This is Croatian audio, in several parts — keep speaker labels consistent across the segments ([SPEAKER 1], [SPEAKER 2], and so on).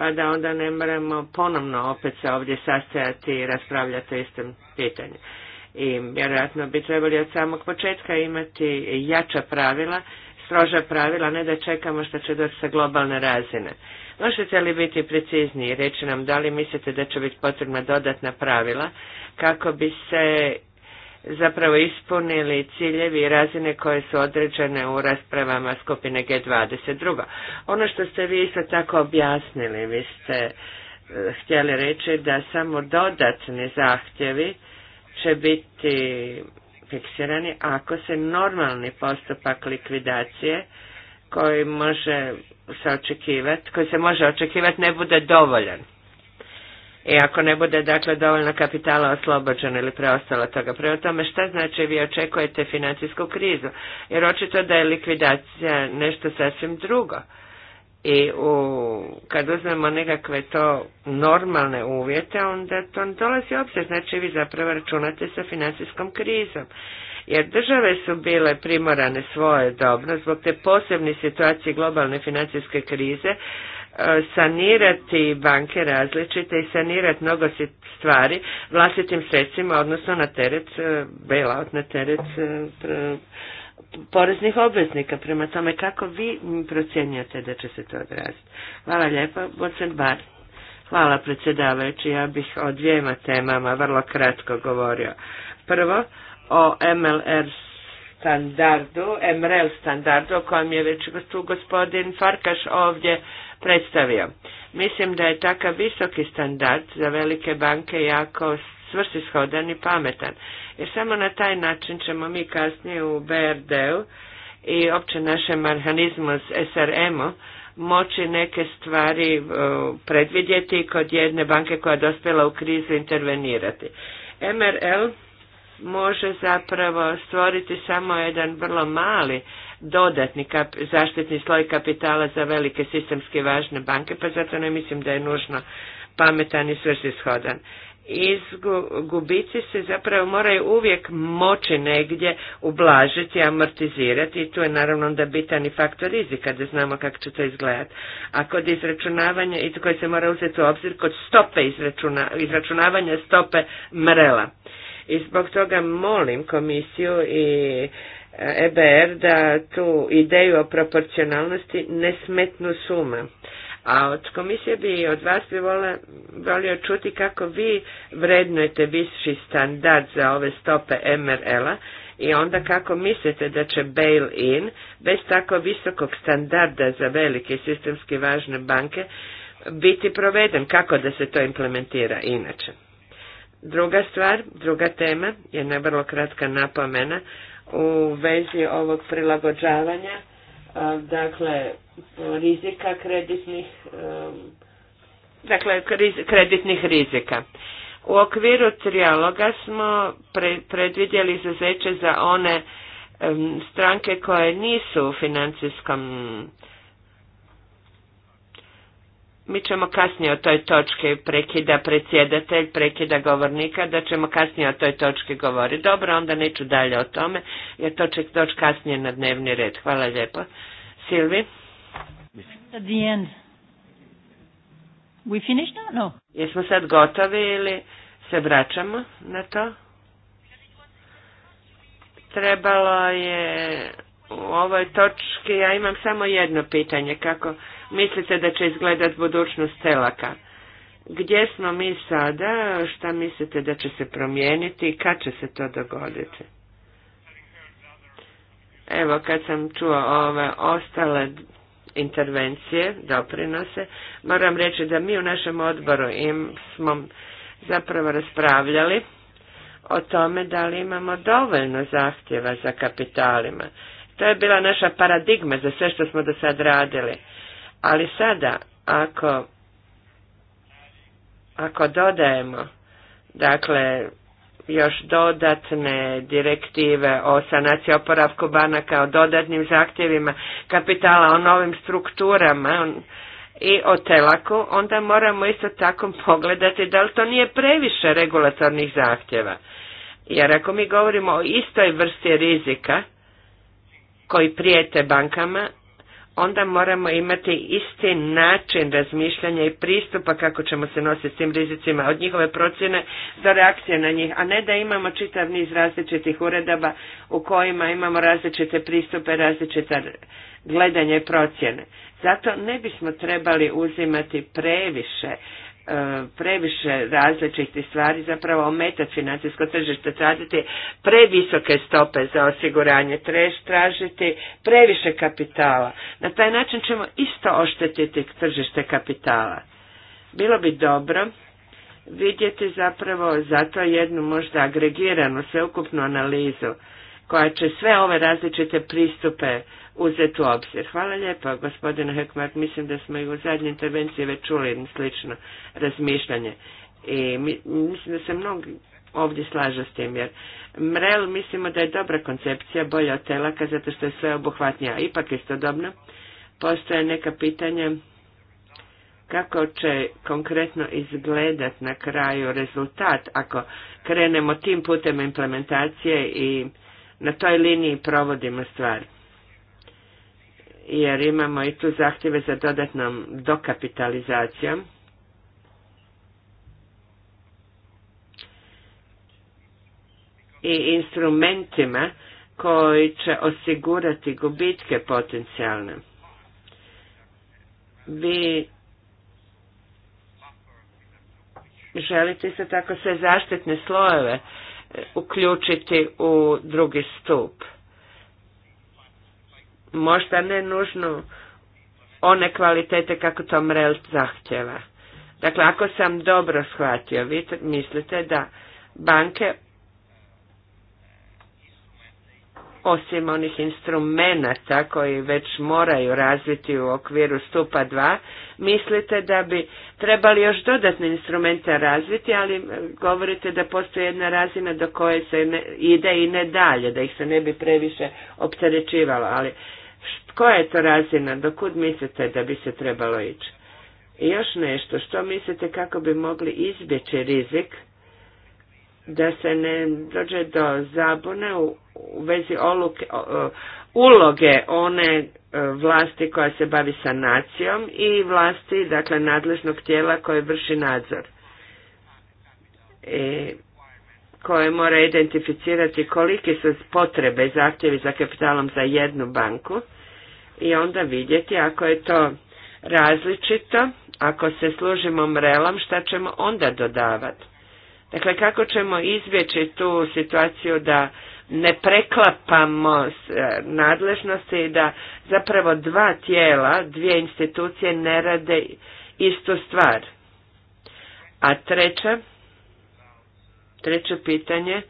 [SPEAKER 1] pa da onda ne moramo ponovno opet se ovdje sastajati i raspravljati o istom pitanju. I vjerojatno bi trebali od samog početka imati jača pravila, stroža pravila, ne da čekamo što će doći sa globalne razine. Možete li biti precizniji i reći nam da li mislite da će biti potrebna dodatna pravila kako bi se zapravo ispunili ciljevi i razine koje su određene u raspravama skupine g 22 ono što ste vi isto tako objasnili, vi ste e, htjeli reći da samo dodatni zahtjevi će biti fiksirani ako se normalni postupak likvidacije koji može se očekivati, koji se može očekivati ne bude dovoljan i ako ne bude dakle dovoljno kapitala oslobođeno ili preostalo toga. Prema tome šta znači vi očekujete financijsku krizu? Jer očito da je likvidacija nešto sasvim drugo. I u, kad uzmemo nekakve to normalne uvjete, onda to dolazi obzir. Znači vi zapravo računate sa financijskom krizom. Jer države su bile primorane svoje dobro zbog te posebne situacije globalne financijske krize sanirati banke različite i sanirati mnogo stvari vlastitim sredstvima, odnosno na teret e, bailout, na teret e, poreznih obveznika. Prema tome, kako vi procjenjate da će se to odraziti? Hvala lijepo, Bocen Bar. Hvala predsjedavajući, ja bih o dvijema temama vrlo kratko govorio. Prvo, o MLR standardu, MRL standardu, o kojem je već tu gospodin Farkaš ovdje predstavio. Mislim da je takav visoki standard za velike banke jako svrsishodan i pametan, jer samo na taj način ćemo mi kasnije u BRD-u i opće našem mehanizmu s SRM-u moći neke stvari e, predvidjeti kod jedne banke koja je dospjela u krizu intervenirati. MRL može zapravo stvoriti samo jedan vrlo mali dodatni kap, zaštitni sloj kapitala za velike sistemske, važne banke, pa zato ne mislim da je nužno pametan i svrsishodan. Gubici se zapravo moraju uvijek moći negdje ublažiti, amortizirati i tu je naravno onda bitan i faktor rizika da znamo kako će to izgledati. A kod izračunavanja, i to koje se mora uzeti u obzir, kod stope izračuna, izračunavanja stope mrela. I zbog toga molim komisiju i EBR da tu ideju o proporcionalnosti ne smetnu suma. A od komisije bi od vas bi volio čuti kako vi vrednujete viši standard za ove stope MRL-a i onda kako mislite da će bail-in bez tako visokog standarda za velike sistemski važne banke biti proveden, kako da se to implementira inače. Druga stvar, druga tema, jedna vrlo kratka napomena, u vezi ovog prilagođavanja, e, dakle, rizika kreditnih, e, dakle, kreditnih rizika. U okviru trijaloga smo predvidjeli izuzeće za one stranke koje nisu u financijskom mi ćemo kasnije o toj točki prekida predsjedatelj, prekida govornika, da ćemo kasnije o toj točki govoriti. Dobro, onda neću dalje o tome, jer to će doći kasnije na dnevni red. Hvala lijepo. Silvi? Jesmo sad gotovi ili se vraćamo na to? Trebalo je u ovoj točki, ja imam samo jedno pitanje, kako mislite da će izgledat budućnost celaka? Gdje smo mi sada, šta mislite da će se promijeniti i kad će se to dogoditi? Evo, kad sam čuo ove ostale intervencije, doprinose, moram reći da mi u našem odboru im smo zapravo raspravljali o tome da li imamo dovoljno zahtjeva za kapitalima. To je bila naša paradigma za sve što smo do sad radili. Ali sada, ako, ako dodajemo, dakle, još dodatne direktive o sanaciji oporavku banaka, o dodatnim zahtjevima kapitala, o novim strukturama i o telaku, onda moramo isto tako pogledati da li to nije previše regulatornih zahtjeva. Jer ako mi govorimo o istoj vrsti rizika koji prijete bankama, onda moramo imati isti način razmišljanja i pristupa kako ćemo se nositi s tim rizicima od njihove procjene do reakcije na njih, a ne da imamo čitav niz različitih uredaba u kojima imamo različite pristupe, različita gledanje i procjene. Zato ne bismo trebali uzimati previše E, previše različitih stvari zapravo ometati financijsko tržište, tražiti previsoke stope za osiguranje, tražiti previše kapitala. Na taj način ćemo isto oštetiti tržište kapitala. Bilo bi dobro vidjeti zapravo zato jednu možda agregiranu sveukupnu analizu koja će sve ove različite pristupe uzeti u obzir. Hvala lijepa, gospodine Hekmar. Mislim da smo i u zadnje intervencije već čuli slično razmišljanje. I mislim da se mnogi ovdje slažu s tim, jer MREL mislimo da je dobra koncepcija, bolja od telaka, zato što je sve obuhvatnija. Ipak istodobno, postoje neka pitanja kako će konkretno izgledat na kraju rezultat ako krenemo tim putem implementacije i na toj liniji provodimo stvari jer imamo i tu zahtjeve za dodatnom dokapitalizacijom. i instrumentima koji će osigurati gubitke potencijalne. Vi želite se tako sve zaštitne slojeve e, uključiti u drugi stup možda ne nužno one kvalitete kako to MREL zahtjeva. Dakle, ako sam dobro shvatio, vi mislite da banke osim onih instrumenata koji već moraju razviti u okviru stupa 2, mislite da bi trebali još dodatne instrumente razviti, ali govorite da postoji jedna razina do koje se ne, ide i ne dalje, da ih se ne bi previše opterećivalo, ali koja je to razina, dokud mislite da bi se trebalo ići? I još nešto, što mislite kako bi mogli izbjeći rizik da se ne dođe do zabune u, vezi oluke, uloge one e, vlasti koja se bavi sanacijom i vlasti, dakle, nadležnog tijela koje vrši nadzor. I e, koje mora identificirati kolike su potrebe zahtjevi za kapitalom za jednu banku i onda vidjeti ako je to različito, ako se služimo mrelom, šta ćemo onda dodavati. Dakle, kako ćemo izbjeći tu situaciju da ne preklapamo e, nadležnosti i da zapravo dva tijela, dvije institucije ne rade istu stvar. A treća Treće pitanje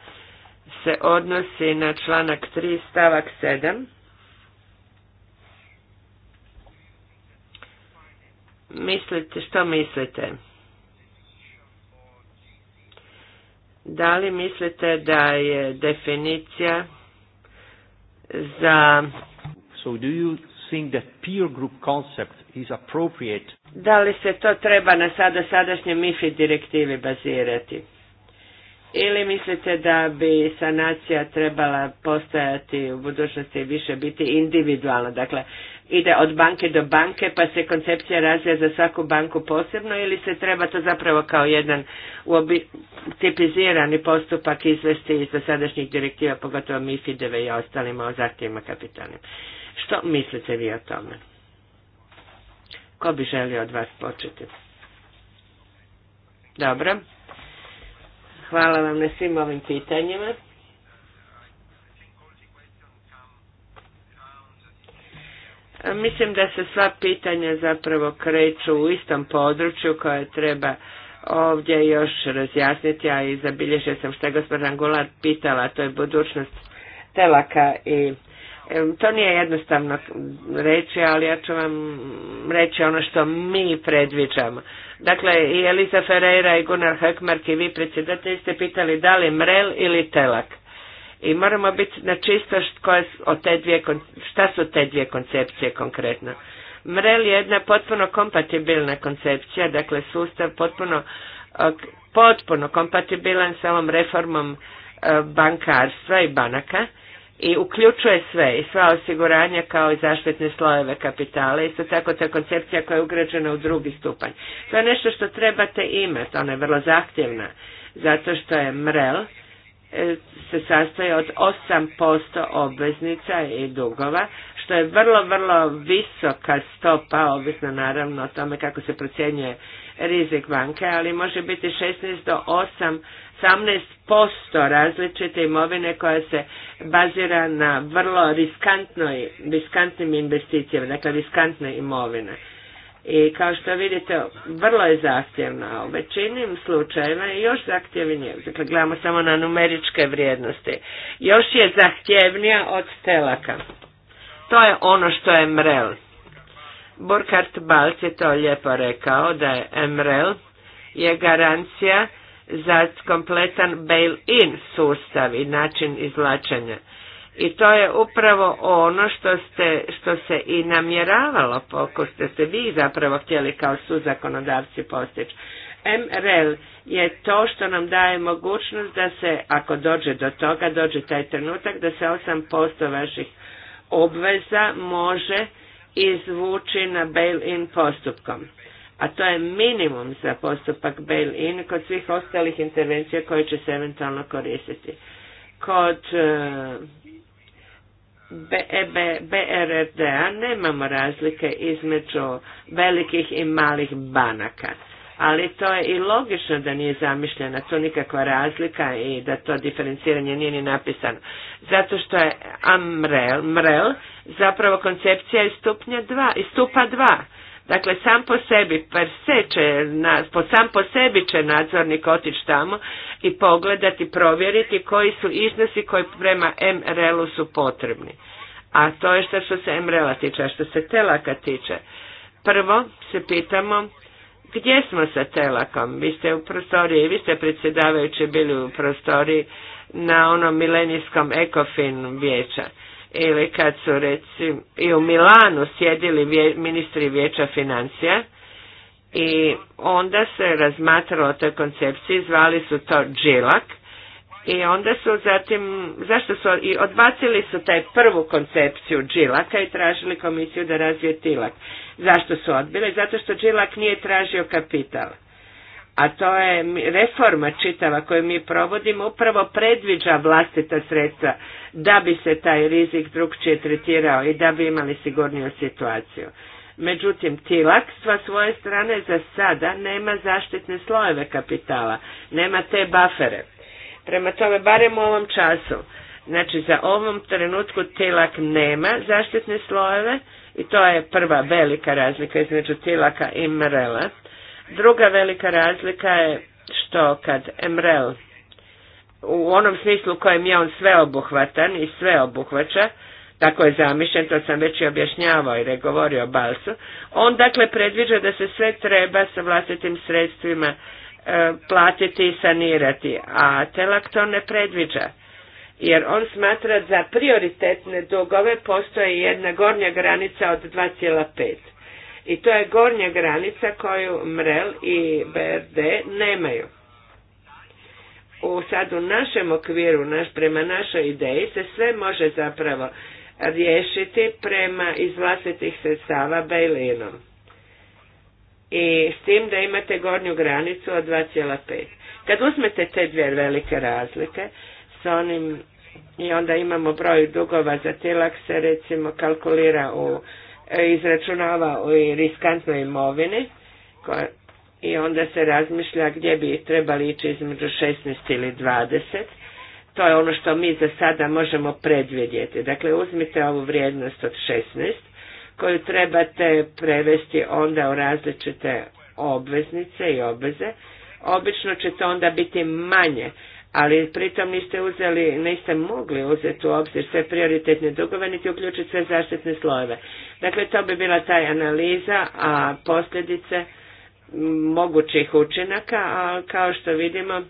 [SPEAKER 1] se odnosi na članak 3 stavak 7. Mislite, što mislite? Da li mislite da je definicija za... So
[SPEAKER 2] do you think that peer group concept is appropriate? Da
[SPEAKER 1] li se to treba na sada sadašnje MIFI direktivi bazirati? Ili mislite da bi sanacija trebala postojati u budućnosti više biti individualna, dakle ide od banke do banke pa se koncepcija razvija za svaku banku posebno ili se treba to zapravo kao jedan tipizirani postupak izvesti iz sadašnjih direktiva, pogotovo MIFID-eve i ostalima o zahtjevima kapitalnim. Što mislite vi o tome? Ko bi želio od vas početi? Dobro. Hvala vam na svim ovim pitanjima. Mislim da se sva pitanja zapravo kreću u istom području koje treba ovdje još razjasniti, a i zabilježio sam što je gospođa Angular pitala, to je budućnost telaka i to nije jednostavno reći, ali ja ću vam reći ono što mi predviđamo. Dakle, i Elisa Ferreira i Gunnar Hökmark i vi predsjedatelji ste pitali da li MREL ili TELAK. I moramo biti na čisto te dvije, šta su te dvije koncepcije konkretno. MREL je jedna potpuno kompatibilna koncepcija, dakle sustav potpuno, e, potpuno kompatibilan sa ovom reformom e, bankarstva i banaka i uključuje sve i sva osiguranja kao i zaštitne slojeve kapitala. Isto tako ta koncepcija koja je ugrađena u drugi stupanj. To je nešto što trebate imati, ona je vrlo zahtjevna, zato što je MREL e, se sastoji od 8% obveznica i dugova, što je vrlo, vrlo visoka stopa, ovisno naravno o tome kako se procjenjuje rizik banke, ali može biti 16 do osamnaest posto različite imovine koja se bazira na vrlo riskantnoj, riskantnim investicijama, dakle riskantne imovine. I kao što vidite, vrlo je zahtjevno, a u većini slučajeva je još zahtjevnije. Dakle, gledamo samo na numeričke vrijednosti. Još je zahtjevnija od telaka. To je ono što je mrel. Burkhard Balc je to lijepo rekao da je MREL je garancija za kompletan bail-in sustav i način izvlačenja. I to je upravo ono što, ste, što se i namjeravalo, što ste se vi zapravo htjeli kao zakonodavci postići. MRL je to što nam daje mogućnost da se, ako dođe do toga, dođe taj trenutak da se 8% vaših obveza može izvući na bail-in postupkom. A to je minimum za postupak bail-in kod svih ostalih intervencija koje će se eventualno koristiti. Kod e, brrd e, nemamo razlike između velikih i malih banaka. Ali to je i logično da nije zamišljena tu nikakva razlika i da to diferenciranje nije ni napisano. Zato što je AMREL, MREL zapravo koncepcija iz stupnja dva, i stupa dva. Dakle, sam po sebi, per se će, sam po sebi će nadzornik otići tamo i pogledati, provjeriti koji su iznosi koji prema MRL-u su potrebni. A to je što, se MRL-a tiče, a što se telaka tiče. Prvo se pitamo gdje smo sa telakom. Vi ste u prostoriji, vi ste predsjedavajući bili u prostoriji na onom milenijskom ekofin vijeća ili kad su recimo i u Milanu sjedili ministri vijeća financija i onda se razmatralo o toj koncepciji, zvali su to džilak i onda su zatim, zašto su, i odbacili su taj prvu koncepciju džilaka i tražili komisiju da razvije tilak. Zašto su odbili? Zato što džilak nije tražio kapital a to je reforma čitava koju mi provodimo upravo predviđa vlastita sredstva da bi se taj rizik drugčije tretirao i da bi imali sigurniju situaciju. Međutim, TILAK sva svoje strane za sada nema zaštitne slojeve kapitala, nema te bafere. Prema tome, barem u ovom času, znači za ovom trenutku TILAK nema zaštitne slojeve i to je prva velika razlika između TILAKA i MRELA Druga velika razlika je što kad MREL u onom smislu kojem je on sveobuhvatan i sveobuhvaća, tako je zamišljen, to sam već i objašnjavao jer je govorio o Balsu, on dakle predviđa da se sve treba sa vlastitim sredstvima e, platiti i sanirati, a Telak to ne predviđa. Jer on smatra da za prioritetne dugove postoji jedna gornja granica od 2,5 i to je gornja granica koju MREL i BRD nemaju. U sad u našem okviru, naš, prema našoj ideji, se sve može zapravo riješiti prema iz vlastitih sredstava Bejlinom. I s tim da imate gornju granicu od 2,5. Kad uzmete te dvije velike razlike s onim i onda imamo broj dugova za tilak se recimo kalkulira u izračunava u riskantnoj imovini i onda se razmišlja gdje bi trebali ići između 16 ili 20. To je ono što mi za sada možemo predvidjeti. Dakle, uzmite ovu vrijednost od 16 koju trebate prevesti onda u različite obveznice i obveze. Obično će to onda biti manje ali pritom niste uzeli, niste mogli uzeti u obzir sve prioritetne dugove, niti uključiti sve zaštitne slojeve. Dakle, to bi bila taj analiza, a posljedice mogućih učinaka, a kao što vidimo,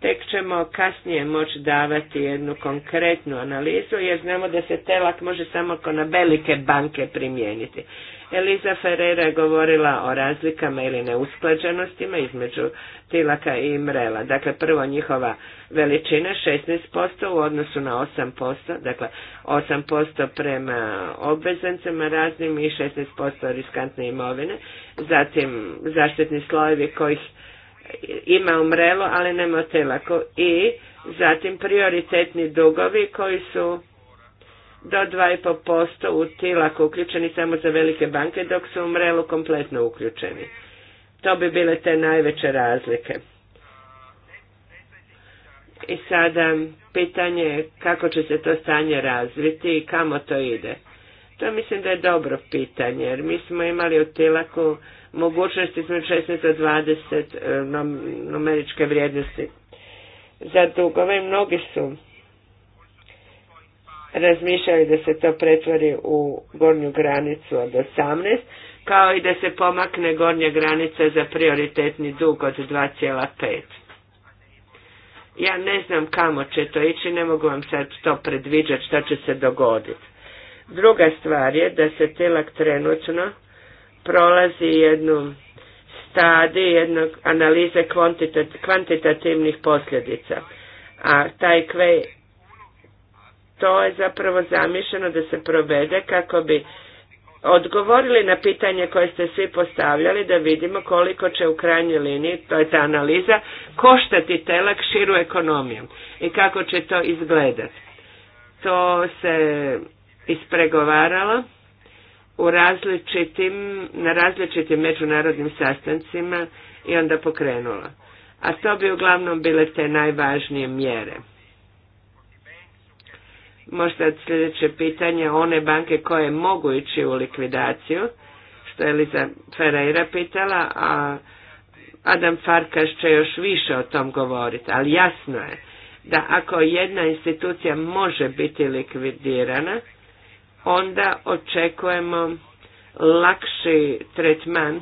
[SPEAKER 1] tek ćemo kasnije moći davati jednu konkretnu analizu, jer znamo da se telak može samo na velike banke primijeniti. Eliza Ferreira je govorila o razlikama ili neusklađenostima između tilaka i mrela. Dakle, prvo njihova veličina 16% u odnosu na 8%, dakle 8% prema obveznicama raznim i 16% riskantne imovine. Zatim zaštitni slojevi kojih ima mrelu, ali nema tilaku. i zatim prioritetni dugovi koji su do 2,5% u tilaku uključeni samo za velike banke, dok su u mrelu kompletno uključeni. To bi bile te najveće razlike. I sada pitanje je kako će se to stanje razviti i kamo to ide. To mislim da je dobro pitanje, jer mi smo imali u tilaku mogućnosti sve 16 do 20 eh, numeričke vrijednosti za dugove. Mnogi su razmišljali da se to pretvori u gornju granicu od 18, kao i da se pomakne gornja granica za prioritetni dug od 2,5. Ja ne znam kamo će to ići, ne mogu vam sad to predviđati što će se dogoditi. Druga stvar je da se tilak trenutno prolazi jednu stadi jednog analize kvantitativnih posljedica. A taj to je zapravo zamišljeno da se provede kako bi odgovorili na pitanje koje ste svi postavljali da vidimo koliko će u krajnjoj liniji, to je ta analiza, koštati telak širu ekonomiju i kako će to izgledati. To se ispregovaralo u različitim, na različitim međunarodnim sastancima i onda pokrenulo. A to bi uglavnom bile te najvažnije mjere. Možda sljedeće pitanje one banke koje mogu ići u likvidaciju, što je Eliza Ferreira pitala, a Adam Farkas će još više o tom govoriti, ali jasno je da ako jedna institucija može biti likvidirana, onda očekujemo lakši tretman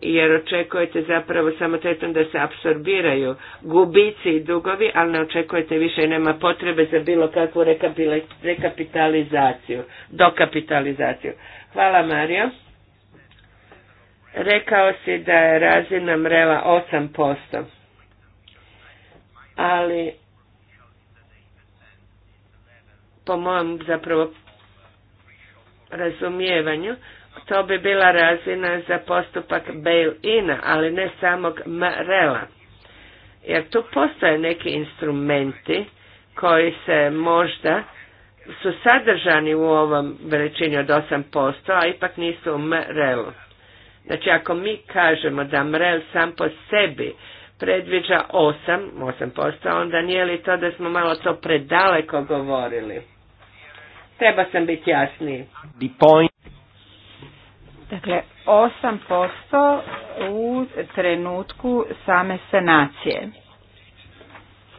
[SPEAKER 1] jer očekujete zapravo samo tretom da se apsorbiraju gubici i dugovi, ali ne očekujete više i nema potrebe za bilo kakvu rekapitalizaciju, dokapitalizaciju. Hvala Mario. Rekao si da je razina mrela 8%, ali po mojem zapravo razumijevanju, to bi bila razina za postupak bail-ina, ali ne samog mrel Jer tu postoje neki instrumenti koji se možda su sadržani u ovom veličini od 8%, a ipak nisu u MREL-u. Znači, ako mi kažemo da MREL sam po sebi predviđa 8, 8%, onda nije li to da smo malo to predaleko govorili? Treba sam biti jasniji. Dakle, 8%
[SPEAKER 3] u trenutku same sanacije.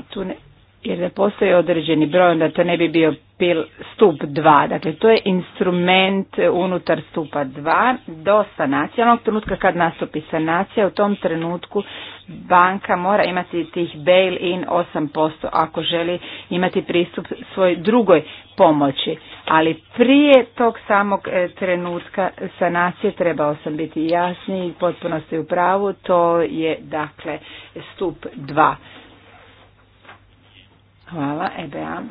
[SPEAKER 3] Tu ne, jer da postoji određeni broj, onda to ne bi bio pil, stup 2. Dakle, to je instrument unutar stupa 2 do sanacije. Onog trenutka kad nastupi sanacija, u tom trenutku banka mora imati tih bail-in 8% ako želi imati pristup svoj drugoj pomoći. Ali prije tog samog e, trenutka sanacije trebao sam biti jasniji i potpuno ste u pravu, to je dakle stup 2. Hvala, Ebea.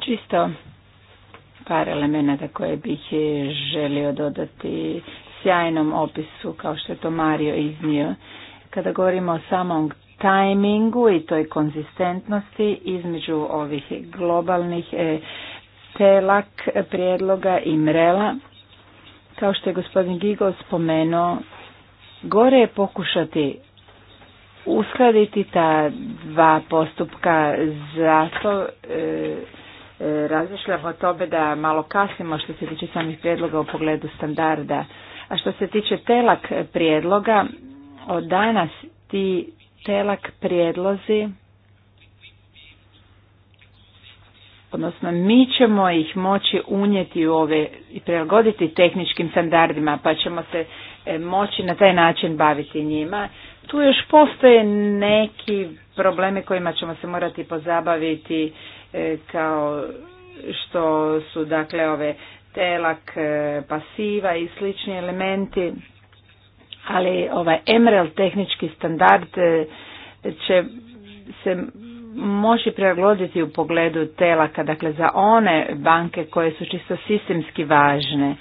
[SPEAKER 3] Čisto par elemenata koje bih želio dodati sjajnom opisu kao što je to Mario iznio. Kada govorimo o samom tajmingu i toj konzistentnosti između ovih globalnih e, telak prijedloga i mrela, kao što je gospodin Gigo spomenuo, gore je pokušati uskladiti ta dva postupka zato e, e razmišljam o tome da malo kasnimo što se tiče samih prijedloga u pogledu standarda. A što se tiče telak prijedloga, od danas ti telak prijedlozi, odnosno mi ćemo ih moći unijeti u ove i prilagoditi tehničkim standardima, pa ćemo se e, moći na taj način baviti njima. Tu još postoje neki problemi kojima ćemo se morati pozabaviti e, kao što su dakle ove telak, e, pasiva i slični elementi, ali ovaj Emerald tehnički standard e, će se moći prilagoditi u pogledu telaka, dakle za one banke koje su čisto sistemski važne.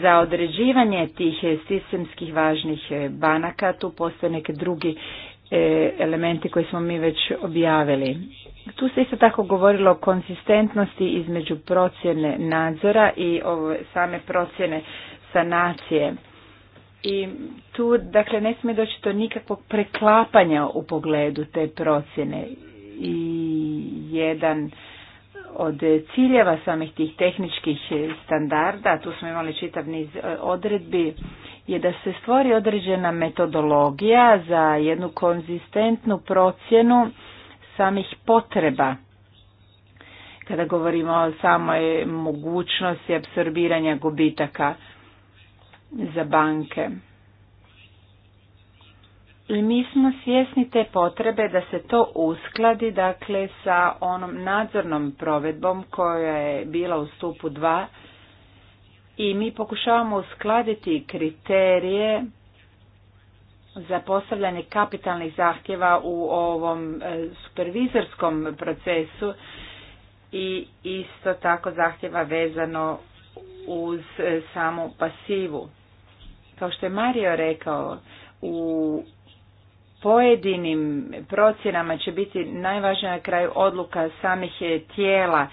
[SPEAKER 3] Za određivanje tih sistemskih važnih e, banaka tu postoje neki drugi e, elementi koje smo mi već objavili. Tu se isto tako govorilo o konsistentnosti između procjene nadzora i ove same procjene sanacije. I tu dakle ne smije doći do nikakvog preklapanja u pogledu te procjene. I jedan od ciljeva samih tih tehničkih standarda, tu smo imali čitav niz e, odredbi, je da se stvori određena metodologija za jednu konzistentnu procjenu samih potreba. Kada govorimo o samoj mogućnosti apsorbiranja gubitaka za banke mi smo svjesni te potrebe da se to uskladi dakle sa onom nadzornom provedbom koja je bila u stupu 2 i mi pokušavamo uskladiti kriterije za postavljanje kapitalnih zahtjeva u ovom e, supervizorskom procesu i isto tako zahtjeva vezano uz e, samu pasivu. Kao što je Mario rekao, u pojedinim procjenama će biti najvažnija na kraju odluka samih eh, tijela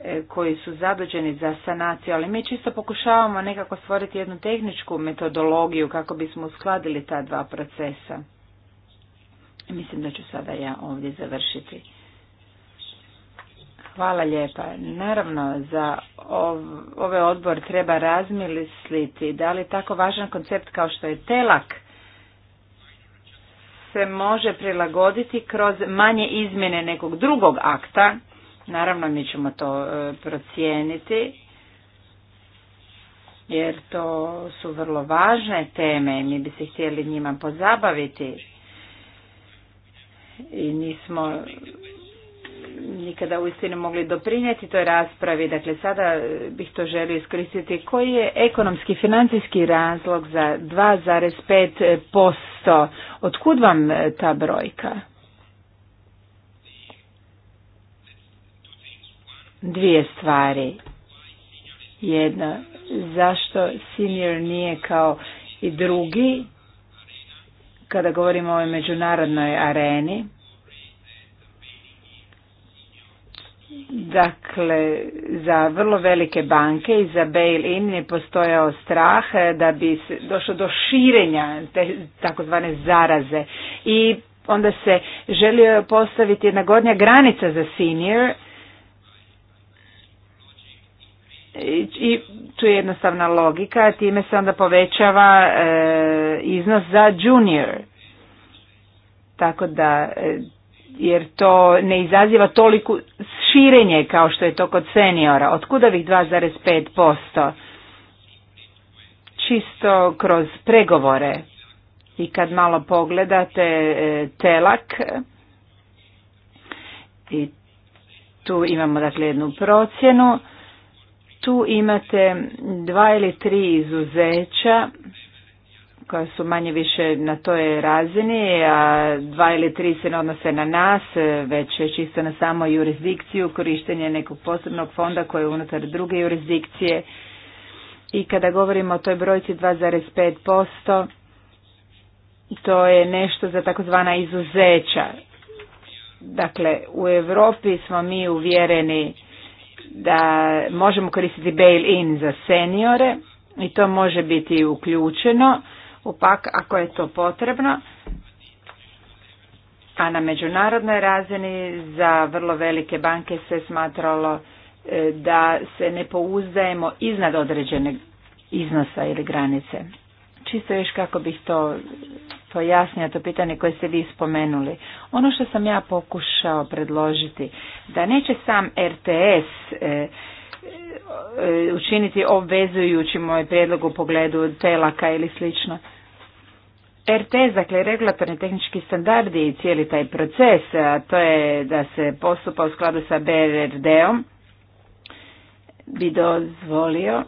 [SPEAKER 3] eh, koji su zaduđeni za sanaciju, ali mi čisto pokušavamo nekako stvoriti jednu tehničku metodologiju kako bismo uskladili ta dva procesa. Mislim da ću sada ja ovdje završiti. Hvala lijepa. Naravno, za ovaj odbor treba razmisliti da li je tako važan koncept kao što je telak se može prilagoditi kroz manje izmjene nekog drugog akta. Naravno mi ćemo to e, procijeniti jer to su vrlo važne teme i mi bi se htjeli njima pozabaviti i nismo nikada uistinu mogli doprinijeti toj raspravi. Dakle, sada bih to želio iskoristiti. Koji je ekonomski, financijski razlog za 2,5%? Otkud vam e, ta brojka? Dvije stvari. Jedna, zašto senior nije kao i drugi, kada govorimo o ovoj međunarodnoj areni? Dakle, za vrlo velike banke i za bail-in je postojao strah e, da bi došlo do širenja te takozvane zaraze i onda se želio postaviti jedna gornja granica za senior i tu je jednostavna logika, time se onda povećava e, iznos za junior. Tako da, e, jer to ne izaziva toliku širenje kao što je to kod seniora. Otkud ovih 2,5%? Čisto kroz pregovore. I kad malo pogledate e, telak, i tu imamo dakle jednu procjenu, tu imate dva ili tri izuzeća koja su manje više na toj razini, a dva ili tri se ne odnose na nas, već čisto na samo jurisdikciju, korištenje nekog posebnog fonda koji je unutar druge jurisdikcije. I kada govorimo o toj brojci 2,5%, to je nešto za takozvana izuzeća. Dakle, u Europi smo mi uvjereni da možemo koristiti bail-in za seniore i to može biti uključeno Upak, ako je to potrebno, a na međunarodnoj razini za vrlo velike banke se smatralo e, da se ne pouzdajemo iznad određene iznosa ili granice. Čisto još kako bih to pojasnio, to pitanje koje ste vi spomenuli. Ono što sam ja pokušao predložiti, da neće sam RTS e, e, učiniti obvezujući moj prijedlog u pogledu telaka ili slično. RTS, dakle regulatorni tehnički standardi i cijeli taj proces, a to je da se postupa u skladu sa brrd om bi dozvolio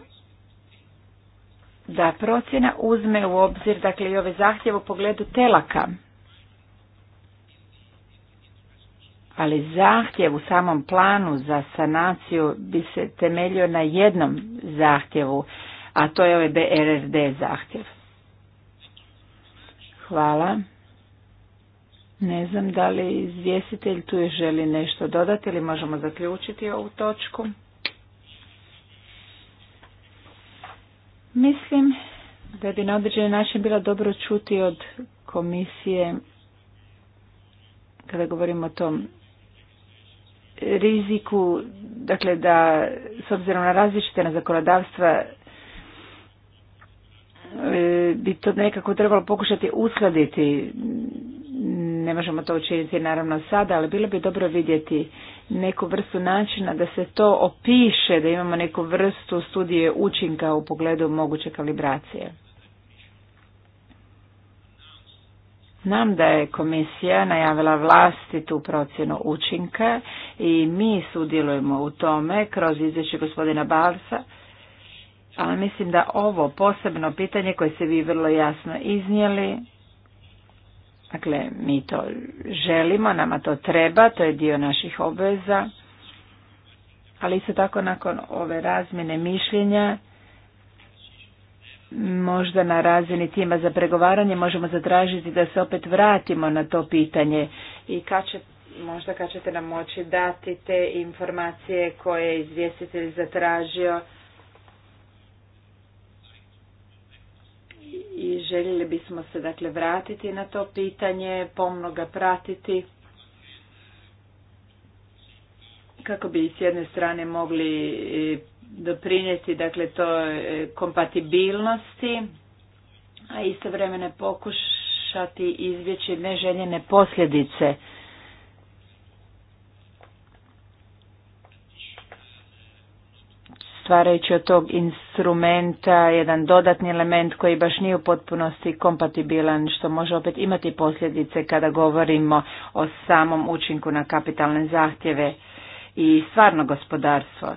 [SPEAKER 3] da procjena uzme u obzir dakle i ove zahtjeve u pogledu telaka. Ali zahtjev u samom planu za sanaciju bi se temeljio na jednom zahtjevu, a to je ovaj BRRD zahtjev. Hvala. Ne znam da li izvjestitelj tu želi nešto dodati ili možemo zaključiti ovu točku. Mislim da bi na određeni način bilo dobro čuti od komisije kada govorimo o tom riziku, dakle da s obzirom na različite na zakonodavstva E, bi to nekako trebalo pokušati uskladiti. Ne možemo to učiniti naravno sada, ali bilo bi dobro vidjeti neku vrstu načina da se to opiše, da imamo neku vrstu studije učinka u pogledu moguće kalibracije. Znam da je komisija najavila vlastitu procjenu učinka i mi sudjelujemo u tome kroz izvješće gospodina Balsa ali mislim da ovo posebno pitanje koje se vi vrlo jasno iznijeli, dakle mi to želimo, nama to treba, to je dio naših obveza, ali isto tako nakon ove razmjene mišljenja, možda na razini tima za pregovaranje možemo zatražiti da se opet vratimo na to pitanje i kad će, možda kad ćete nam moći dati te informacije koje je izvjestitelj zatražio i željeli bismo se dakle vratiti na to pitanje, pomno ga pratiti kako bi s jedne strane mogli e, doprinijeti dakle to e, kompatibilnosti, a istovremeno pokušati izbjeći neželjene posljedice stvarajući od tog instrumenta jedan dodatni element koji baš nije u potpunosti kompatibilan, što može opet imati posljedice kada govorimo o samom učinku na kapitalne zahtjeve i stvarno gospodarstvo.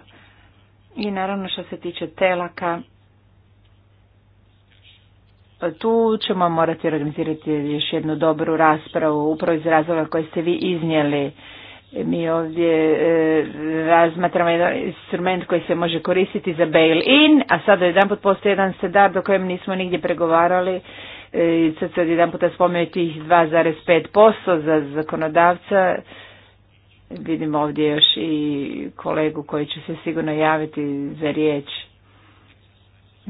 [SPEAKER 3] I naravno što se tiče telaka, tu ćemo morati organizirati još jednu dobru raspravu upravo iz razloga koje ste vi iznijeli mi ovdje e, razmatramo jedan instrument koji se može koristiti za bail-in, a sada jedan put postoji jedan standard do kojem nismo nigdje pregovarali i e, sad se jedan puta spomenuti tih 2,5% za zakonodavca. Vidimo ovdje još i kolegu koji će se sigurno javiti za riječ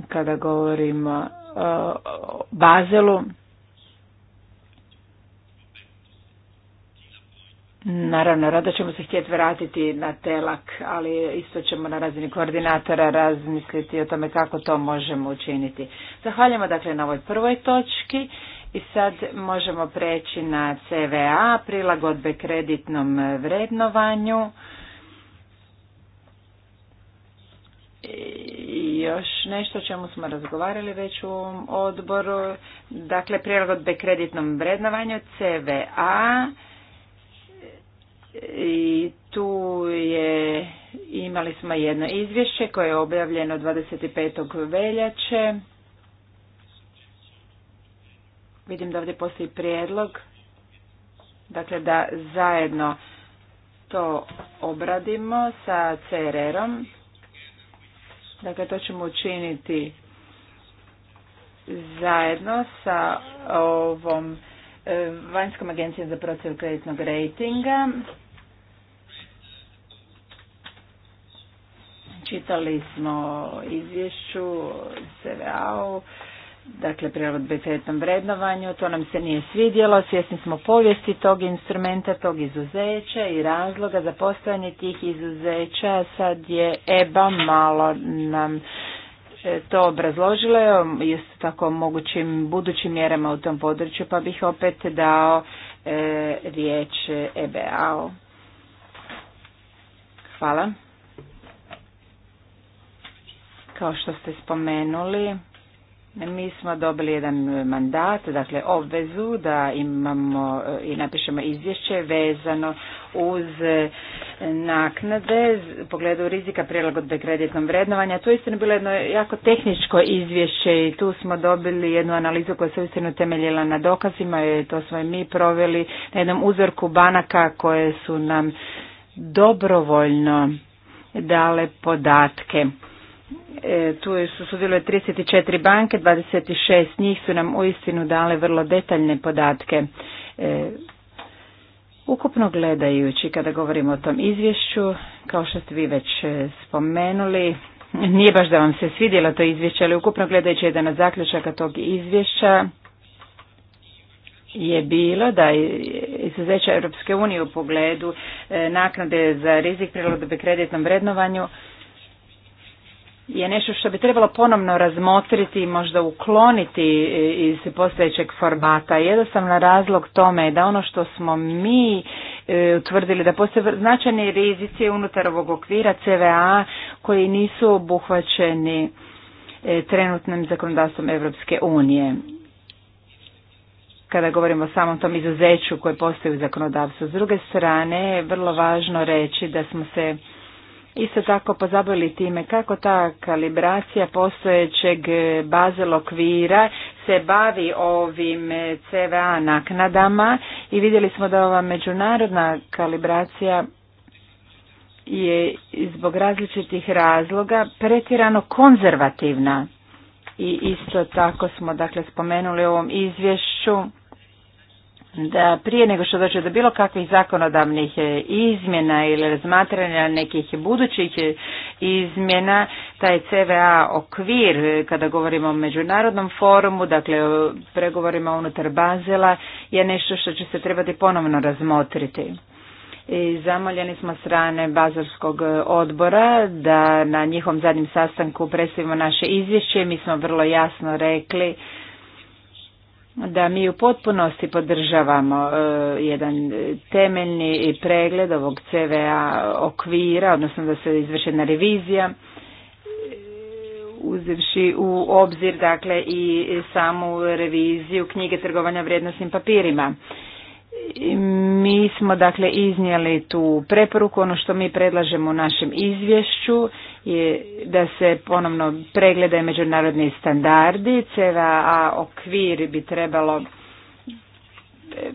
[SPEAKER 3] kada govorimo e, o Bazelu. Naravno, rado ćemo se htjeti vratiti na telak, ali isto ćemo na razini koordinatora razmisliti o tome kako to možemo učiniti. Zahvaljujemo dakle na ovoj prvoj točki i sad možemo preći na CVA, prilagodbe kreditnom vrednovanju. I još nešto o čemu smo razgovarali već u ovom odboru, dakle prilagodbe kreditnom vrednovanju CVA i tu je imali smo jedno izvješće koje je objavljeno 25. veljače. Vidim da ovdje postoji prijedlog dakle da zajedno to obradimo sa CRR-om. Dakle, to ćemo učiniti zajedno sa ovom eh, vanjskom agencijom za procjenu kreditnog rejtinga. Čitali smo izvješću CVA-u, dakle prilog vrednovanju, to nam se nije svidjelo, svjesni smo povijesti tog instrumenta, tog izuzeća i razloga za postojanje tih izuzeća, sad je EBA malo nam e, to obrazložilo jest isto tako mogućim budućim mjerama u tom području, pa bih opet dao e, riječ EBA-u. Hvala. Kao što ste spomenuli, mi smo dobili jedan mandat, dakle obvezu da imamo e, i napišemo izvješće vezano uz e, naknade u pogledu rizika prilagodbe kreditnom vrednovanja. To je istinu bilo jedno jako tehničko izvješće i tu smo dobili jednu analizu koja se istinu temeljila na dokazima i to smo i mi proveli na jednom uzorku banaka koje su nam dobrovoljno dale podatke E, tu su sudjeluje 34 banke, 26 njih su nam uistinu dale vrlo detaljne podatke. E, ukupno gledajući, kada govorimo o tom izvješću, kao što ste vi već e, spomenuli, nije baš da vam se svidjelo to izvješće, ali ukupno gledajući jedan od zaključaka tog izvješća je bilo da izuzeća Europske unije u pogledu naknade za rizik prilagodbe kreditnom vrednovanju je nešto što bi trebalo ponovno razmotriti i možda ukloniti iz postojećeg formata. Jednostavno razlog tome je da ono što smo mi e, utvrdili da postoje značajne rizici unutar ovog okvira CVA koji nisu obuhvaćeni e, trenutnim zakonodavstvom Europske unije kada govorimo o samom tom izuzeću koje postoji u zakonodavstvu. S druge strane, vrlo važno reći da smo se isto tako pozabavili time kako ta kalibracija postojećeg bazel okvira se bavi ovim CVA naknadama i vidjeli smo da ova međunarodna kalibracija je zbog različitih razloga pretjerano konzervativna. I isto tako smo dakle spomenuli u ovom izvješću da prije nego što dođe do bilo kakvih zakonodavnih e, izmjena ili razmatranja nekih budućih e, izmjena, taj CVA okvir, e, kada govorimo o međunarodnom forumu, dakle o pregovorima unutar Bazela, je nešto što će se trebati ponovno razmotriti. I zamoljeni smo strane Bazarskog odbora da na njihovom zadnjem sastanku predstavimo naše izvješće. Mi smo vrlo jasno rekli da mi u potpunosti podržavamo e, jedan temeljni pregled ovog CVA okvira, odnosno da se izvršena revizija uzivši u obzir dakle i samu reviziju knjige trgovanja vrijednosnim papirima. Mi smo dakle iznijeli tu preporuku, ono što mi predlažemo u našem izvješću je da se ponovno pregledaju međunarodni standardi, CVA okvir bi trebalo e,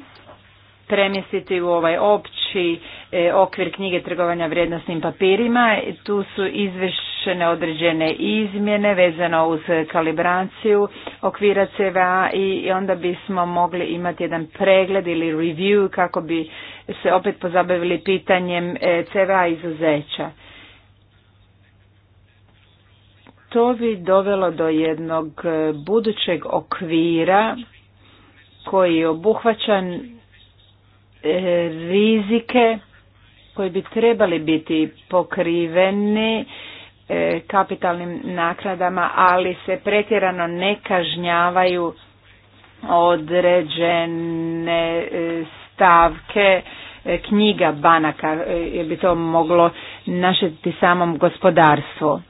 [SPEAKER 3] premjestiti u ovaj opći e, okvir knjige trgovanja vrijednosnim papirima. Tu su izvršene određene izmjene vezano uz kalibraciju okvira CVA i onda bismo mogli imati jedan pregled ili review kako bi se opet pozabavili pitanjem e, CVA izuzeća to bi dovelo do jednog e, budućeg okvira koji obuhvaćan e, rizike koji bi trebali biti pokriveni e, kapitalnim naknadama, ali se pretjerano ne kažnjavaju određene stavke knjiga banaka jer bi to moglo našeti samom gospodarstvu.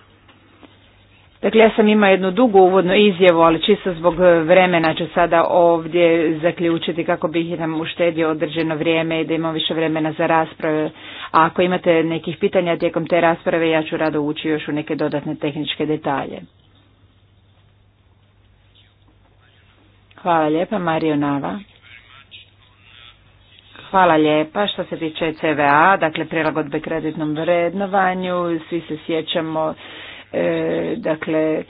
[SPEAKER 3] Dakle, ja sam ima jednu dugu uvodnu izjavu, ali čisto zbog e, vremena ću sada ovdje zaključiti kako bih nam uštedio određeno vrijeme i da imamo više vremena za rasprave. A ako imate nekih pitanja tijekom te rasprave, ja ću rado ući još u neke dodatne tehničke detalje. Hvala lijepa, Mario Nava. Hvala lijepa. Što se tiče CVA, dakle prilagodbe kreditnom vrednovanju, svi se sjećamo E, dakle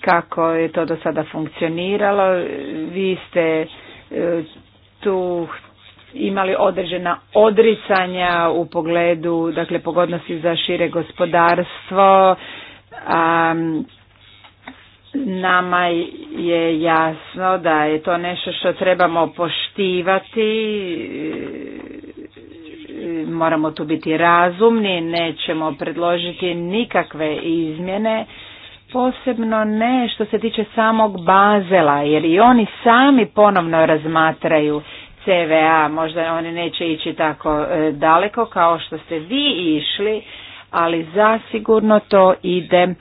[SPEAKER 3] kako je to do sada funkcioniralo. Vi ste e, tu imali određena odricanja u pogledu dakle pogodnosti za šire gospodarstvo a nama je jasno da je to nešto što trebamo poštivati moramo tu biti razumni, nećemo predložiti nikakve izmjene, posebno ne što se tiče samog Bazela, jer i oni sami ponovno razmatraju CVA, možda oni neće ići tako e, daleko kao što ste vi išli, ali zasigurno to ide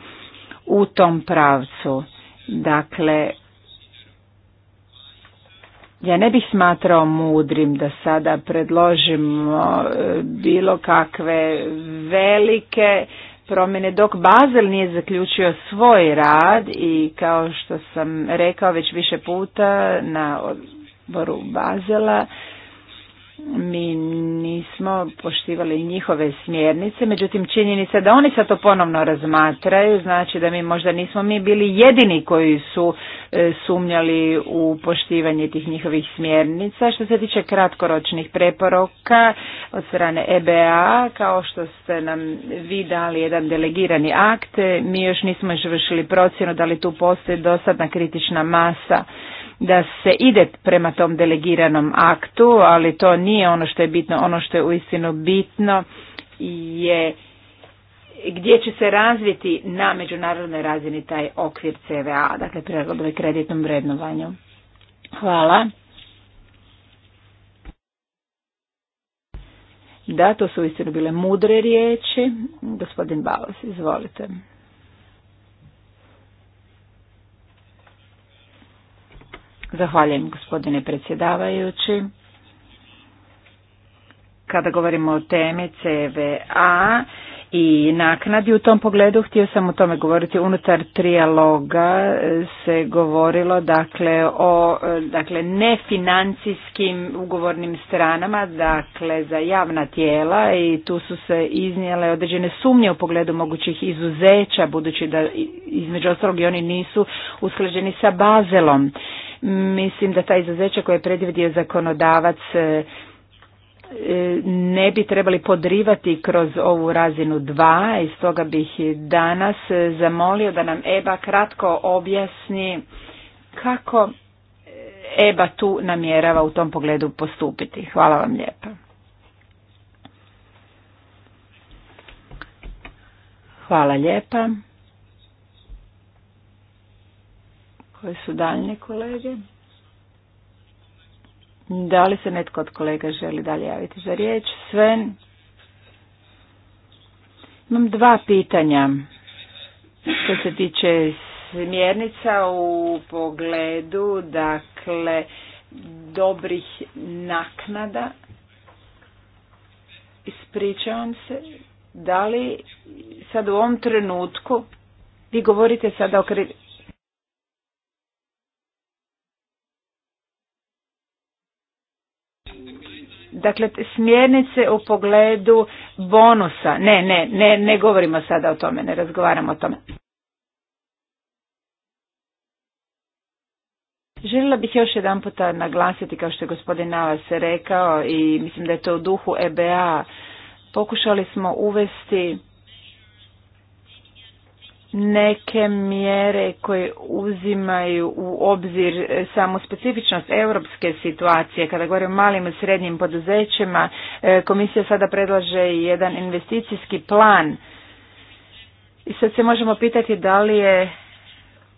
[SPEAKER 3] u tom pravcu. Dakle, ja ne bih smatrao mudrim da sada predložimo e, bilo kakve velike promjene dok Bazel nije zaključio svoj rad i kao što sam rekao već više puta na odboru Bazela mi nismo poštivali njihove smjernice, međutim činjenica da oni sad to ponovno razmatraju, znači da mi možda nismo mi bili jedini koji su e, sumnjali u poštivanje tih njihovih smjernica. Što se tiče kratkoročnih preporoka od strane EBA, kao što ste nam vi dali jedan delegirani akt, mi još nismo još vršili procjenu da li tu postoji dosadna kritična masa da se ide prema tom delegiranom aktu, ali to nije ono što je bitno. Ono što je uistinu bitno je gdje će se razviti na međunarodnoj razini taj okvir CVA, dakle prilagodbe kreditnom vrednovanju. Hvala. Da, to su uistinu bile mudre riječi. Gospodin Balas, izvolite. Zahvaljujem gospodine predsjedavajući. Kada govorimo o temi CVA, i naknadi. U tom pogledu htio sam o tome govoriti. Unutar trijaloga eh, se govorilo dakle o eh, dakle nefinancijskim ugovornim stranama, dakle za javna tijela i tu su se iznijele određene sumnje u pogledu mogućih izuzeća budući da između ostalog i oni nisu usklađeni sa Bazelom. Mislim da ta izuzeća koje je predvidio zakonodavac eh, E, ne bi trebali podrivati kroz ovu razinu dva, i stoga bih danas zamolio da nam EBA kratko objasni kako EBA tu namjerava u tom pogledu postupiti. Hvala vam lijepa. Hvala lijepa. Koje su daljne kolege? Da li se netko od kolega želi dalje javiti za riječ? Sve, Imam dva pitanja što se tiče smjernica u pogledu dakle dobrih naknada. Ispričavam se, da li sad u ovom trenutku vi govorite sada o kre, Dakle, smjernice u pogledu bonusa. Ne, ne, ne, ne govorimo sada o tome, ne razgovaramo o tome. Željela bih još jedan puta naglasiti, kao što je gospodin Navas rekao i mislim da je to u duhu EBA, pokušali smo uvesti neke mjere koje uzimaju u obzir samo specifičnost europske situacije. Kada govorimo o malim i srednjim poduzećima, e, komisija sada predlaže jedan investicijski plan. I sad se možemo pitati da li je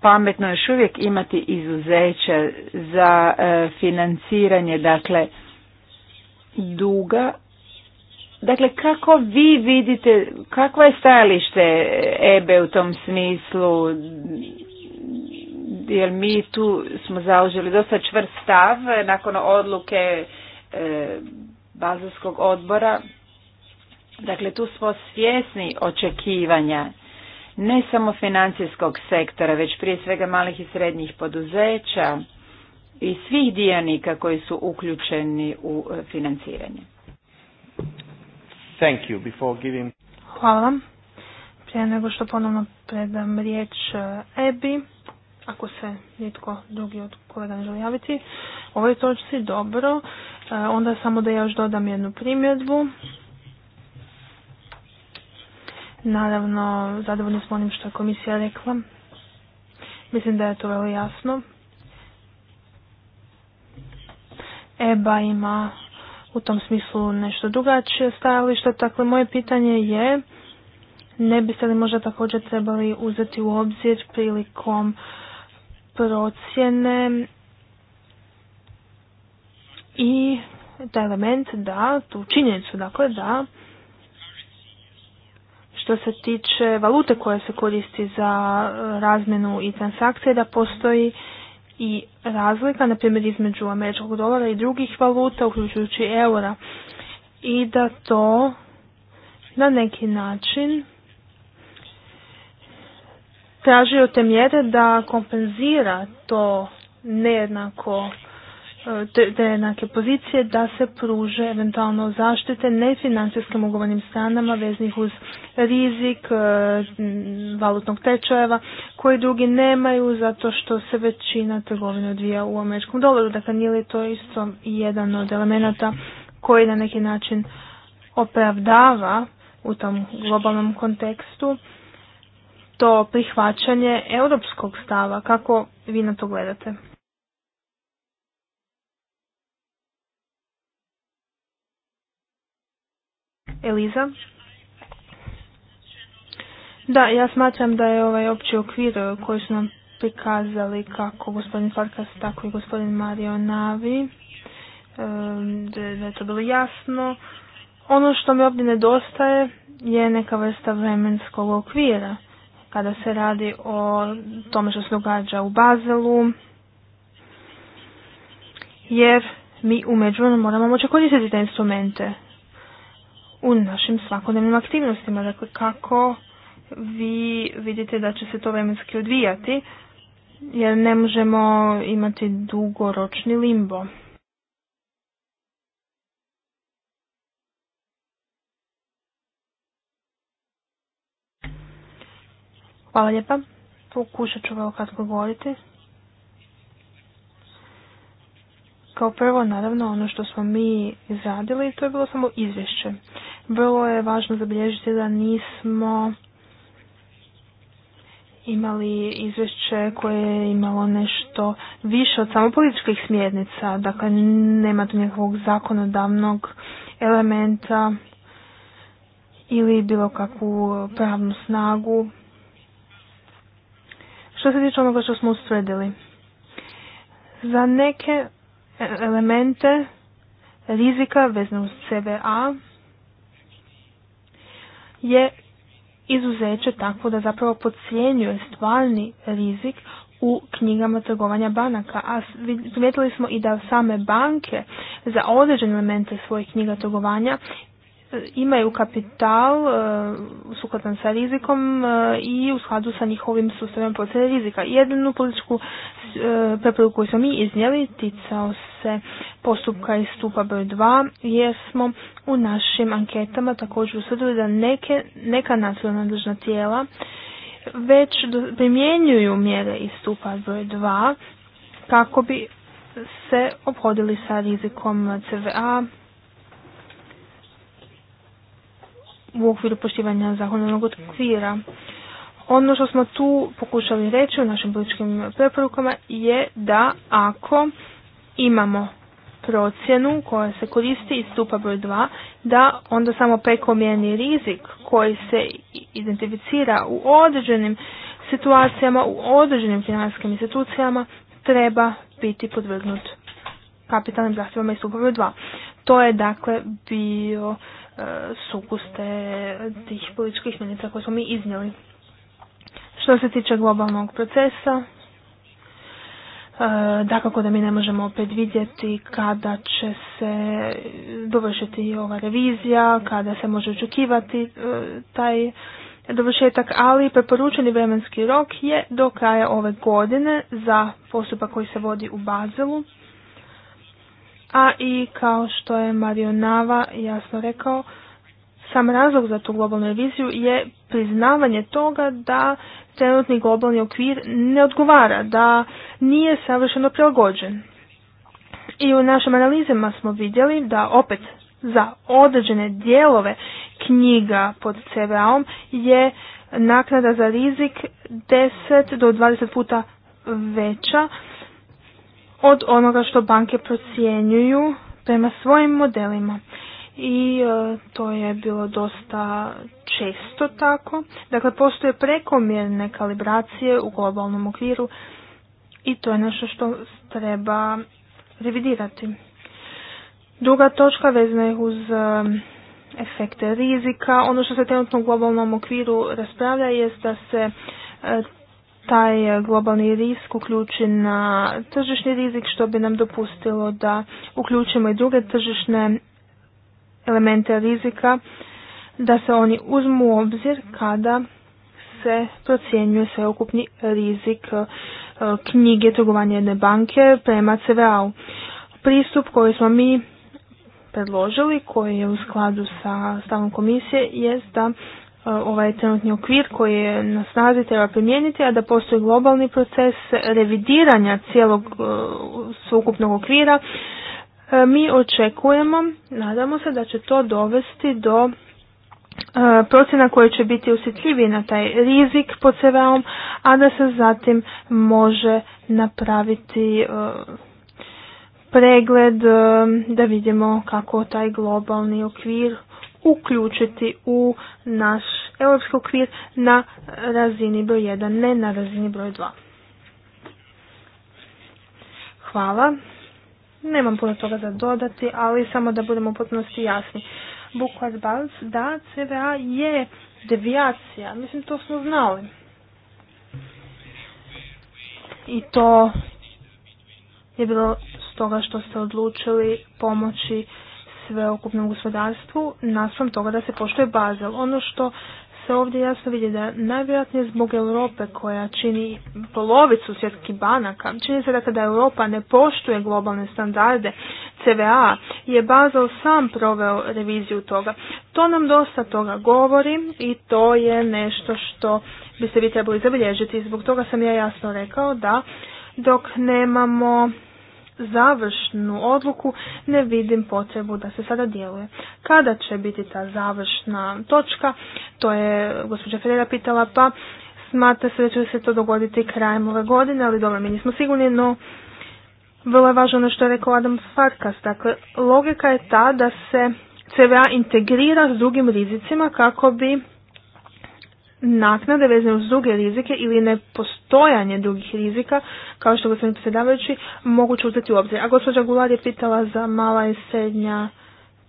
[SPEAKER 3] pametno još uvijek imati izuzeće za e, financiranje, dakle, duga Dakle, kako vi vidite, kakvo je stajalište EBE u tom smislu? Jer mi tu smo zaužili dosta čvrst stav nakon odluke e, Bazarskog odbora. Dakle, tu smo svjesni očekivanja ne samo financijskog sektora, već prije svega malih i srednjih poduzeća i svih dionika koji su uključeni u e, financiranje.
[SPEAKER 2] Thank you before giving... Hvala vam. Prije nego što ponovno predam riječ e, Ebi, ako se nitko drugi od kolega ne želi javiti, ovoj točci dobro. E, onda samo da ja još dodam jednu primjedbu. Naravno, zadovoljni smo onim što je komisija rekla. Mislim da je to vrlo jasno. EBA ima u tom smislu nešto drugačije stajalište. Dakle, moje pitanje je ne biste li možda također trebali uzeti u obzir prilikom procjene i taj element da, tu činjenicu dakle da što se tiče valute koja se koristi za razmenu i transakcije da postoji i razlika, na primjer, između američkog dolara i drugih valuta, uključujući eura, i da to na neki način traži od te mjere da kompenzira to nejednako te, te jednake pozicije da se pruže eventualno zaštite nefinancijskim ugovornim stranama veznih uz rizik e, valutnog tečajeva koji drugi nemaju zato što se većina trgovine odvija u američkom dolaru. Dakle, nije li to isto jedan od elemenata koji na neki način opravdava u tom globalnom kontekstu to prihvaćanje europskog stava. Kako vi na to gledate? Eliza. Da, ja smatram da je ovaj opći okvir eh, koji su nam prikazali kako gospodin Farkas, tako i gospodin Mario Navi, ehm, da je to bilo jasno. Ono što mi ovdje nedostaje je neka vrsta vremenskog okvira kada se radi o tome što se događa u Bazelu, jer mi umeđu moramo moći koristiti te instrumente u našim svakodnevnim aktivnostima. Dakle, kako vi vidite da će se to vremenski odvijati, jer ne možemo imati dugoročni limbo. Hvala lijepa. Pokušat ću vrlo kratko govoriti. Kao prvo, naravno, ono što smo mi izradili, to je bilo samo izvješće. Vrlo je važno zabilježiti da nismo imali izvješće koje je imalo nešto više od samo političkih smjernica, dakle nema tu nekakvog zakonodavnog elementa ili bilo kakvu pravnu snagu. Što se tiče onoga što smo ustvrdili, za neke elemente rizika vezno uz CBA je izuzeće takvo da zapravo podcjenjuje stvarni rizik u knjigama trgovanja banaka. A primijetili smo i da same banke za određene elemente svojih knjiga trgovanja imaju kapital e, sukladan sa rizikom e, i u skladu sa njihovim sustavima procjene rizika. Jednu političku e, preporuku koju smo mi iznijeli ticao se postupka iz stupa broj 2 jer smo u našim anketama također usredili da neke, neka nacionalna državna tijela već primjenjuju mjere iz stupa broj 2 kako bi se obhodili sa rizikom CVA, u okviru poštivanja zakonodavnog okvira. Ono što smo tu pokušali reći u našim političkim preporukama je da ako imamo procjenu koja se koristi iz stupa broj 2, da onda samo prekomjerni rizik koji se identificira u određenim situacijama, u određenim financijskim institucijama treba biti podvrgnut kapitalnim zahtjevama iz stupa broj 2. To je dakle bio sukuste tih političkih milica koje smo mi iznijeli. Što se tiče globalnog procesa, e, dakako da mi ne možemo predvidjeti kada će se dovršiti ova revizija, kada se može očekivati e, taj dovršetak, ali preporučeni vremenski rok je do kraja ove godine za postupak koji se vodi u Bazelu a i kao što je Mario Nava jasno rekao, sam razlog za tu globalnu reviziju je priznavanje toga da trenutni globalni okvir ne odgovara, da nije savršeno prilagođen. I u našim analizama smo vidjeli da opet za određene dijelove knjiga pod CVA-om je naknada za rizik 10 do 20 puta veća od onoga što banke procjenjuju prema svojim modelima. I e, to je bilo dosta često tako. Dakle, postoje prekomjerne kalibracije u globalnom okviru i to je nešto što treba revidirati. Druga točka vezana je uz e, efekte rizika. Ono što se trenutno u globalnom okviru raspravlja je da se e, taj eh, globalni risk uključi na tržišni rizik što bi nam dopustilo da uključimo i druge tržišne elemente rizika da se oni uzmu u obzir kada se procjenjuje sveukupni rizik eh, knjige trgovanja jedne banke prema CVA-u. Pristup koji smo mi predložili, koji je u skladu sa stavom komisije, jest da E, ovaj trenutni okvir koji je na snazi treba primijeniti, a da postoji globalni proces revidiranja cijelog e, sveukupnog okvira, e, mi očekujemo, nadamo se da će to dovesti do procjena koje će biti usjetljivija na taj rizik pod cva a da se zatim može napraviti pregled da vidimo kako taj globalni okvir uključiti u naš europski okvir na razini broj 1, ne na razini broj 2. Hvala. Nemam puno toga da dodati, ali samo da budemo potpunosti jasni. Bukvar Balc, da, CVA je devijacija. Mislim, to smo znali. I to je bilo stoga što ste odlučili pomoći sveokupnom gospodarstvu naspram toga da se poštuje Bazel. Ono što se ovdje jasno vidi da najvjerojatnije zbog Europe koja čini polovicu svjetskih banaka, čini se dakle da Europa ne poštuje globalne standarde CVA, je Bazel sam proveo reviziju toga. To nam dosta toga govori i to je nešto što biste vi trebali zabilježiti. Zbog toga sam ja jasno rekao da dok nemamo završnu odluku ne vidim potrebu da se sada djeluje. Kada će biti ta završna točka? To je gospođa Ferreira pitala pa smatra se da će se to dogoditi krajem ove godine, ali dobro, mi nismo sigurni, no vrlo je važno ono što je rekao Adam Farkas. Dakle, logika je ta da se CVA integrira s drugim rizicima kako bi naknade vezane uz druge rizike ili nepostojanje drugih rizika, kao što gospodin predsjedavajući, moguće uzeti u obzir. A gospođa Gular je pitala za mala i srednja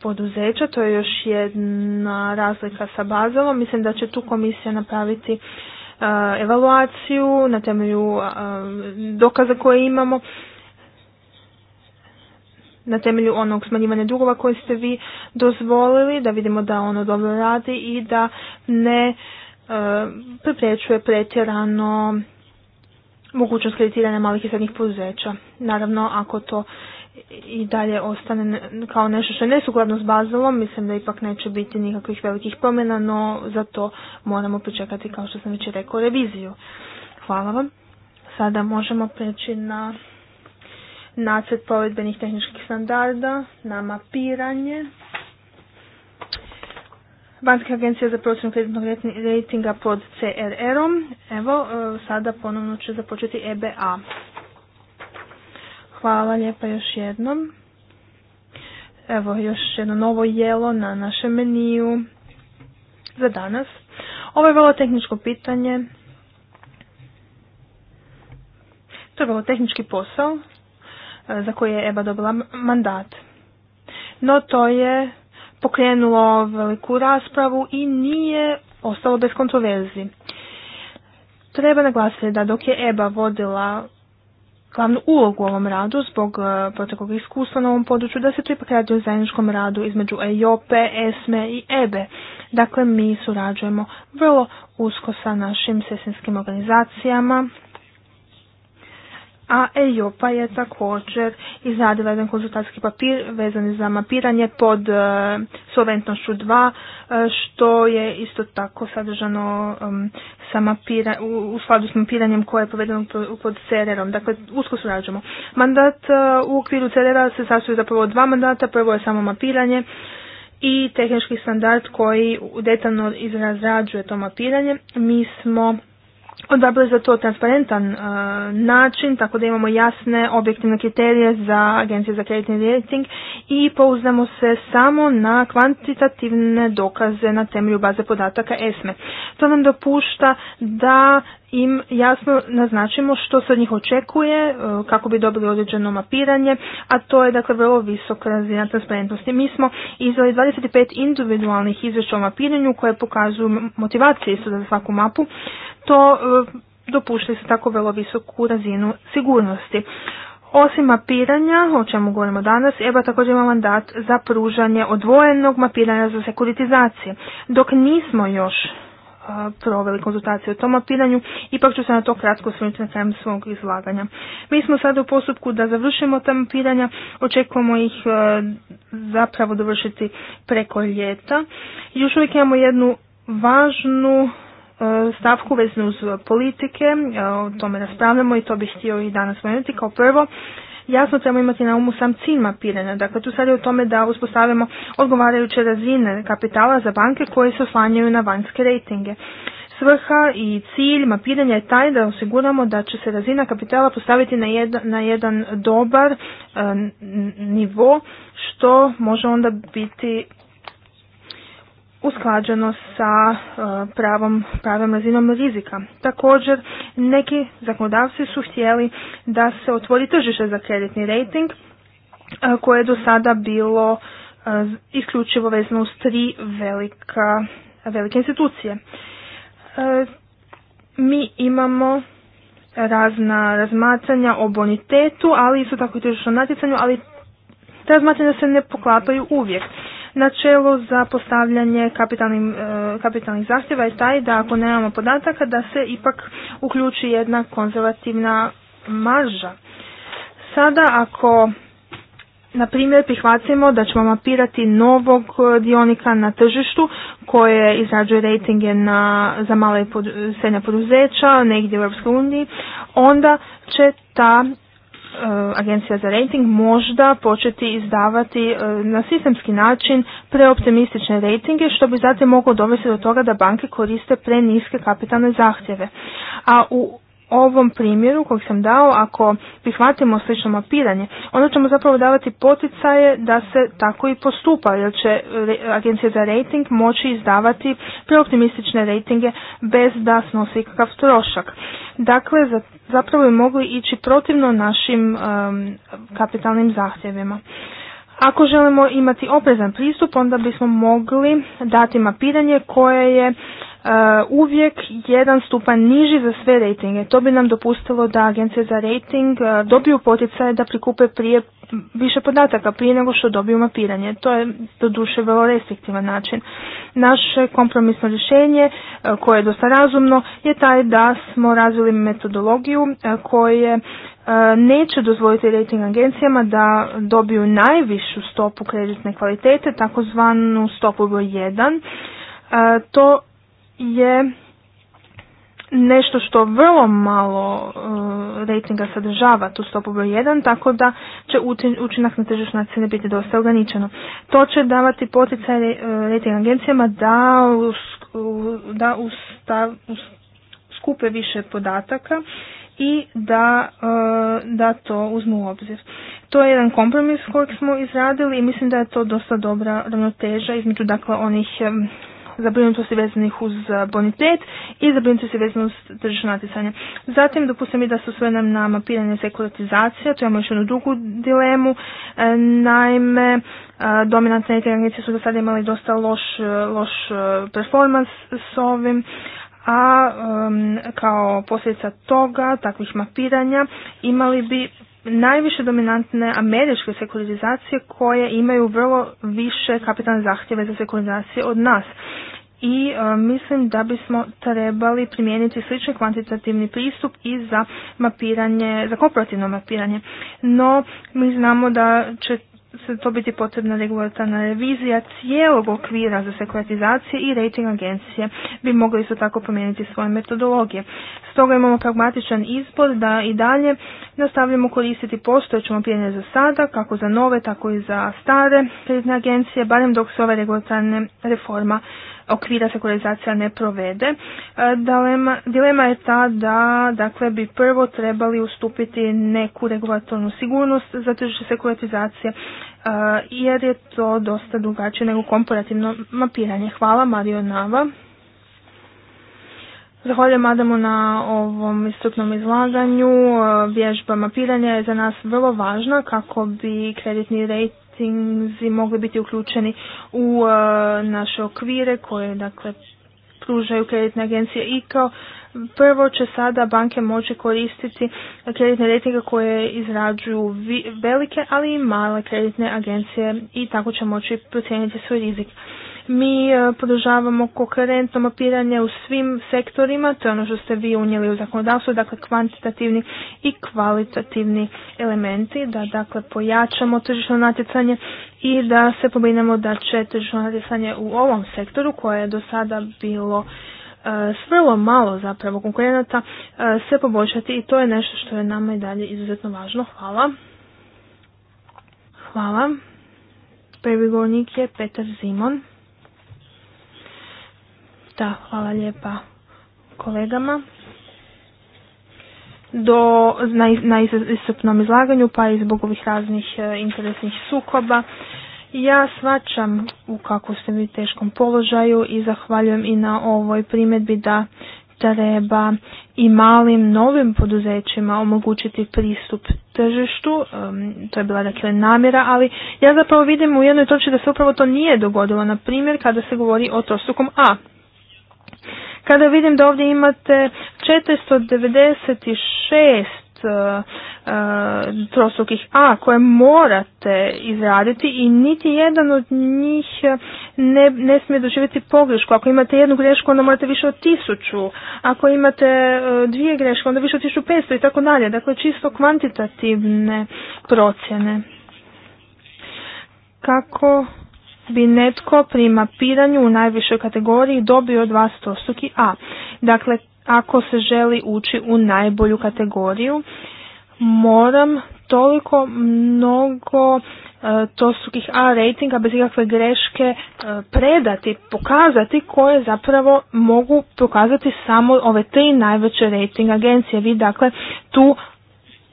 [SPEAKER 2] poduzeća, to je još jedna razlika sa bazalom. Mislim da će tu komisija napraviti e, evaluaciju na temelju e, dokaza koje imamo na temelju onog smanjivanja dugova koje ste vi dozvolili, da vidimo da ono dobro radi i da ne prepriječuje pretjerano mogućnost kreditiranja malih i srednjih poduzeća. Naravno, ako to i dalje ostane kao nešto što je nesukladno s bazalom, mislim da ipak neće biti nikakvih velikih promjena, no za to moramo pričekati, kao što sam već rekao, reviziju. Hvala vam. Sada možemo preći na nacet provedbenih tehničkih standarda, na mapiranje. Banska agencija za procjenu kreditnog ratinga pod CRR-om. Evo, e, sada ponovno će započeti EBA. Hvala lijepa još jednom. Evo, još jedno novo jelo na našem meniju za danas. Ovo je vrlo tehničko pitanje. To je vrlo tehnički posao e, za koji je EBA dobila mandat. No to je pokrenulo veliku raspravu i nije ostalo bez kontroverzi. Treba naglasiti da dok je EBA vodila glavnu ulogu u ovom radu zbog e, proteklog iskustva na ovom području, da se to ipak radi o zajedničkom radu između EJOPE, ESME i EBE. Dakle, mi surađujemo vrlo usko sa našim sestinskim organizacijama a EIOPA je također izradila jedan konzultatski papir vezan za mapiranje pod e, solventnošću 2, e, što je isto tako sadržano sa u, skladu s mapiranjem koje je povedeno pod CRR-om. Dakle, usko surađujemo. Mandat e, u okviru CRR-a se sastoji zapravo dva mandata. Prvo je samo mapiranje i tehnički standard koji detaljno izrazrađuje to mapiranje. Mi smo odabrali za to transparentan uh, način, tako da imamo jasne objektivne kriterije za agencije za kreditni rating i pouznamo se samo na kvantitativne dokaze na temelju baze podataka ESME. To nam dopušta da im jasno naznačimo što se od njih očekuje e, kako bi dobili određeno mapiranje, a to je dakle vrlo visoka razina transparentnosti. Mi smo izdali 25 individualnih izvješća o mapiranju koje pokazuju motivacije isto za svaku mapu. To e, dopušta se tako vrlo visoku razinu sigurnosti. Osim mapiranja, o čemu govorimo danas, EBA također ima mandat za pružanje odvojenog mapiranja za sekuritizaciju. Dok nismo još proveli konzultacije o tom mapiranju, ipak ću se na to kratko osvrnuti na kraju svog izlaganja. Mi smo sada u postupku da završimo ta mapiranja, očekujemo ih e, zapravo dovršiti preko ljeta. Još uvijek imamo jednu važnu e, stavku veznu uz politike, e, o tome raspravljamo i to bih htio i danas spomenuti. Kao prvo, jasno trebamo imati na umu sam cilj mapiranja. Dakle, tu sad je u tome da uspostavimo odgovarajuće razine kapitala za banke koje se oslanjaju na vanjske rejtinge. Svrha i cilj mapiranja je taj da osiguramo da će se razina kapitala postaviti na jedan, na jedan dobar eh, nivo što može onda biti usklađeno sa e, pravom, pravom razinom rizika. Također, neki zakonodavci su htjeli da se otvori tržište za kreditni rating e, koje je do sada bilo e, isključivo vezano uz tri velika, velike institucije. Mi imamo razna razmatranja o bonitetu, ali isto tako i tržišnom natjecanju, ali te se ne poklapaju uvijek. Načelo za postavljanje kapitalnih, e, kapitalnih zahtjeva je taj da ako nemamo podataka da se ipak uključi jedna konzervativna marža. Sada ako na primjer prihvatimo da ćemo mapirati novog dionika na tržištu koje izrađuje rejtinge na, za male i poduzeća negdje u EU, onda će ta Eh, agencija za rating možda početi izdavati eh, na sistemski način preoptimistične ratinge što bi zatim moglo dovesti do toga da banke koriste preniske kapitalne zahtjeve. A u ovom primjeru kojeg sam dao, ako prihvatimo slično mapiranje, onda ćemo zapravo davati poticaje da se tako i postupa, jer će agencija za rating moći izdavati preoptimistične ratinge bez da snosi kakav trošak. Dakle, zapravo bi mogli ići protivno našim kapitalnim zahtjevima. Ako želimo imati oprezan pristup, onda bismo mogli dati mapiranje koje je E, uvijek jedan stupanj niži za sve rejtinge. To bi nam dopustilo da agencije za rejting e, dobiju poticaje da prikupe prije više podataka prije nego što dobiju mapiranje. To je doduše vrlo restriktivan način. Naše kompromisno rješenje e, koje je dosta razumno je taj da smo razvili metodologiju koje neće dozvoliti rating agencijama da dobiju najvišu stopu kreditne kvalitete, takozvanu stopu broj 1. To je nešto što vrlo malo uh, e, ratinga sadržava tu stopu broj 1, tako da će učinak na tržišno cijene biti dosta ograničeno. To će davati poticaj e, rating agencijama da, da skupe više podataka i da, e, da to uzmu u obzir. To je jedan kompromis kojeg smo izradili i mislim da je to dosta dobra ravnoteža između dakle onih zabrinutosti vezanih uz e, bonitet i zabrinutosti vezanih uz tržišno natjecanje. Zatim dopustim i da se osvrnem na mapiranje sekuratizacija, tu imamo još jednu drugu dilemu. E, naime, e, dominantne agencije su do sada imali dosta loš, loš performans s ovim, a kao posljedica toga, takvih mapiranja, imali bi najviše dominantne američke sekularizacije koje imaju vrlo više kapitalne zahtjeve za sekularizacije od nas. I e, mislim da bismo trebali primijeniti slični kvantitativni pristup i za mapiranje, za kooperativno mapiranje. No, mi znamo da će se to biti potrebna regulatorna revizija cijelog okvira za sekuratizacije i rating agencije bi mogli isto tako promijeniti svoje metodologije. Stoga imamo pragmatičan izbor da i dalje nastavljamo koristiti postojeće opiranje za sada, kako za nove, tako i za stare kreditne agencije, barem dok se ova regulatorna reforma okvira sekularizacija ne provede. E, dilema, dilema je ta da dakle, bi prvo trebali ustupiti neku regulatornu sigurnost za tržište sekularizacije e, jer je to dosta drugačije nego komparativno mapiranje. Hvala Mario Nava. Zahvaljujem Adamu na ovom istupnom izlaganju. E, vježba mapiranja je za nas vrlo važna kako bi kreditni rejt marketinzi mogli biti uključeni u uh, naše okvire koje dakle pružaju kreditne agencije i kao prvo će sada banke moći koristiti kreditne rejtinge koje izrađuju velike, ali i male kreditne agencije i tako će moći procijeniti svoj rizik. Mi e, podržavamo konkurentno mapiranje u svim sektorima, to je ono što ste vi unijeli u zakonodavstvo, dakle kvantitativni i kvalitativni elementi, da dakle pojačamo tržišno natjecanje i da se pobrinemo da će tržišno natjecanje u ovom sektoru koje je do sada bilo e, s vrlo malo zapravo konkurenata e, se poboljšati i to je nešto što je nama i dalje izuzetno važno. Hvala. Hvala. Prvi govornik je Petar Zimon. Da, hvala lijepa kolegama. Do, na, na izlaganju pa i zbog ovih raznih e, interesnih sukoba. Ja svačam u kako ste mi teškom položaju i zahvaljujem i na ovoj primjedbi da treba i malim novim poduzećima omogućiti pristup tržištu, to je bila dakle namjera, ali ja zapravo vidim u jednoj točki da se upravo to nije dogodilo, na primjer kada se govori o trostukom A. Kada vidim da ovdje imate 496 e, e, trosukih A koje morate izraditi i niti jedan od njih ne, ne smije doživjeti pogrešku. Ako imate jednu grešku onda morate više od tisuću, ako imate e, dvije greške onda više od 1500 i tako dalje. Dakle, čisto kvantitativne procjene. Kako bi netko pri mapiranju u najvišoj kategoriji dobio dva stostruki A. Dakle, ako se želi ući u najbolju kategoriju, moram toliko mnogo e, A ratinga bez ikakve greške e, predati, pokazati koje zapravo mogu pokazati samo ove tri najveće rating agencije. Vi dakle tu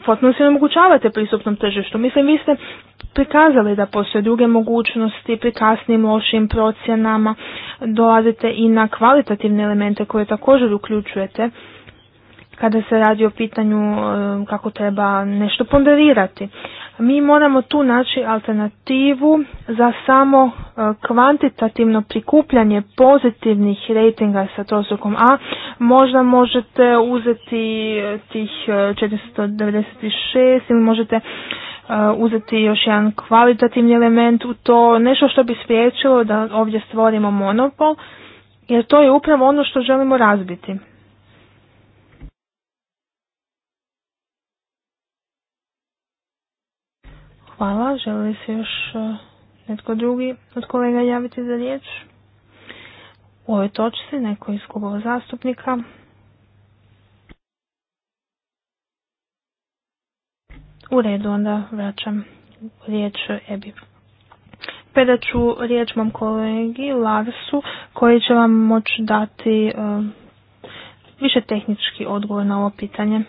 [SPEAKER 2] potpuno se omogućavate pristupnom tržištu. Mislim, vi ste prikazali da postoje druge mogućnosti, pri kasnim lošim procjenama, dolazite i na kvalitativne elemente koje također uključujete kada se radi o pitanju e, kako treba nešto ponderirati. Mi moramo tu naći alternativu za samo e, kvantitativno prikupljanje pozitivnih rejtinga sa trostrukom A. Možda možete uzeti e, tih 496 e, ili možete uzeti još jedan kvalitativni element u to, nešto što bi spriječilo da ovdje stvorimo monopol, jer to je upravo ono što želimo razbiti. Hvala. Želi li se još e, netko drugi od kolega javiti za riječ? U ovoj točci neko iz klubova zastupnika. U redu onda vraćam riječ Ebi. Predat ću riječ mom kolegi Larsu koji će vam moći dati e, više tehnički odgovor na ovo pitanje.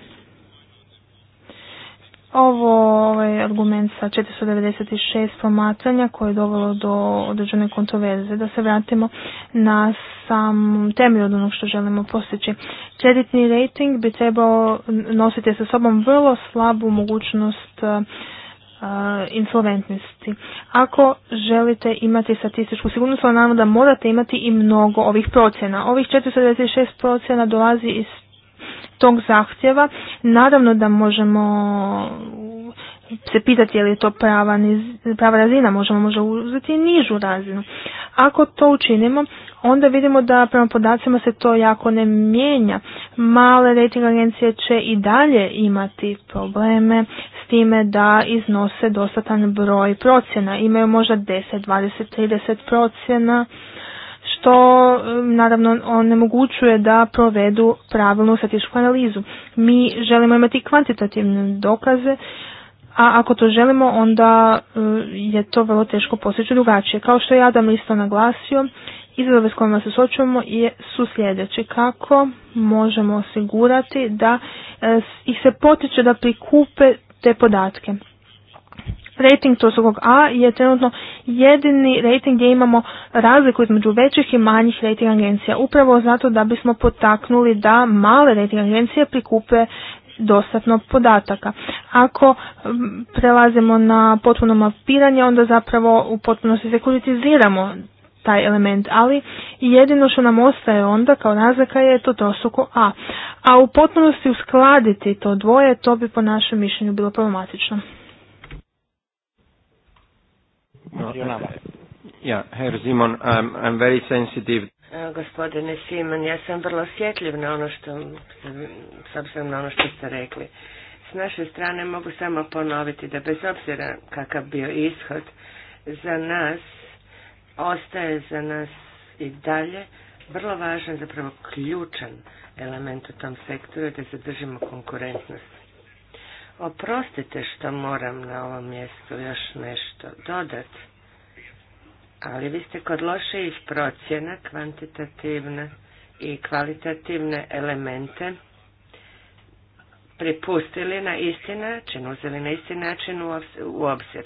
[SPEAKER 2] Ovo je ovaj, argument sa 496 promatranja koje je dovelo do određene kontroverze. Da se vratimo na sam temelj od onog što želimo postići. Kreditni rating bi trebao nositi sa sobom vrlo slabu mogućnost eh, eh, insolventnosti. Ako želite imati statističku sigurnost, naravno da morate imati i mnogo ovih procjena. Ovih 496 procjena dolazi iz tog zahtjeva, naravno da možemo se pitati je li to prava, prava razina, možemo možda uzeti nižu razinu. Ako to učinimo, onda vidimo da prema podacima se to jako ne mijenja. Male rating agencije će i dalje imati probleme s time da iznose dostatan broj procjena. Imaju možda 10, 20, 30 procjena što naravno onemogućuje da provedu pravilnu statističku analizu. Mi želimo imati kvantitativne dokaze, a ako to želimo onda eh, je to vrlo teško postići drugačije. Kao što je Adam isto naglasio, izazove s kojima se sočujemo su sljedeći. Kako možemo osigurati da eh, ih se potiče da prikupe te podatke. Rating trostrukog A je trenutno jedini rating gdje imamo razliku između većih i manjih rating agencija. Upravo zato da bismo potaknuli da male rating agencije prikupe dostatno podataka. Ako prelazimo na potpuno mapiranje, onda zapravo u potpunosti sekuritiziramo taj element, ali jedino što nam ostaje onda kao razlika je to trosoko A. A u potpunosti uskladiti to dvoje, to bi po našem mišljenju bilo problematično.
[SPEAKER 4] Ja,
[SPEAKER 3] e,
[SPEAKER 1] Gospodine Simon, ja sam vrlo osjetljiv na ono što, s obzirom na ono što ste rekli. S naše strane mogu samo ponoviti da bez obzira kakav bio ishod, za nas ostaje za nas i dalje vrlo važan, zapravo ključan element u tom sektoru da zadržimo konkurentnost Oprostite što moram na ovom mjestu još nešto dodati, ali vi ste kod loših procjena kvantitativne i kvalitativne elemente pripustili na isti način, uzeli na isti način u obzir.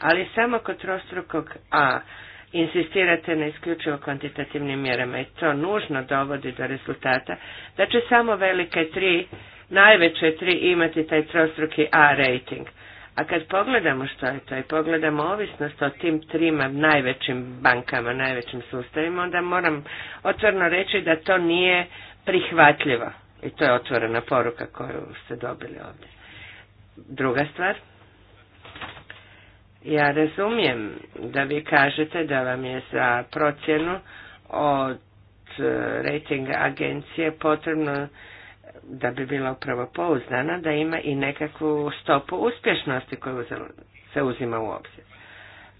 [SPEAKER 1] Ali samo kod trostrukog A insistirate na isključivo kvantitativnim mjerama i to nužno dovodi do rezultata da će samo velike tri najveće tri imati taj trostruki A rating. A kad pogledamo što je to i pogledamo ovisnost o tim trima najvećim bankama, najvećim sustavima, onda moram otvorno reći da to nije prihvatljivo. I to je otvorena poruka koju ste dobili ovdje. Druga stvar, ja razumijem da vi kažete da vam je za procjenu od e, rating agencije potrebno da bi bila upravo pouzdana, da ima i nekakvu stopu uspješnosti koju se uzima u obzir.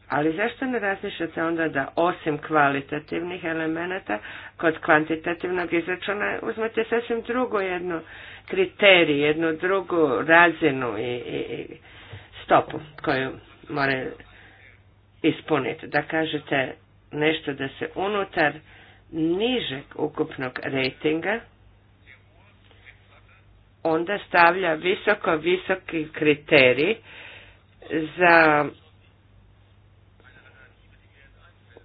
[SPEAKER 1] Ali zašto ne razmišljate onda da osim kvalitativnih elemenata kod kvantitativnog izračuna uzmete sasvim drugu jednu kriteriju, jednu drugu razinu i, i, i stopu koju mora ispuniti. Da kažete nešto da se unutar nižeg ukupnog rejtinga onda stavlja visoko, visoki kriterij za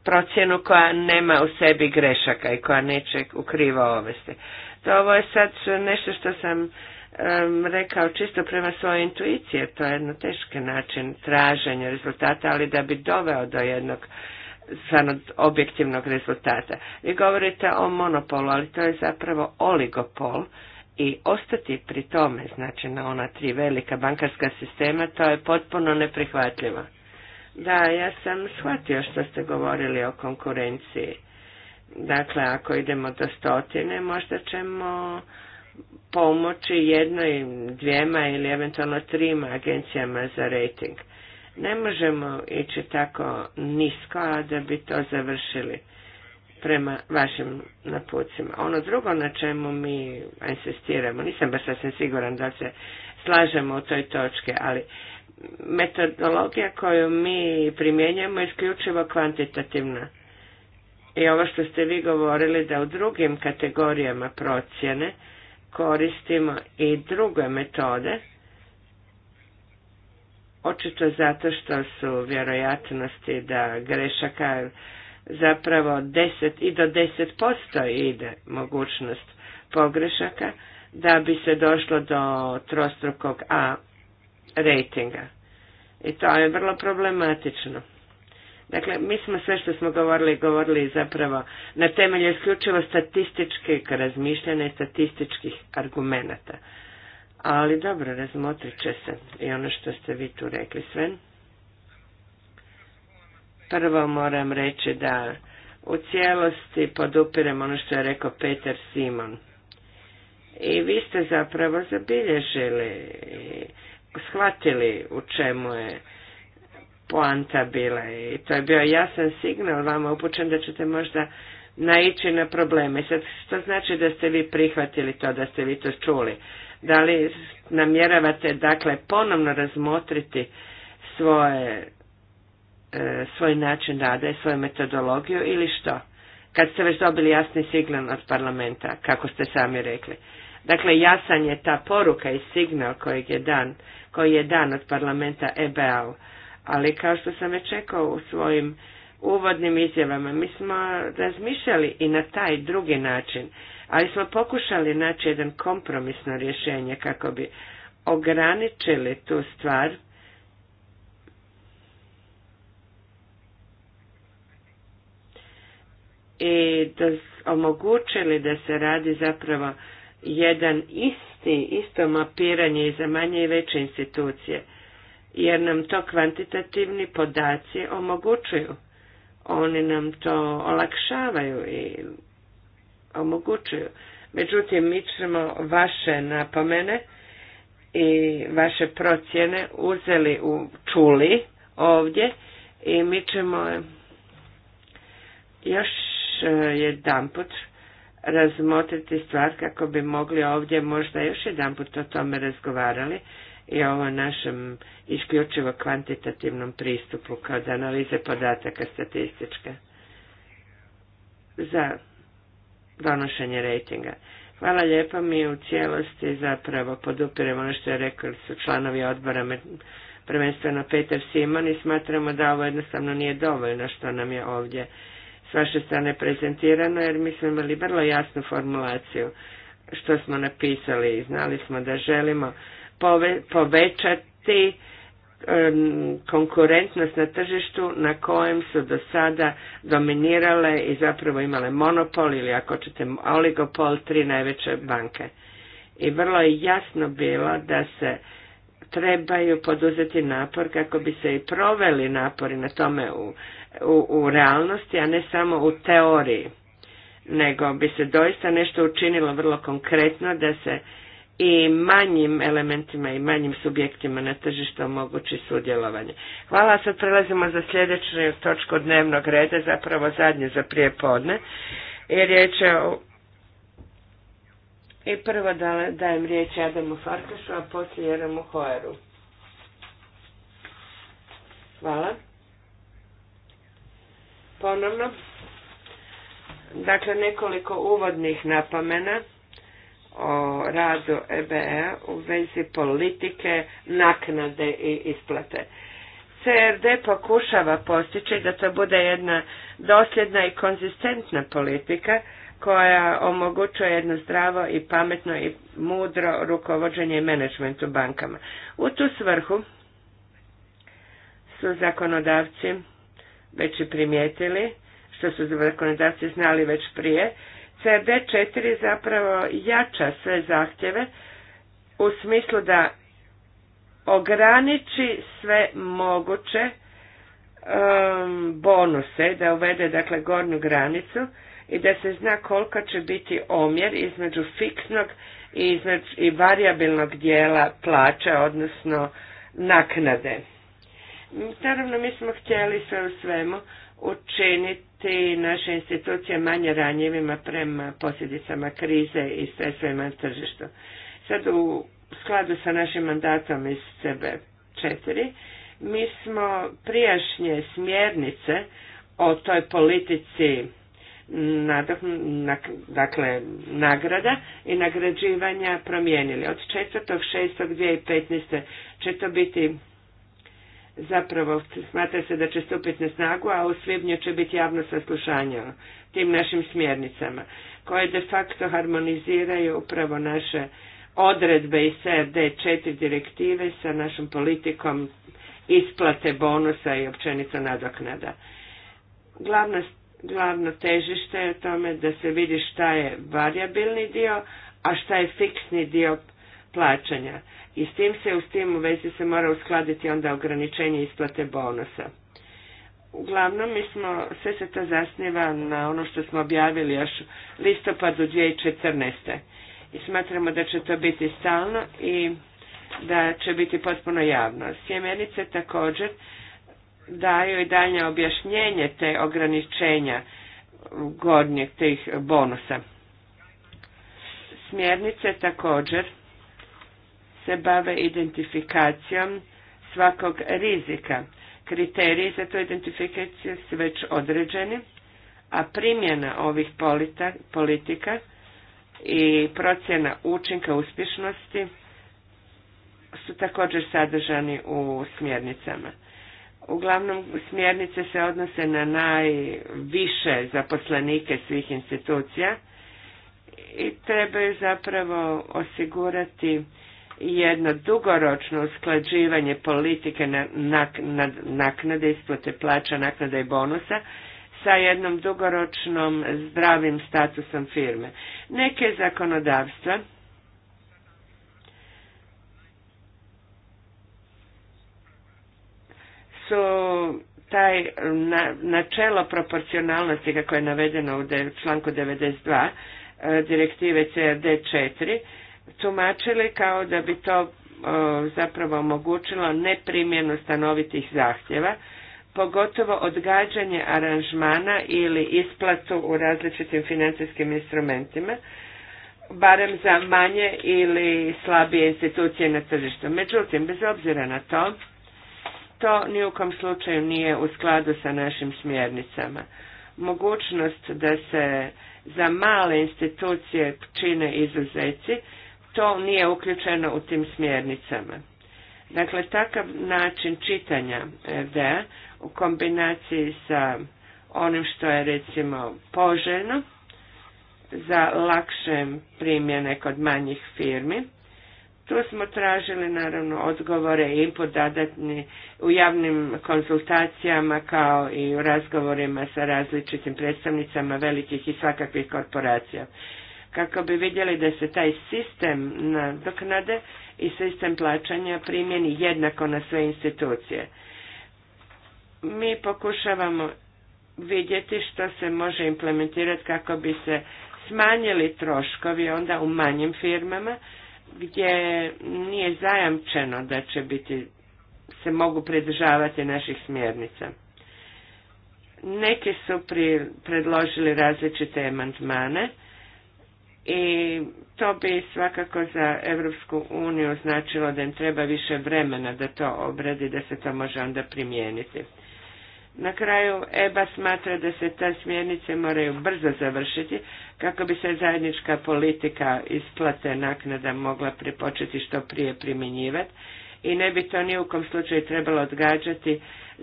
[SPEAKER 1] procjenu koja nema u sebi grešaka i koja neće u krivo ovesti. To ovo je sad nešto što sam rekao čisto prema svojoj intuiciji, to je jedno teški način traženja rezultata, ali da bi doveo do jednog stvarno objektivnog rezultata. Vi govorite o monopolu, ali to je zapravo oligopol i ostati pri tome, znači na ona tri velika bankarska sistema, to je potpuno neprihvatljivo. Da, ja sam shvatio što ste govorili o konkurenciji. Dakle, ako idemo do stotine, možda ćemo pomoći jednoj, dvijema ili eventualno trima agencijama za rating. Ne možemo ići tako nisko, a da bi to završili prema vašim napucima. Ono drugo na čemu mi insistiramo, nisam baš sasvim siguran da se slažemo u toj točke, ali metodologija koju mi primjenjujemo je isključivo kvantitativna. I ovo što ste vi govorili da u drugim kategorijama procjene koristimo i druge metode, očito zato što su vjerojatnosti da grešaka zapravo deset i do 10% ide mogućnost pogrešaka da bi se došlo do trostrukog A rejtinga. I to je vrlo problematično. Dakle, mi smo sve što smo govorili, govorili zapravo na temelju isključivo statističkih razmišljanja i statističkih argumenata. Ali dobro, razmotrit će se i ono što ste vi tu rekli, Sven. Prvo moram reći da u cijelosti podupirem ono što je rekao Peter Simon. I vi ste zapravo zabilježili i shvatili u čemu je poanta bila i to je bio jasan signal vama upućen da ćete možda naići na probleme. Sad, što znači da ste vi prihvatili to, da ste vi to čuli? Da li namjeravate, dakle, ponovno razmotriti svoje E, svoj način rada i svoju metodologiju ili što? Kad ste već dobili jasni signal od parlamenta, kako ste sami rekli. Dakle, jasan je ta poruka i signal kojeg je dan, koji je dan od parlamenta eba Ali kao što sam već čekao u svojim uvodnim izjavama, mi smo razmišljali i na taj drugi način, ali smo pokušali naći jedan kompromisno rješenje kako bi ograničili tu stvar i da omogućili da se radi zapravo jedan isti, isto mapiranje i za manje i veće institucije, jer nam to kvantitativni podaci omogućuju. Oni nam to olakšavaju i omogućuju. Međutim, mi ćemo vaše napomene i vaše procjene uzeli u čuli ovdje i mi ćemo još E, jedanput razmotriti stvar kako bi mogli ovdje možda još jedanput o tome razgovarali i ovo našem isključivo kvantitativnom pristupu kod analize podataka statističke za donošenje rejtinga. Hvala lijepo, mi u cijelosti zapravo podupiremo ono što je rekao su članovi odbora, prvenstveno Peter Simon i smatramo da ovo jednostavno nije dovoljno što nam je ovdje vaše strane prezentirano jer mi smo imali vrlo jasnu formulaciju što smo napisali i znali smo da želimo pove, povećati konkurentnost na tržištu na kojem su do sada dominirale i zapravo imale monopol ili ako ćete oligopol tri najveće banke. I vrlo je jasno bilo da se trebaju poduzeti napor kako bi se i proveli napori na tome u u, u realnosti, a ne samo u teoriji, nego bi se doista nešto učinilo vrlo konkretno da se i manjim elementima i manjim subjektima na tržištu omogući sudjelovanje. Hvala, sad prelazimo za sljedeću točku dnevnog reda, zapravo zadnje za prije podne. I riječ je o... I prvo dajem riječ Adamu Farkašu, a poslije Jeremu Hoeru. Hvala ponovno. Dakle, nekoliko uvodnih napomena o radu EBE e u vezi politike, naknade i isplate. CRD pokušava postići da to bude jedna dosljedna i konzistentna politika koja omogućuje jedno zdravo i pametno i mudro rukovođenje i u bankama. U tu svrhu su zakonodavci već i primijetili, što su zakonodavci znali već prije, CRD4 zapravo jača sve zahtjeve u smislu da ograniči sve moguće um, bonuse, da uvede dakle gornju granicu i da se zna koliko će biti omjer između fiksnog i, i variabilnog dijela plaća, odnosno naknade. Naravno, mi smo htjeli sve u svemu učiniti naše institucije manje ranjivima prema posljedicama krize i sve na tržištu. Sad u skladu sa našim mandatom iz CB4 mi smo prijašnje smjernice o toj politici dakle nagrada i nagrađivanja promijenili. Od 4.6.2015. će to biti zapravo smatra se da će stupiti na snagu, a u svibnju će biti javno saslušanje o tim našim smjernicama, koje de facto harmoniziraju upravo naše odredbe iz CRD4 direktive sa našom politikom isplate bonusa i općenito nadoknada. Glavno, glavno težište je tome da se vidi šta je variabilni dio, a šta je fiksni dio plaćanja i s tim se u tim u vezi se mora uskladiti onda ograničenje isplate bonusa. Uglavnom, mi smo, sve se to zasniva na ono što smo objavili još listopadu 2014. I smatramo da će to biti stalno i da će biti potpuno javno. Sjemenice također daju i daljnje objašnjenje te ograničenja gornjeg tih bonusa. Smjernice također se bave identifikacijom svakog rizika. Kriteriji za tu identifikaciju su već određeni, a primjena ovih politika i procjena učinka uspješnosti su također sadržani u smjernicama. Uglavnom smjernice se odnose na najviše zaposlenike svih institucija i trebaju zapravo osigurati jedno dugoročno usklađivanje politike naknade, isplate plaća, naknada i bonusa sa jednom dugoročnom zdravim statusom firme. Neke zakonodavstva su taj načelo proporcionalnosti kako je navedeno u članku 92 e, direktive CRD 4 tumačili kao da bi to e, zapravo omogućilo neprimjenu stanovitih zahtjeva, pogotovo odgađanje aranžmana ili isplatu u različitim financijskim instrumentima, barem za manje ili slabije institucije na tržištu. Međutim, bez obzira na to, to ni u kom slučaju nije u skladu sa našim smjernicama. Mogućnost da se za male institucije čine izuzeci to nije uključeno u tim smjernicama. Dakle, takav način čitanja FDA u kombinaciji sa onim što je recimo poželjno za lakše primjene kod manjih firmi. Tu smo tražili naravno odgovore i input dadatni u javnim konsultacijama kao i u razgovorima sa različitim predstavnicama velikih i svakakvih korporacija kako bi vidjeli da se taj sistem nadoknade i sistem plaćanja primjeni jednako na sve institucije. Mi pokušavamo vidjeti što se može implementirati kako bi se smanjili troškovi onda u manjim firmama gdje nije zajamčeno da će biti se mogu pridržavati naših smjernica. Neki su pri, predložili različite amandmane i to bi svakako za Europsku uniju značilo da im treba više vremena da to obradi, da se to može onda primijeniti. Na kraju EBA smatra da se te smjernice moraju brzo završiti kako bi se zajednička politika isplate naknada mogla pripočeti što prije primjenjivati i ne bi to ni u kom slučaju trebalo odgađati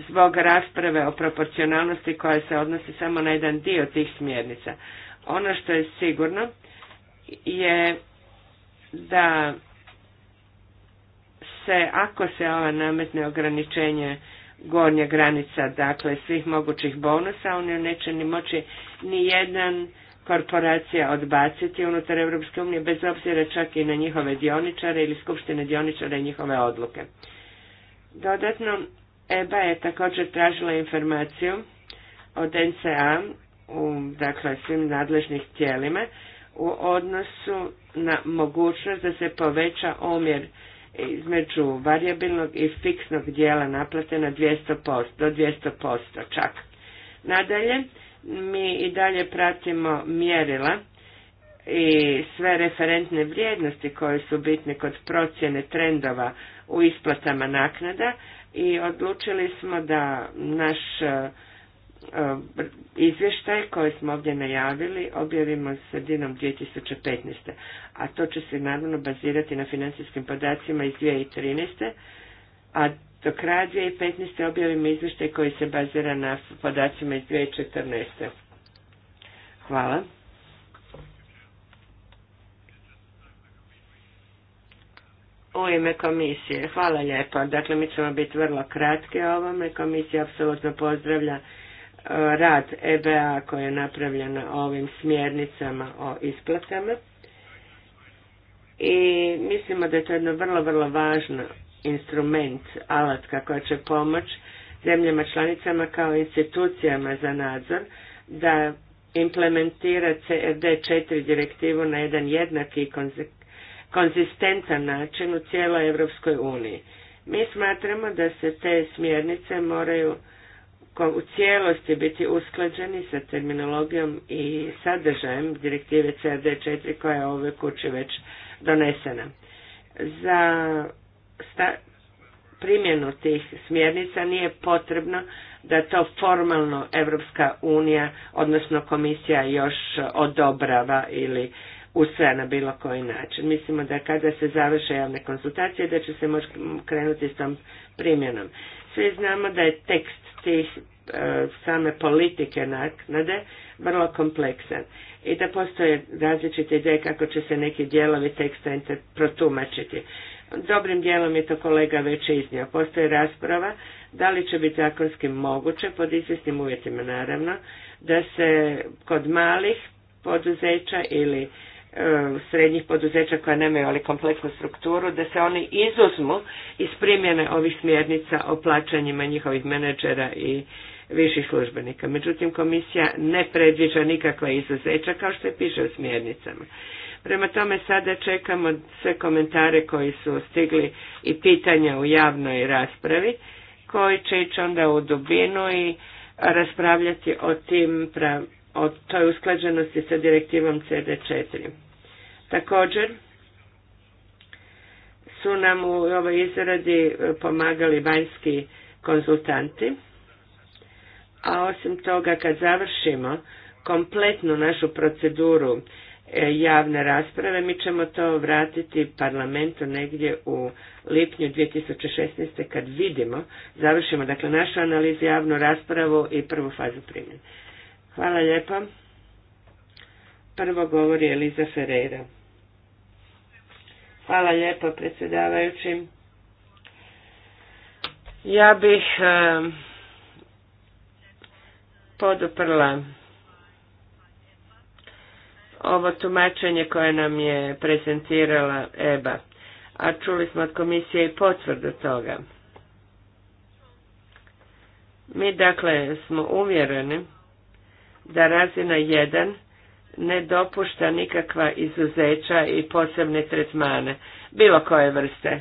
[SPEAKER 1] zbog rasprave o proporcionalnosti koja se odnosi samo na jedan dio tih smjernica. Ono što je sigurno je da se, ako se ova nametne ograničenje gornja granica, dakle svih mogućih bonusa, on neće ni moći ni jedan korporacija odbaciti unutar Europske unije, bez obzira čak i na njihove dioničare ili skupštine dioničara i njihove odluke. Dodatno, EBA je također tražila informaciju od NCA, u, dakle svim nadležnih tijelima, u odnosu na mogućnost da se poveća omjer između varijabilnog i fiksnog dijela naplate na 200%, do 200% čak. Nadalje, mi i dalje pratimo mjerila i sve referentne vrijednosti koje su bitne kod procjene trendova u isplatama naknada i odlučili smo da naš E, izvještaj koji smo ovdje najavili objavimo sredinom 2015. A to će se naravno bazirati na financijskim podacima iz 2013. A do kraja 2015. objavimo izvještaj koji se bazira na podacima iz 2014. Hvala. U ime komisije. Hvala lijepo. Dakle, mi ćemo biti vrlo kratke o ovome. Komisija apsolutno pozdravlja rad EBA koja je napravljena ovim smjernicama o isplatama i mislimo da je to jedno vrlo, vrlo važno instrument, alat kako će pomoć zemljama članicama kao institucijama za nadzor da implementira CRD e 4 direktivu na jedan jednaki i konzistentan način u cijeloj Europskoj uniji. Mi smatramo da se te smjernice moraju u cijelosti biti usklađeni sa terminologijom i sadržajem direktive CRD4 koja je ovoj kući već donesena. Za primjenu tih smjernica nije potrebno da to formalno Evropska unija, odnosno komisija još odobrava ili usvaja na bilo koji način. Mislimo da kada se završe javne konsultacije da će se moći krenuti s tom primjenom. Svi znamo da je tekst tih e, same politike naknade vrlo kompleksan i da postoje različite ideje kako će se neki dijelovi teksta protumačiti. Dobrim dijelom je to kolega već iznio. Postoji rasprava da li će biti zakonski moguće, pod izvjesnim uvjetima naravno, da se kod malih poduzeća ili Eh, srednjih poduzeća koja nemaju ali kompleksnu strukturu, da se oni izuzmu iz primjene ovih smjernica o plaćanjima njihovih menadžera i viših službenika. Međutim, komisija ne predviđa nikakva izuzeća kao što je piše u smjernicama. Prema tome sada čekamo sve komentare koji su stigli i pitanja u javnoj raspravi koji će ići onda u dubinu i raspravljati o tim pravima o toj usklađenosti sa direktivom CD4. Također su nam u ovoj izradi e, pomagali vanjski konzultanti, a osim toga kad završimo kompletnu našu proceduru e, javne rasprave, mi ćemo to vratiti parlamentu negdje u lipnju 2016. kad vidimo, završimo dakle našu analizu, javnu raspravu i prvu fazu primjene. Hvala lijepa. Prvo govori Eliza Ferreira. Hvala lijepo predsjedavajući. Ja bih poduprla ovo tumačenje koje nam je prezentirala EBA, a čuli smo od komisije i potvrdu toga. Mi dakle smo uvjereni da razina 1 ne dopušta nikakva izuzeća i posebne tretmane, bilo koje vrste,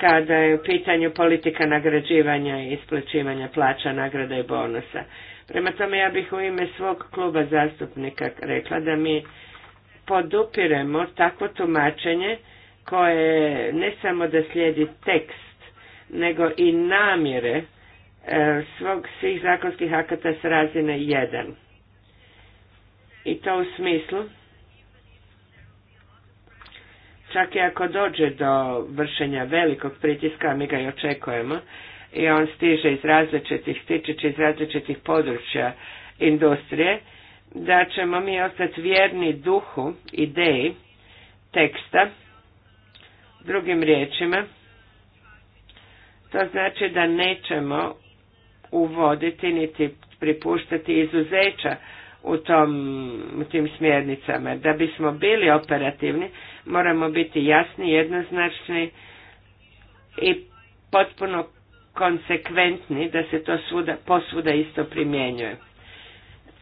[SPEAKER 1] kada je u pitanju politika nagrađivanja i isplaćivanja plaća, nagrada i bonusa. Prema tome ja bih u ime svog kluba zastupnika rekla da mi podupiremo takvo tumačenje koje ne samo da slijedi tekst, nego i namjere e, svog svih zakonskih akata s razine 1 i to u smislu, čak i ako dođe do vršenja velikog pritiska, mi ga i očekujemo, i on stiže iz različitih, stiče iz različitih područja industrije, da ćemo mi ostati vjerni duhu, ideji, teksta, drugim riječima, to znači da nećemo uvoditi niti pripuštati izuzeća u tom, u tim smjernicama. Da bismo bili operativni, moramo biti jasni, jednoznačni i potpuno konsekventni da se to svuda, posvuda isto primjenjuje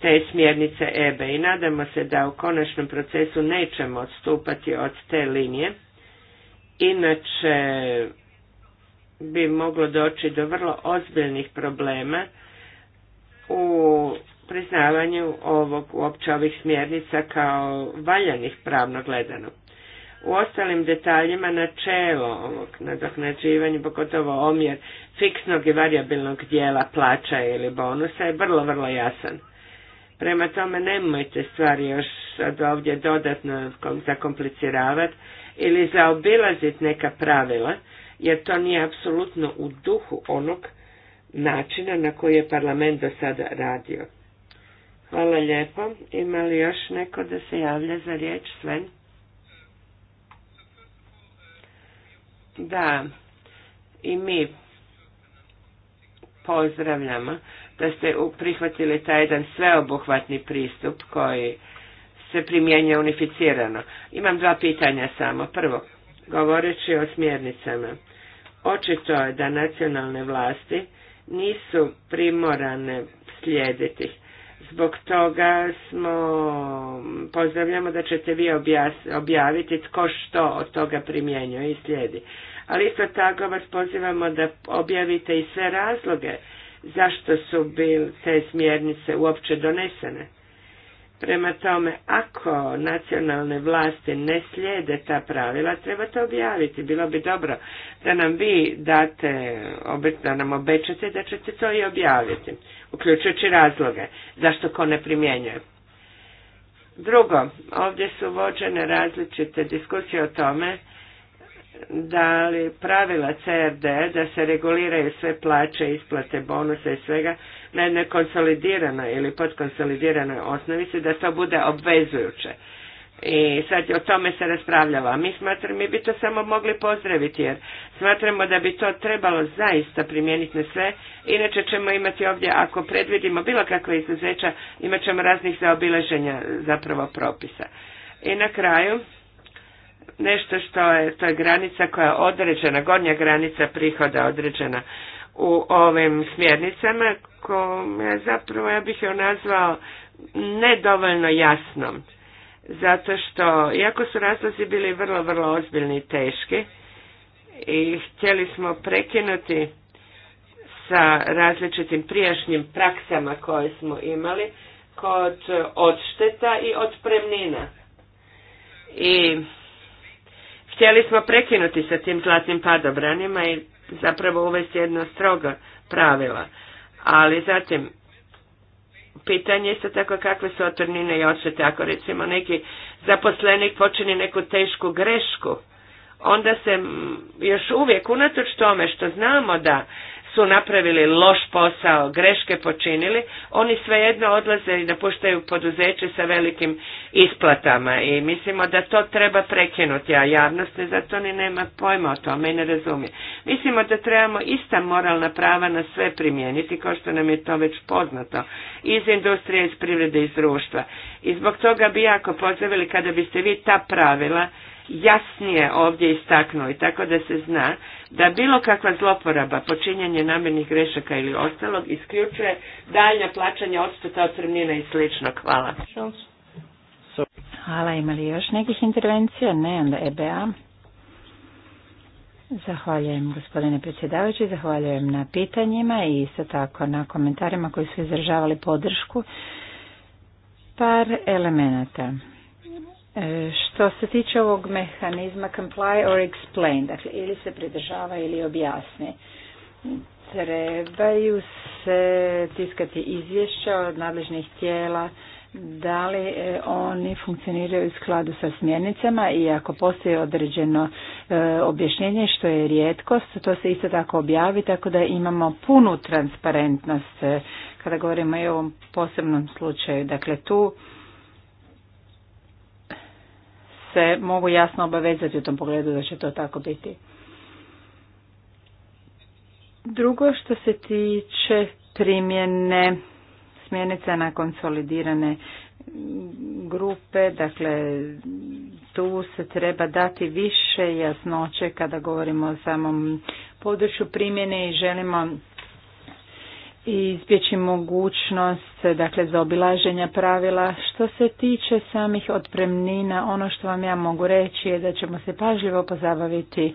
[SPEAKER 1] te smjernice EBE i nadamo se da u konačnom procesu nećemo odstupati od te linije, inače bi moglo doći do vrlo ozbiljnih problema u priznavanju ovog, uopće ovih smjernica kao valjanih pravno gledano. U ostalim detaljima načelo ovog nadoknađivanja, pogotovo omjer fiksnog i variabilnog dijela plaća ili bonusa je vrlo, vrlo jasan. Prema tome nemojte stvari još sad ovdje dodatno zakompliciravati ili zaobilaziti neka pravila, jer to nije apsolutno u duhu onog načina na koji je parlament do sada radio. Hvala lijepo. Ima li još neko da se javlja za riječ? Sven? Da, i mi pozdravljamo da ste prihvatili taj jedan sveobuhvatni pristup koji se primjenjuje unificirano. Imam dva pitanja samo. Prvo, govoreći o smjernicama, očito je da nacionalne vlasti nisu primorane slijediti Zbog toga smo, pozdravljamo da ćete vi objaviti tko što od toga primjenjuje i slijedi. Ali isto tako vas pozivamo da objavite i sve razloge zašto su bil te smjernice uopće donesene Prema tome, ako nacionalne vlasti ne slijede ta pravila, treba to objaviti. Bilo bi dobro da nam vi date, da nam obećate da ćete to i objaviti, uključujući razloge zašto ko ne primjenjuje. Drugo, ovdje su vođene različite diskusije o tome da li pravila CRD da se reguliraju sve plaće, isplate, bonusa i svega na jednoj konsolidiranoj ili podkonsolidiranoj osnovici, da to bude obvezujuće. I sad o tome se raspravljava. mi smatramo, mi bi to samo mogli pozdraviti jer smatramo da bi to trebalo zaista primijeniti na sve, inače ćemo imati ovdje, ako predvidimo bilo kakve izuzeća, imat ćemo raznih zaobilaženja zapravo propisa. I na kraju, nešto što je, to je granica koja je određena, gornja granica prihoda određena u ovim smjernicama, koja zapravo ja bih je nazvao nedovoljno jasnom. Zato što, iako su razlozi bili vrlo, vrlo ozbiljni i teški, i htjeli smo prekinuti sa različitim prijašnjim praksama koje smo imali kod odšteta i otpremnina. I Htjeli smo prekinuti sa tim zlatnim padobranima i zapravo uvesti jedno stroga pravila. Ali zatim, pitanje isto tako kakve su otvornine i odšete. Ako recimo neki zaposlenik počini neku tešku grešku, onda se još uvijek, unatoč tome što znamo da su napravili loš posao, greške počinili, oni svejedno odlaze i napuštaju poduzeće sa velikim isplatama i mislimo da to treba prekinuti, a javnost ne zato ni nema pojma o tome i ne razumije. Mislimo da trebamo ista moralna prava na sve primijeniti, kao što nam je to već poznato, iz industrije, iz privrede, iz društva. I zbog toga bi jako pozdravili kada biste vi ta pravila jasnije ovdje istaknuo i tako da se zna da bilo kakva zloporaba, počinjanje namirnih grešaka ili ostalog isključuje daljnja plaćanja odstota otpremnina i slično. Hvala.
[SPEAKER 3] Hvala, ima li još nekih intervencija? Ne, onda EBA. Zahvaljujem gospodine predsjedavajući, zahvaljujem na pitanjima i isto tako na komentarima koji su izražavali podršku. Par elemenata. E, što se tiče ovog mehanizma comply or explain, dakle ili se pridržava ili objasni, trebaju se tiskati izvješća od nadležnih tijela da li e, oni funkcioniraju u skladu sa smjernicama i ako postoji određeno e, objašnjenje što je rijetkost, to se isto tako objavi tako da imamo punu transparentnost kada govorimo i o ovom posebnom slučaju. Dakle, tu se mogu jasno obavezati u tom pogledu da će to tako biti. Drugo što se tiče primjene smjernica na konsolidirane grupe, dakle tu se treba dati više jasnoće kada govorimo o samom području primjene i želimo i izbjeći mogućnost dakle za obilaženja pravila. Što se tiče samih otpremnina, ono što vam ja mogu reći je da ćemo se pažljivo pozabaviti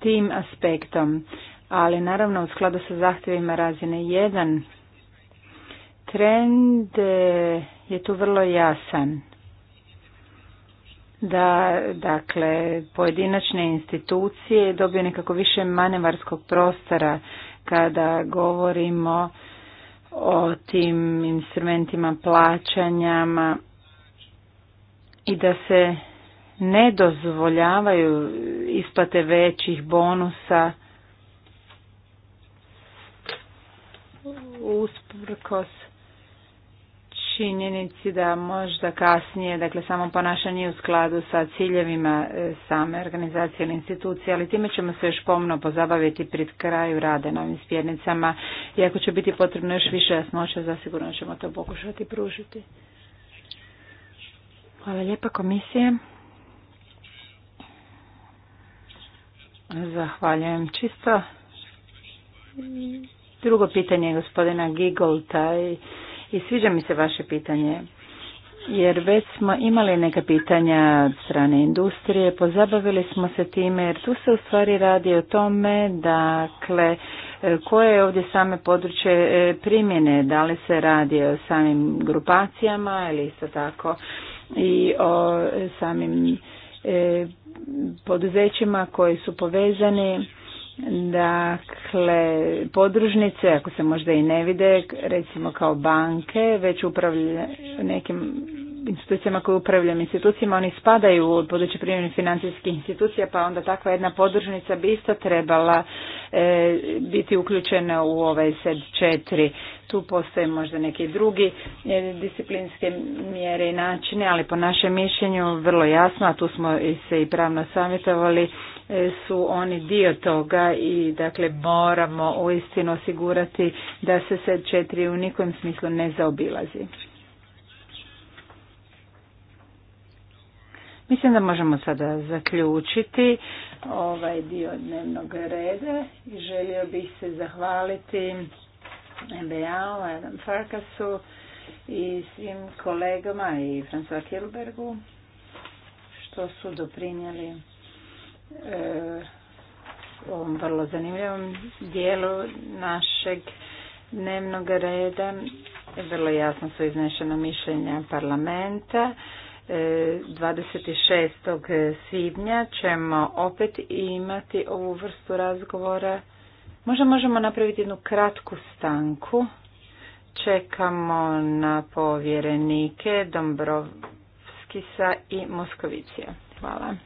[SPEAKER 3] tim aspektom, ali naravno u skladu sa zahtjevima razine 1 trend e, je tu vrlo jasan. Da, dakle, pojedinačne institucije dobiju nekako više manevarskog prostora kada govorimo o tim instrumentima plaćanjama i da se ne dozvoljavaju isplate većih bonusa usprkos činjenici da možda kasnije, dakle samo ponašanje u skladu sa ciljevima e, same organizacije ili institucije, ali time ćemo se još pomno pozabaviti pred kraju rade na ovim spjednicama i ako će biti potrebno još više jasnoća, zasigurno ćemo to pokušati pružiti. Hvala lijepa komisije. Zahvaljujem čisto. Drugo pitanje gospodina Gigolta i i sviđa mi se vaše pitanje, jer već smo imali neka pitanja od strane industrije, pozabavili smo se time, jer tu se u stvari radi o tome, dakle, koje je ovdje same područje e, primjene, da li se radi o samim grupacijama ili isto tako i o samim e, poduzećima koji su povezani Dakle, podružnice, ako se možda i ne vide, recimo kao banke, već upravljaju nekim institucijama koje upravljaju institucijama, oni spadaju u područje primjenih financijskih institucija, pa onda takva jedna podružnica bi isto trebala e, biti uključena u ovaj SED 4. Tu postoje možda neki drugi e, disciplinske mjere i načine, ali po našem mišljenju vrlo jasno, a tu smo se i pravno savjetovali, e, su oni dio toga i dakle moramo uistinu osigurati da se SED četiri u nikom smislu ne zaobilazi. Mislim da možemo sada zaključiti ovaj dio dnevnog reda i želio bih se zahvaliti mba Adam Farkasu i svim kolegama i François Hilbergu što su doprinijeli e, ovom vrlo zanimljivom dijelu našeg dnevnog reda. Vrlo jasno su iznešena mišljenja parlamenta. 26. svibnja ćemo opet imati ovu vrstu razgovora. Možda možemo napraviti jednu kratku stanku. Čekamo na povjerenike Dombrovskisa i Moskovicija. Hvala.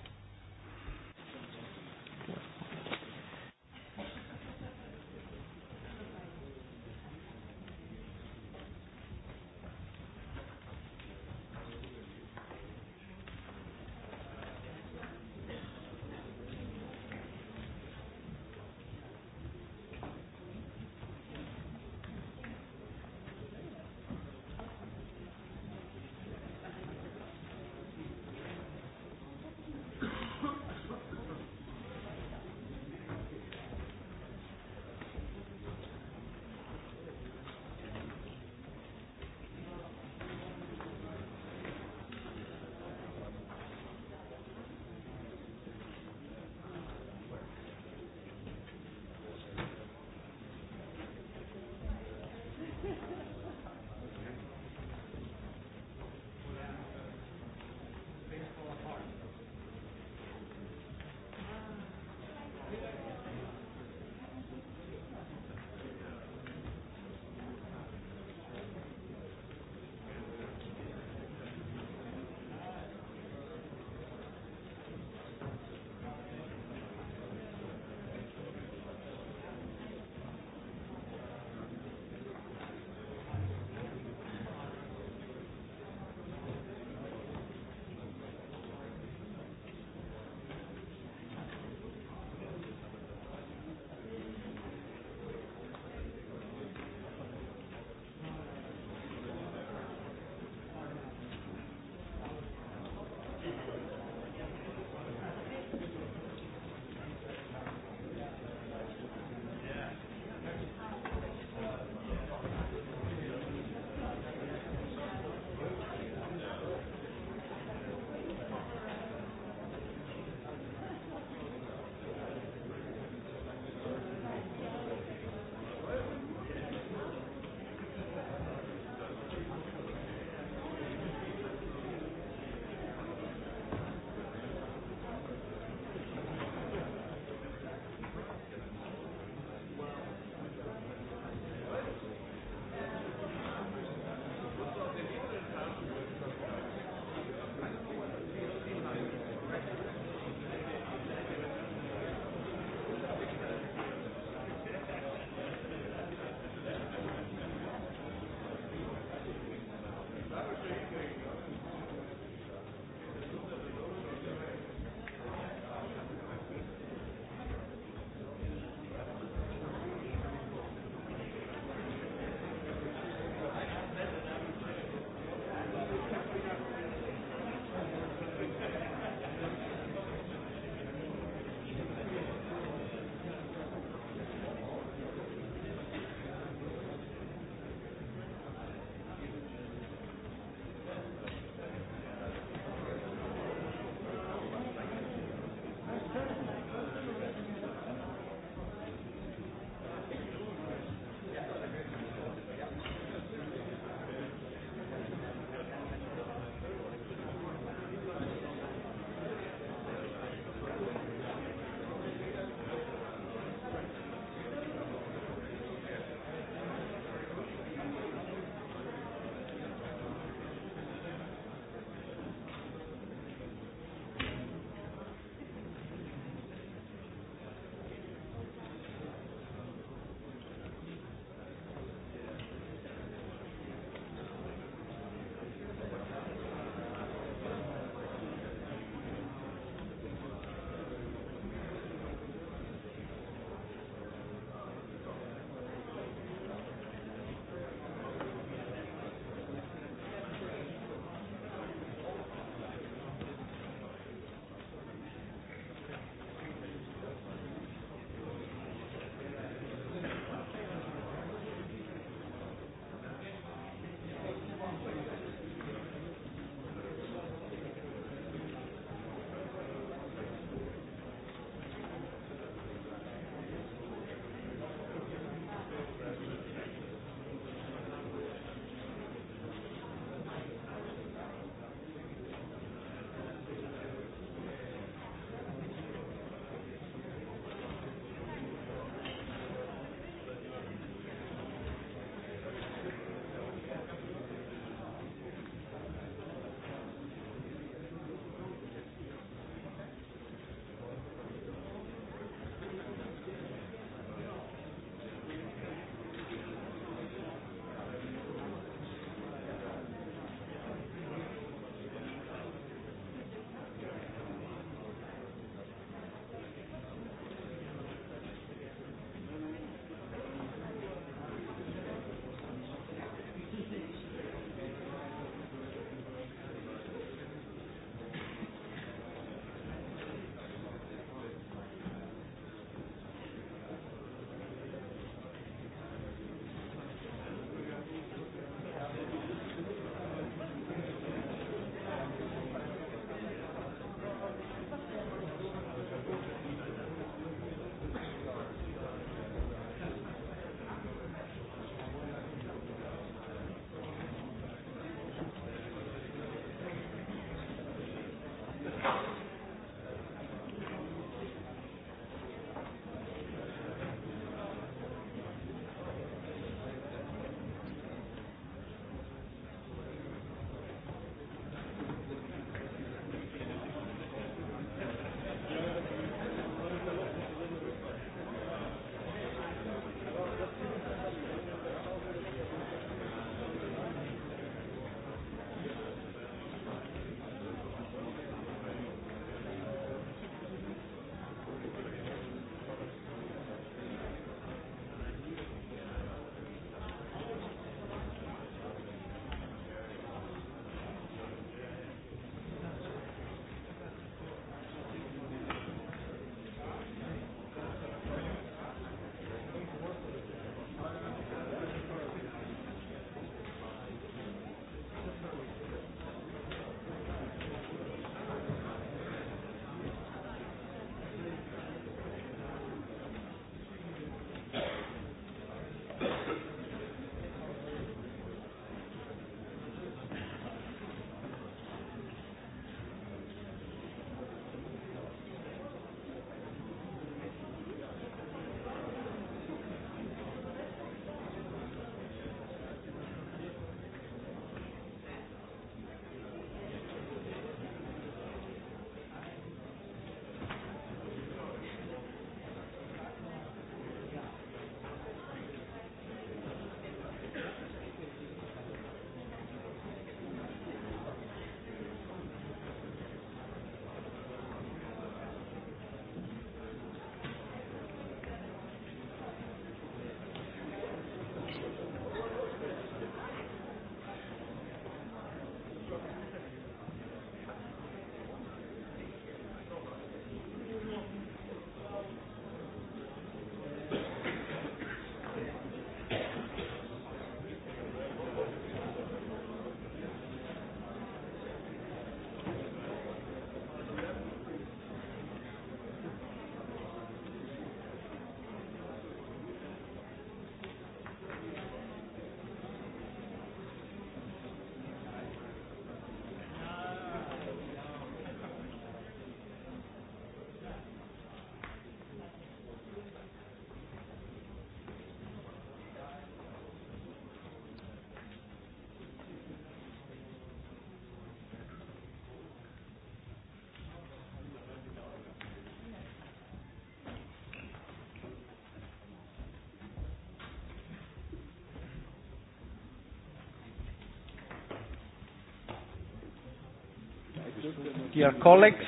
[SPEAKER 4] Dear colleagues,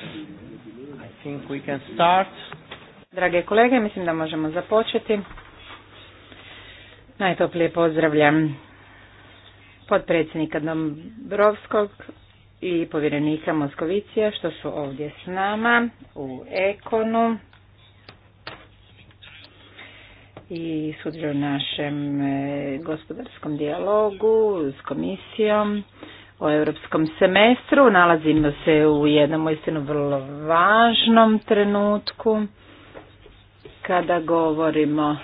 [SPEAKER 4] I think we can start.
[SPEAKER 3] Drage kolege, mislim da možemo započeti. Najtoplije pozdravljam podpredsjednika Dombrovskog i povjerenika Moskovicija što su ovdje s nama u Ekonu i sudjeluju našem eh, gospodarskom dijalogu s komisijom o europskom semestru. Nalazimo se u jednom istinu vrlo važnom trenutku kada govorimo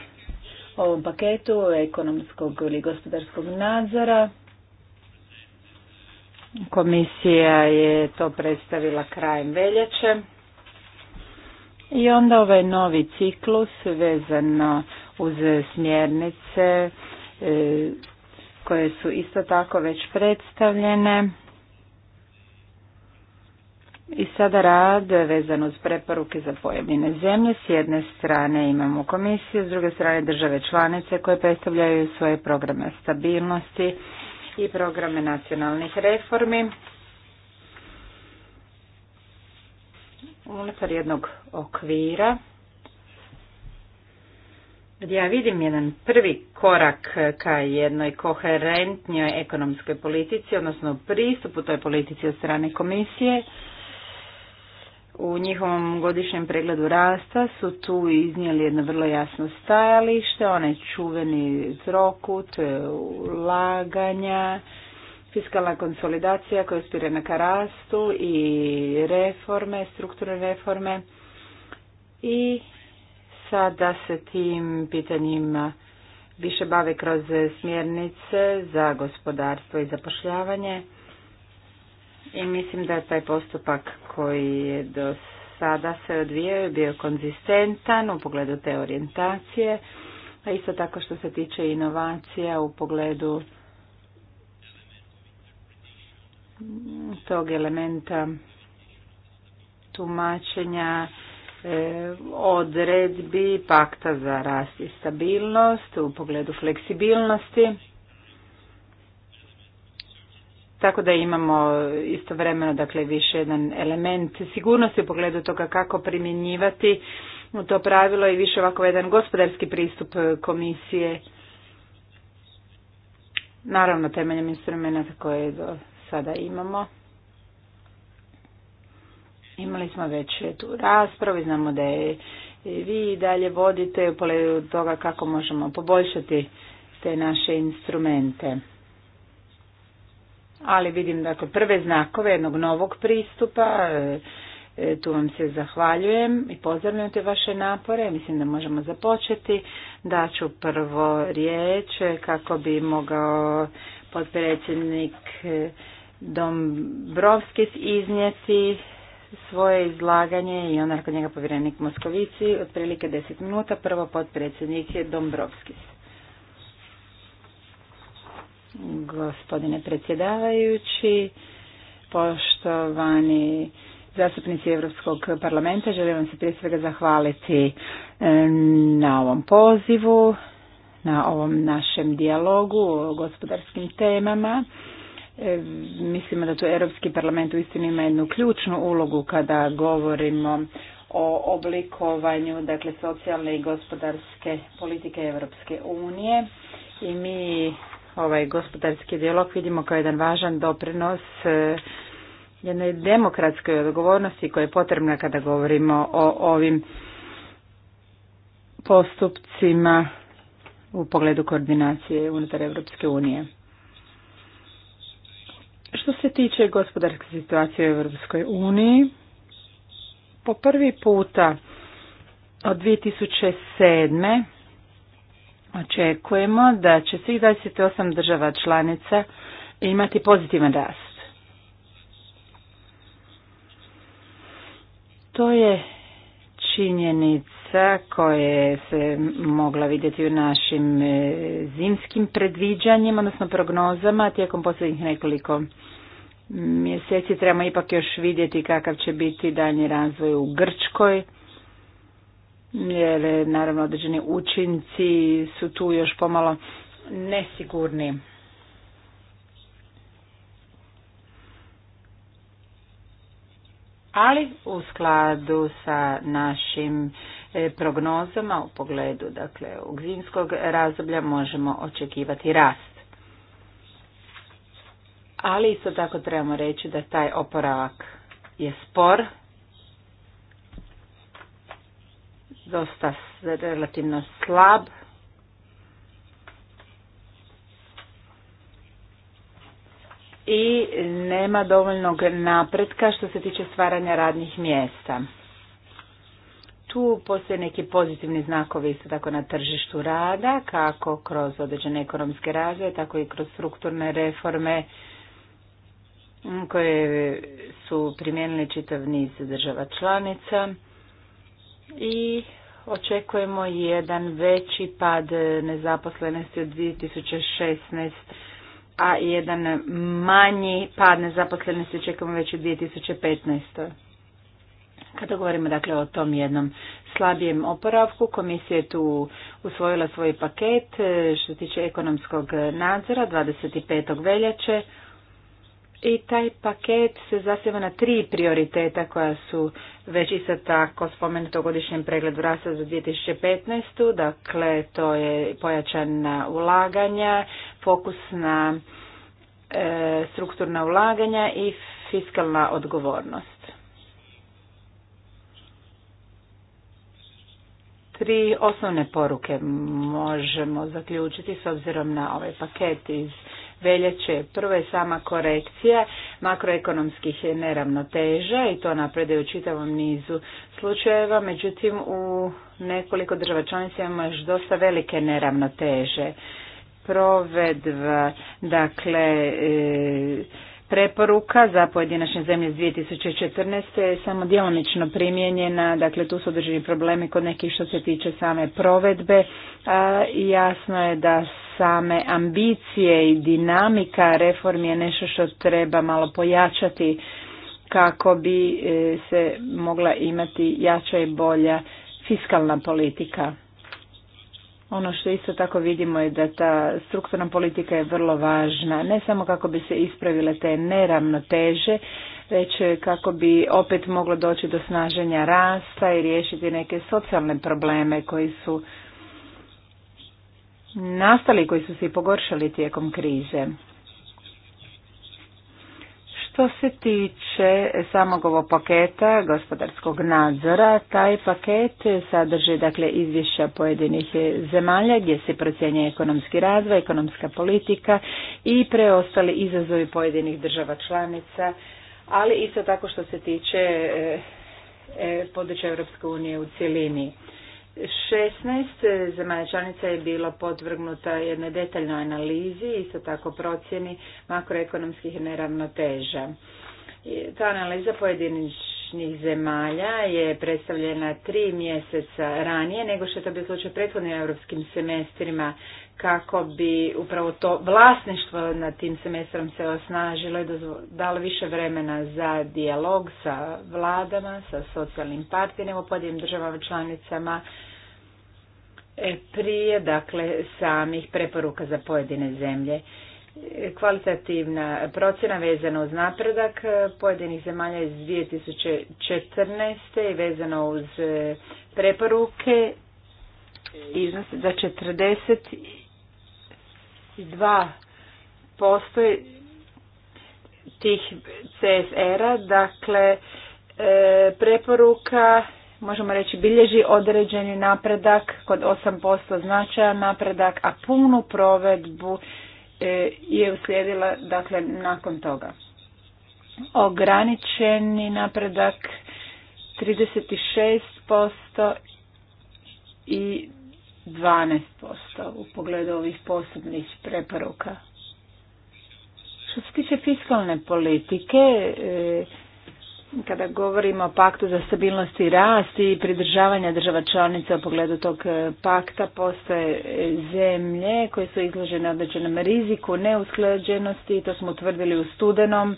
[SPEAKER 3] o ovom paketu ekonomskog ili gospodarskog nadzora. Komisija je to predstavila krajem veljače. I onda ovaj novi ciklus vezano uz smjernice e, koje su isto tako već predstavljene. I sada rad vezan uz preporuke za pojedine zemlje. S jedne strane imamo komisiju, s druge strane države članice koje predstavljaju svoje programe stabilnosti i programe nacionalnih reformi. Unutar jednog okvira ja vidim jedan prvi korak ka jednoj koherentnjoj ekonomskoj politici, odnosno pristupu toj politici od strane komisije. U njihovom godišnjem pregledu rasta su tu iznijeli jedno vrlo jasno stajalište, one čuveni trokut, e, ulaganja, fiskalna konsolidacija koja spirena ka rastu i reforme, strukturne reforme i sada da se tim pitanjima više bave kroz smjernice za gospodarstvo i zapošljavanje. I mislim da je taj postupak koji je do sada se odvijao bio konzistentan u pogledu te orijentacije, a isto tako što se tiče inovacija u pogledu tog elementa tumačenja E, odredbi pakta za rast i stabilnost u pogledu fleksibilnosti. Tako da imamo istovremeno dakle više jedan element sigurnosti u pogledu toga kako primjenjivati to pravilo i više ovako jedan gospodarski pristup komisije. Naravno temeljem instrumenta koje do sada imamo. Imali smo već tu raspravu i znamo da je i vi dalje vodite u pogledu toga kako možemo poboljšati te naše instrumente. Ali vidim dakle prve znakove jednog novog pristupa, e, tu vam se zahvaljujem i pozdravljam te vaše napore. Mislim da možemo započeti. Daću prvo riječ kako bi mogao potpredsjednik e, Dombrovskis iznijeti svoje izlaganje i onda kod njega povjerenik Moskovici, otprilike 10 minuta, prvo potpredsjednik je Dombrovskis. Gospodine predsjedavajući, poštovani zastupnici Europskog parlamenta, želim vam se prije svega zahvaliti e, na ovom pozivu, na ovom našem dijalogu o gospodarskim temama. E, mislimo da tu Europski parlament uistinu ima jednu ključnu ulogu kada govorimo o oblikovanju dakle socijalne i gospodarske politike Europske unije i mi ovaj gospodarski dijalog vidimo kao jedan važan doprinos e, jednoj demokratskoj odgovornosti koja je potrebna kada govorimo o ovim postupcima u pogledu koordinacije unutar Europske unije. Što se tiče gospodarske situacije u EU, uniji, po prvi puta od 2007. očekujemo da će svih 28 država članica imati pozitivan rast. To je činjenica koje se mogla vidjeti u našim e, zimskim predviđanjima, odnosno prognozama tijekom posljednjih nekoliko mjeseci. Trebamo ipak još vidjeti kakav će biti daljnji razvoj u Grčkoj, jer naravno određeni učinci su tu još pomalo nesigurni. ali u skladu sa našim e, prognozama u pogledu dakle, zimskog razdoblja možemo očekivati rast. Ali isto tako trebamo reći da taj oporavak je spor, dosta relativno slab, i nema dovoljnog napretka što se tiče stvaranja radnih mjesta. Tu postoje neki pozitivni znakovi isto tako na tržištu rada, kako kroz određene ekonomske razvoje, tako i kroz strukturne reforme koje su primijenili čitav niz država članica i očekujemo jedan veći pad nezaposlenosti od 2016 a jedan manji pad nezaposlenosti čekamo već u 2015. Kada govorimo dakle o tom jednom slabijem oporavku, komisija je tu usvojila svoj paket e, što se tiče ekonomskog nadzora 25. veljače i taj paket se zasjeva na tri prioriteta koja su već isto tako spomenuto u godišnjem pregledu rasta za 2015. Dakle, to je pojačana ulaganja, fokus na e, strukturna ulaganja i fiskalna odgovornost. Tri osnovne poruke možemo zaključiti s obzirom na ovaj paket iz veljače. Prva je sama korekcija makroekonomskih neravnoteža i to napreduje u čitavom nizu slučajeva, međutim u nekoliko država članica imamo još dosta velike neravnoteže. Provedba, dakle, e, preporuka za pojedinačne zemlje iz 2014. je samo djelomično primijenjena, dakle tu su određeni problemi kod nekih što se tiče same provedbe. Jasno je da same ambicije i dinamika reformi je nešto što treba malo pojačati kako bi e, se mogla imati jača i bolja fiskalna politika. Ono što isto tako vidimo je da ta strukturna politika je vrlo važna, ne samo kako bi se ispravile te neravnoteže, već kako bi opet moglo doći do snaženja rasta i riješiti neke socijalne probleme koji su nastali, koji su se i pogoršali tijekom krize. Što se tiče samog ovog paketa gospodarskog nadzora, taj paket sadrži dakle izvješća pojedinih zemalja gdje se procjenjuje ekonomski razvoj, ekonomska politika i preostali izazovi pojedinih država članica, ali isto tako što se tiče eh, eh, područja Europske unije u cjelini. 16 eh, zemalja članica je bilo podvrgnuta jednoj detaljnoj analizi, isto tako procjeni makroekonomskih neravnoteža. Ta analiza pojedinih zemalja je predstavljena tri mjeseca ranije nego što je to bio slučaj prethodnim europskim semestrima kako bi upravo to vlasništvo nad tim semestrom se osnažilo i dalo više vremena za dijalog sa vladama, sa socijalnim partnerima u pojedinim državama članicama e, prije dakle samih preporuka za pojedine zemlje. E, kvalitativna procjena vezana uz napredak e, pojedinih zemalja iz 2014. i vezano uz preporuke iznose za 40 2 tih CSR-a, dakle e, preporuka možemo reći bilježi određeni napredak kod 8% značaja napredak, a punu provedbu e, je uslijedila dakle nakon toga. Ograničeni napredak 36% i 12% u pogledu ovih posebnih preporuka. Što se tiče fiskalne politike, e, kada govorimo o paktu za stabilnost i rast i pridržavanja država članica u pogledu tog e, pakta, postoje zemlje koje su izložene određenom riziku neusklađenosti, to smo utvrdili u studenom.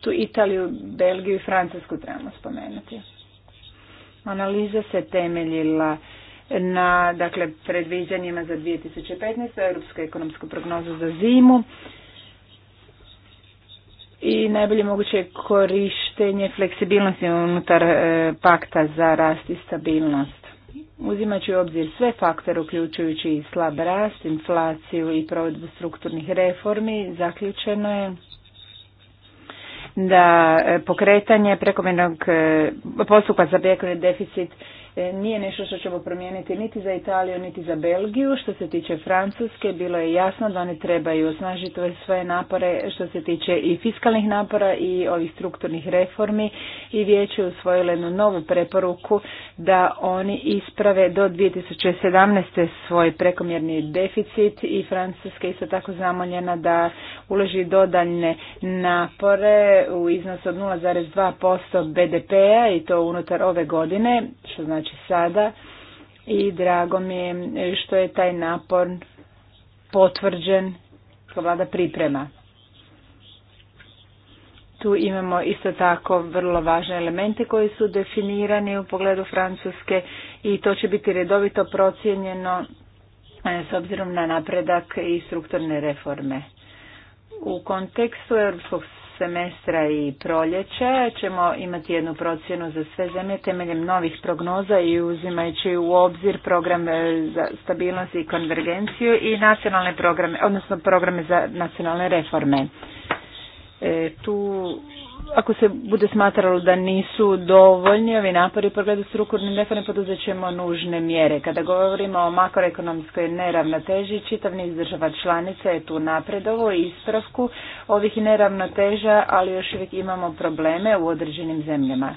[SPEAKER 3] Tu Italiju, Belgiju i Francusku trebamo spomenuti. Analiza se temeljila na dakle, predviđanjima za 2015. Europsku ekonomsku prognozu za zimu i najbolje moguće korištenje fleksibilnosti unutar e, pakta za rast i stabilnost. Uzimajući u obzir sve faktore uključujući i slab rast, inflaciju i provedbu strukturnih reformi, zaključeno je da e, pokretanje prekomjernog e, postupka za prekomjerni deficit e, nije nešto što ćemo promijeniti niti za Italiju, niti za Belgiju. Što se tiče Francuske, bilo je jasno da oni trebaju osnažiti svoje napore što se tiče i fiskalnih napora i ovih strukturnih reformi i vijeće je usvojilo jednu novu preporuku da oni isprave do 2017. svoj prekomjerni deficit i Francuska je isto tako zamoljena da uloži dodaljne napore u iznosu od 0,2% BDP-a i to unutar ove godine, što znači sada i drago mi je što je taj napor potvrđen što vlada priprema. Tu imamo isto tako vrlo važne elemente koji su definirani u pogledu Francuske i to će biti redovito procijenjeno e, s obzirom na napredak i strukturne reforme. U kontekstu Europskog semestra i proljeće ćemo imati jednu procjenu za sve zemlje temeljem novih prognoza i uzimajući u obzir program e, za stabilnost i konvergenciju i nacionalne programe, odnosno programe za nacionalne reforme. E, tu, ako se bude smatralo da nisu dovoljni ovi napori u pogledu strukturnih reformi, poduzet ćemo nužne mjere. Kada govorimo o makroekonomskoj neravnoteži, čitav niz država članica je tu napredovo i ispravku ovih neravnoteža, ali još uvijek imamo probleme u određenim zemljama.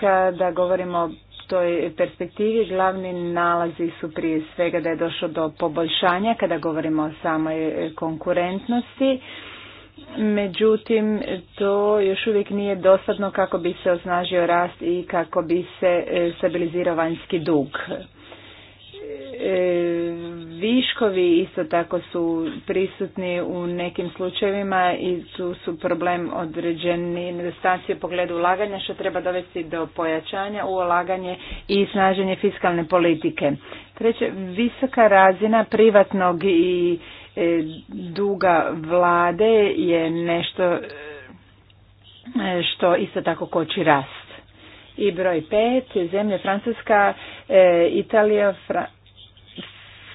[SPEAKER 3] Kada govorimo o toj perspektivi glavni nalazi su prije svega da je došlo do poboljšanja kada govorimo o samoj konkurentnosti međutim to još uvijek nije dosadno kako bi se osnažio rast i kako bi se e, stabilizirao vanjski dug. E, viškovi isto tako su prisutni u nekim slučajevima i tu su problem određeni nedostaci u pogledu ulaganja što treba dovesti do pojačanja u ulaganje i snaženje fiskalne politike. Treće, visoka razina privatnog i E, duga vlade je nešto e, što isto tako koči rast. I broj pet, zemlje Francuska, e, Italija,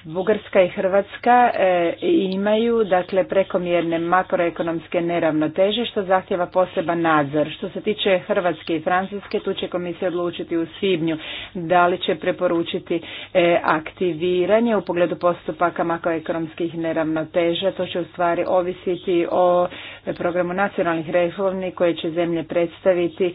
[SPEAKER 3] Bugarska i Hrvatska e, imaju dakle prekomjerne makroekonomske neravnoteže što zahtjeva poseban nadzor. Što se tiče Hrvatske i Francuske, tu će komisija odlučiti u svibnju da li će preporučiti e, aktiviranje u pogledu postupaka makroekonomskih neravnoteža. To će u stvari ovisiti o programu nacionalnih reformi koje će zemlje predstaviti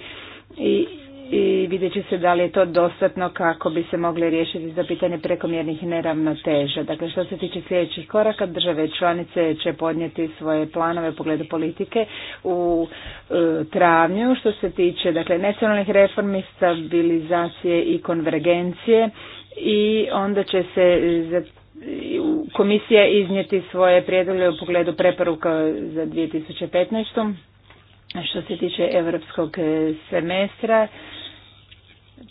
[SPEAKER 3] i i vidjet će se da li je to dostatno kako bi se mogli riješiti za pitanje prekomjernih neravnoteža. Dakle, što se tiče sljedećih koraka, države članice će podnijeti svoje planove u pogledu politike u e, travnju. Što se tiče dakle, nacionalnih reformi, stabilizacije i konvergencije i onda će se za komisija iznijeti svoje prijedloge u pogledu preporuka za 2015. Što se tiče europskog e, semestra,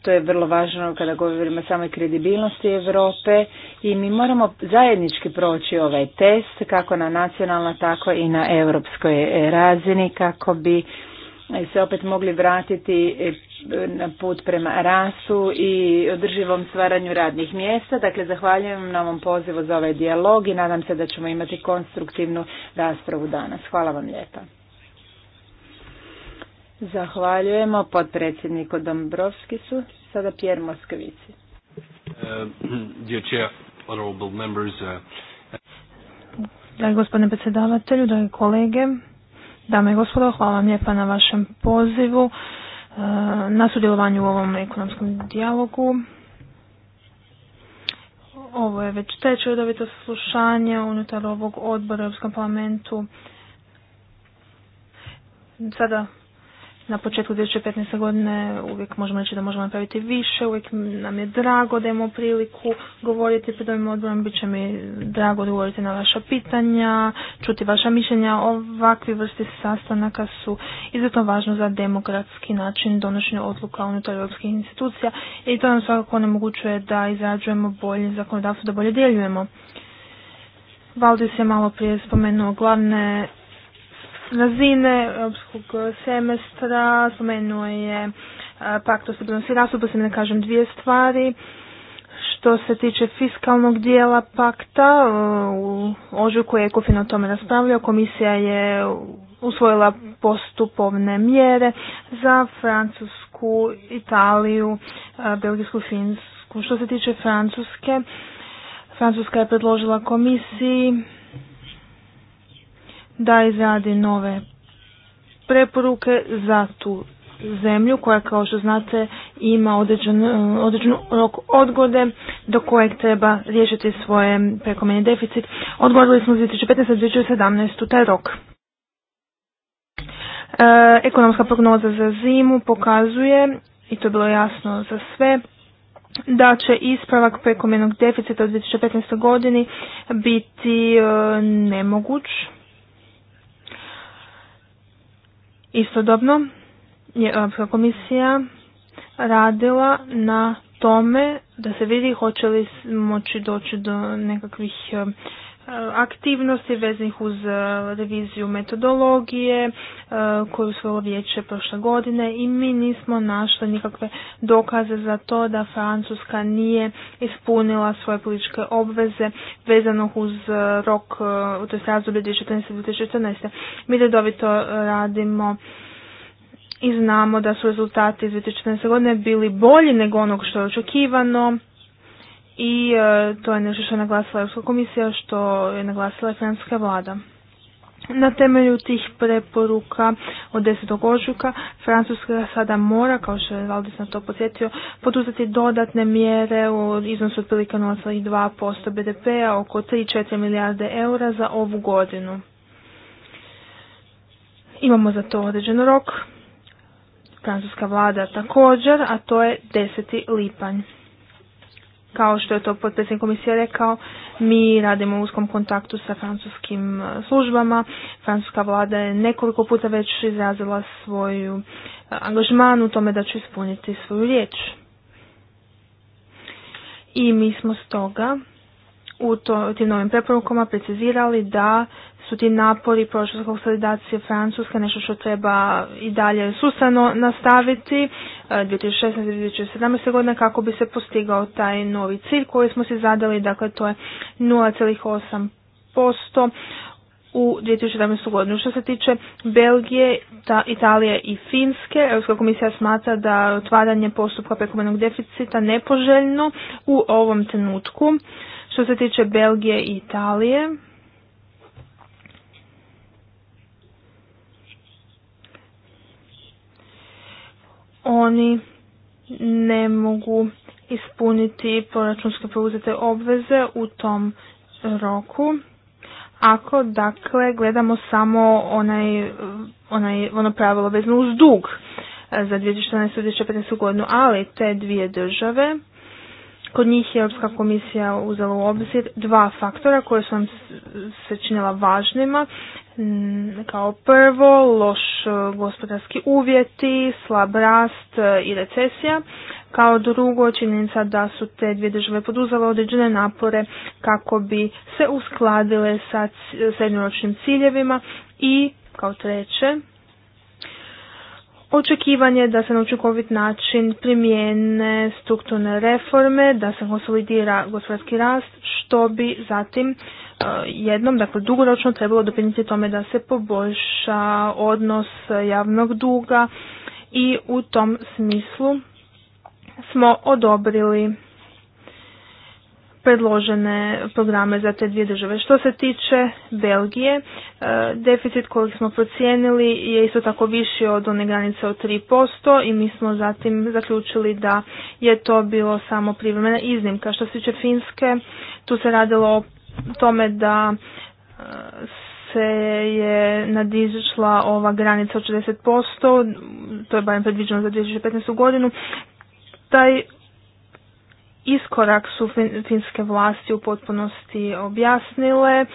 [SPEAKER 3] to je vrlo važno kada govorimo o samoj kredibilnosti Europe i mi moramo zajednički proći ovaj test kako na nacionalnoj tako i na europskoj razini kako bi se opet mogli vratiti e, na put prema rasu i održivom stvaranju radnih mjesta. Dakle, zahvaljujem na ovom pozivu za ovaj dijalog i nadam se da ćemo imati konstruktivnu raspravu danas. Hvala vam lijepa. Zahvaljujemo podpredsjedniku Dombrovskisu. Sada Pjer Moskovici.
[SPEAKER 4] Uh, uh,
[SPEAKER 2] dragi gospodine predsjedavatelju, dragi kolege, dame i gospodo, hvala vam lijepa na vašem pozivu, uh, na sudjelovanju u ovom ekonomskom dijalogu. Ovo je već treće redovito slušanje unutar ovog odbora u Europskom parlamentu. Sada na početku 2015. godine uvijek možemo reći da možemo napraviti više, uvijek nam je drago da imamo priliku govoriti pred ovim odborom, bit će mi drago odgovoriti na vaša pitanja, čuti vaša mišljenja. Ovakvi vrsti sastanaka su izuzetno važno za demokratski način donošenja odluka unutar europskih institucija i to nam svakako onemogućuje da izrađujemo bolje zakonodavstvo, da bolje djelujemo. Valdis je malo prije spomenuo glavne razine europskog semestra, spomenuo je e, pakt o stabilnosti rastu, pa ne kažem dvije stvari. Što se tiče fiskalnog dijela pakta, e, u ožujku je Ekofin o tome raspravljao, komisija je usvojila postupovne mjere za Francusku, Italiju, e, Belgijsku, Finsku. Što se tiče Francuske, Francuska je predložila komisiji da izradi nove preporuke za tu zemlju koja kao što znate ima određen, e, rok odgode do kojeg treba riješiti svoje prekomeni deficit. Odgovorili smo 2015-2017 taj rok. E, ekonomska prognoza za zimu pokazuje, i to je bilo jasno za sve, da će ispravak prekomjernog deficita u 2015. godini biti e, nemoguć Istodobno je Europska komisija radila na tome da se vidi hoće li moći doći do nekakvih aktivnosti veznih uz e, reviziju metodologije e, koju svojo vijeće prošle godine i mi nismo našli nikakve dokaze za to da Francuska nije ispunila svoje političke obveze vezano uz e, rok, u je razdoblje 2014-2014. Mi redovito radimo i znamo da su rezultati iz 2014. godine bili bolji nego onog što je očekivano i e, to je nešto što je naglasila Europska komisija, što je naglasila francuska vlada. Na temelju tih preporuka od 10. ožujka Francuska sada mora, kao što je Valdis na to podsjetio, poduzeti dodatne mjere u iznosu otprilike 0,2% BDP-a, oko 3-4 milijarde eura za ovu godinu. Imamo za to određen rok. Francuska vlada također, a to je 10. lipanj. Kao što je to potpredsjednik komisije rekao, mi radimo u uskom kontaktu sa francuskim e, službama. Francuska vlada je nekoliko puta već izrazila svoju e, angažman u tome da će ispuniti svoju riječ. I mi smo stoga u to, tim novim preporukama precizirali da su ti napori proračunske konsolidacije Francuske nešto što treba i dalje sustavno nastaviti e, 2016-2017 godine kako bi se postigao taj novi cilj koji smo si zadali, dakle to je 0,8% u 2017. godinu. Što se tiče Belgije, ta, Italije i Finske, Europska komisija smatra da otvaranje postupka prekomenog deficita nepoželjno u ovom trenutku. Što se tiče Belgije i Italije, oni ne mogu ispuniti proračunske preuzete obveze u tom roku. Ako, dakle, gledamo samo onaj, onaj, ono pravilo vezno uz dug za 2014. i 2015. godinu, ali te dvije države Kod njih je Europska komisija uzela u obzir dva faktora koje su nam se činila važnima. Mm, kao prvo, loš e, gospodarski uvjeti, slab rast e, i recesija. Kao drugo, činjenica da su te dvije države poduzele određene napore kako bi se uskladile sa srednjoročnim ciljevima. I kao treće, očekivanje da se na učinkovit način primijene strukturne reforme, da se konsolidira gospodarski rast, što bi zatim e, jednom, dakle dugoročno trebalo doprinijeti tome da se poboljša odnos javnog duga i u tom smislu smo odobrili predložene programe za te dvije države. Što se tiče Belgije, e, deficit koji smo procijenili je isto tako viši od one granice od 3% i mi smo zatim zaključili da je to bilo samo privremena iznimka. Što se tiče Finske, tu se radilo o tome da e, se je nadizišla ova granica od 60%, to je barem predviđeno za 2015. godinu. Taj iskorak su finske vlasti u potpunosti objasnile.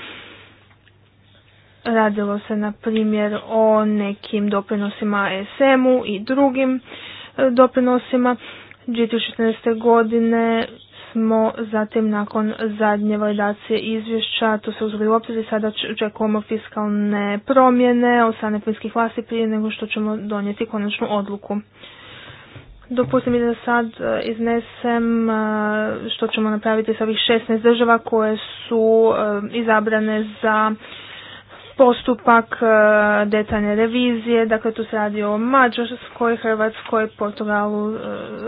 [SPEAKER 2] Radilo se na primjer o nekim doprinosima sm u i drugim e, doprinosima. 2014. godine smo zatim nakon zadnje validacije izvješća, to se uzeli u obzir sada očekujemo fiskalne promjene od strane finskih vlasti prije nego što ćemo donijeti konačnu odluku dopustite mi da sad e, iznesem e, što ćemo napraviti sa ovih 16 država koje su e, izabrane za postupak detaljne revizije. Dakle, tu se radi o Mađarskoj, Hrvatskoj, Portugalu,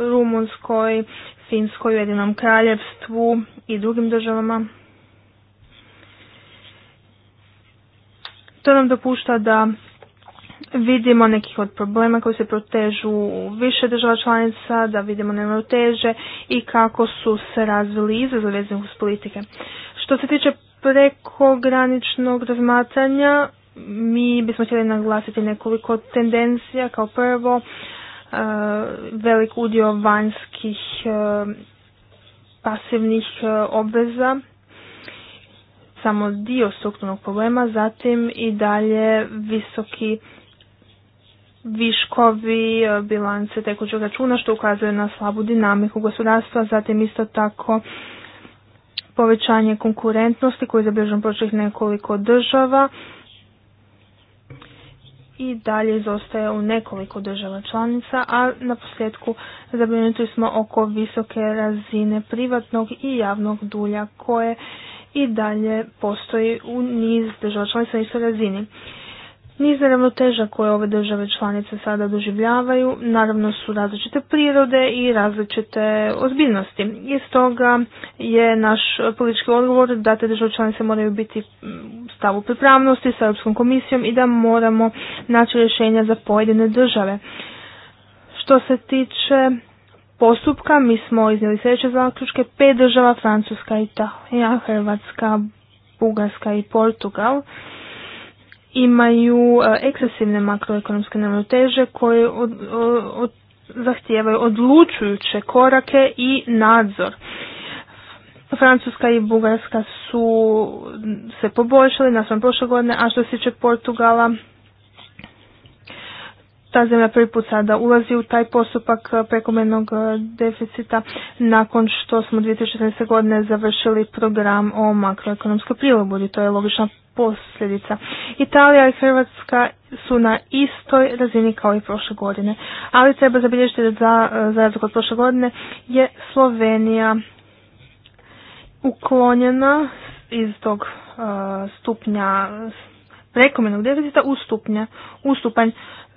[SPEAKER 2] Rumunskoj, Finskoj, Ujedinom kraljevstvu i drugim državama. To nam dopušta da vidimo nekih od problema koji se protežu u više država članica, da vidimo neravnoteže i kako su se razvili izazove vezane uz politike. Što se tiče prekograničnog razmatranja, mi bismo htjeli naglasiti nekoliko tendencija. Kao prvo, e, velik udio vanjskih e, pasivnih e, obveza samo dio strukturnog problema, zatim i dalje visoki viškovi e, bilance tekućeg računa što ukazuje na slabu dinamiku gospodarstva, zatim isto tako povećanje konkurentnosti koji je zabilježeno prošlih nekoliko država i dalje izostaje u nekoliko država članica, a na posljedku zabrinuti smo oko visoke razine privatnog i javnog dulja koje i dalje postoji u niz država članica na istoj razini. Niz teža koje ove države članice sada doživljavaju, naravno su različite prirode i različite ozbiljnosti. Iz toga je naš politički odgovor da te države članice moraju biti stavu pripravnosti sa Europskom komisijom i da moramo naći rješenja za pojedine države. Što se tiče postupka, mi smo iznijeli sljedeće zaključke, pet država, Francuska, Italija, Hrvatska, Bugarska i Portugal imaju e, ekscesivne makroekonomske neravnoteže koje od, zahtijevaju odlučujuće korake i nadzor. Francuska i Bugarska su se poboljšali svom prošle godine, a što se tiče Portugala, ta zemlja prvi put sada ulazi u taj postupak e, prekomjernog e, deficita nakon što smo 2016. godine završili program o makroekonomskoj prilobodi, To je logična posljedica. Italija i Hrvatska su na istoj razini kao i prošle godine, ali treba zabilježiti da za, za razliku od prošle godine je Slovenija uklonjena iz tog uh, stupnja prekomjernog deficita u, stupnja, u stupanj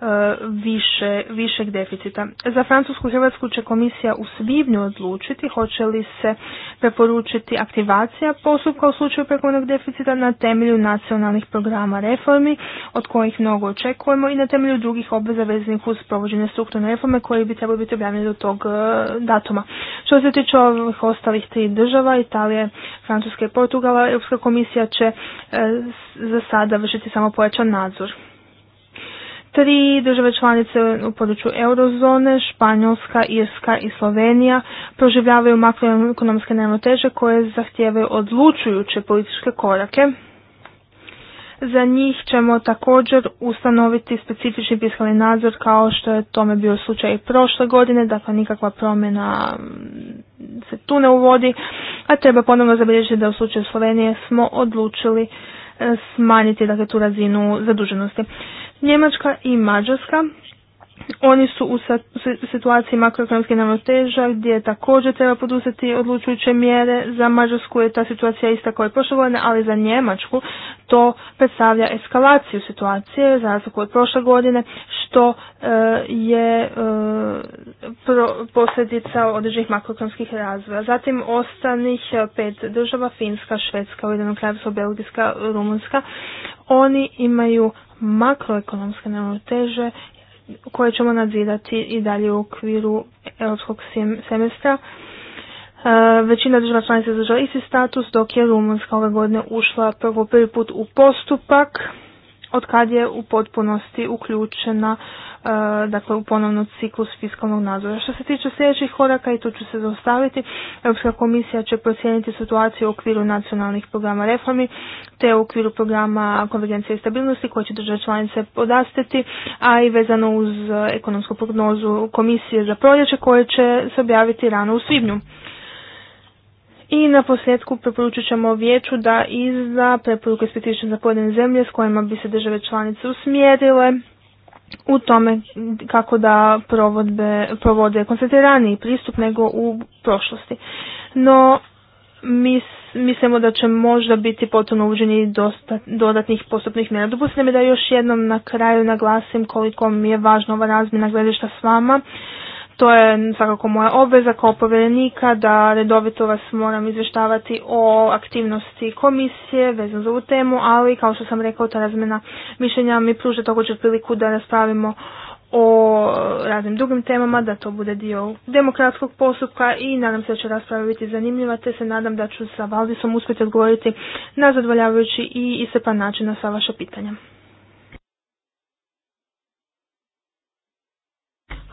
[SPEAKER 2] E, više, višeg deficita. Za Francusku i Hrvatsku će komisija u svibnju odlučiti hoće li se preporučiti aktivacija postupka u slučaju prekomjernog deficita na temelju nacionalnih programa reformi od kojih mnogo očekujemo i na temelju drugih obveza vezanih uz provođenje strukturne reforme koje bi trebali biti objavljene do tog e, datuma. Što se tiče ovih ostalih tri država, Italije, Francuske i Portugala, Europska komisija će e, za sada vršiti samo pojačan nadzor. Tri države članice u području eurozone, Španjolska, Irska i Slovenija, proživljavaju makroekonomske nemoteže koje zahtijevaju odlučujuće političke korake. Za njih ćemo također ustanoviti specifični fiskalni nadzor kao što je tome bio slučaj i prošle godine, dakle nikakva promjena se tu ne uvodi, a treba ponovno zabilježiti da u slučaju Slovenije smo odlučili e, smanjiti dakle, tu razinu zaduženosti. Njemačka i Mađarska oni su u situaciji makroekonomske neravnoteža gdje također treba poduzeti odlučujuće mjere. Za Mađarsku je ta situacija ista kao i prošle ali za Njemačku to predstavlja eskalaciju situacije za razliku od prošle godine, što e, je e, posljedica određenih makroekonomskih razvoja. Zatim ostanih e, pet država, Finska, Švedska, Ujedinjeno Belgijska, Rumunska, oni imaju makroekonomske neravnoteže koje ćemo nadzirati i dalje u okviru europskog semestra. E, većina država članica zadržala isti status, dok je Rumunska ove godine ušla prvo prvi put u postupak, od kad je u potpunosti uključena E, dakle u ponovno ciklus fiskalnog nadzora. Što se tiče sljedećih koraka i tu ću se zaustaviti, Europska komisija će procijeniti situaciju u okviru nacionalnih programa reformi te u okviru programa konvergencije i stabilnosti koje će države članice podastiti, a i vezano uz e, ekonomsku prognozu komisije za proljeće koje će se objaviti rano u svibnju. I na posljedku preporučit ćemo vijeću da izda preporuke specifične za pojedine zemlje s kojima bi se države članice usmjerile u tome kako da provodbe, provode koncentriraniji pristup nego u prošlosti. No, mi mislimo da će možda biti potrebno dosta dodatnih postupnih mjera. Dopustite mi da još jednom na kraju naglasim koliko mi je važna ova razmjena gledišta s vama to je svakako moja obveza kao povjerenika da redovito vas moram izvještavati o aktivnosti komisije vezano za ovu temu, ali kao što sam rekao, ta razmjena mišljenja mi pruža također priliku da raspravimo o raznim drugim temama, da to bude dio demokratskog postupka i nadam se da će rasprava biti zanimljiva, te se nadam da ću sa Valdisom uspjeti odgovoriti na zadovoljavajući i isepan način na sva vaša pitanja.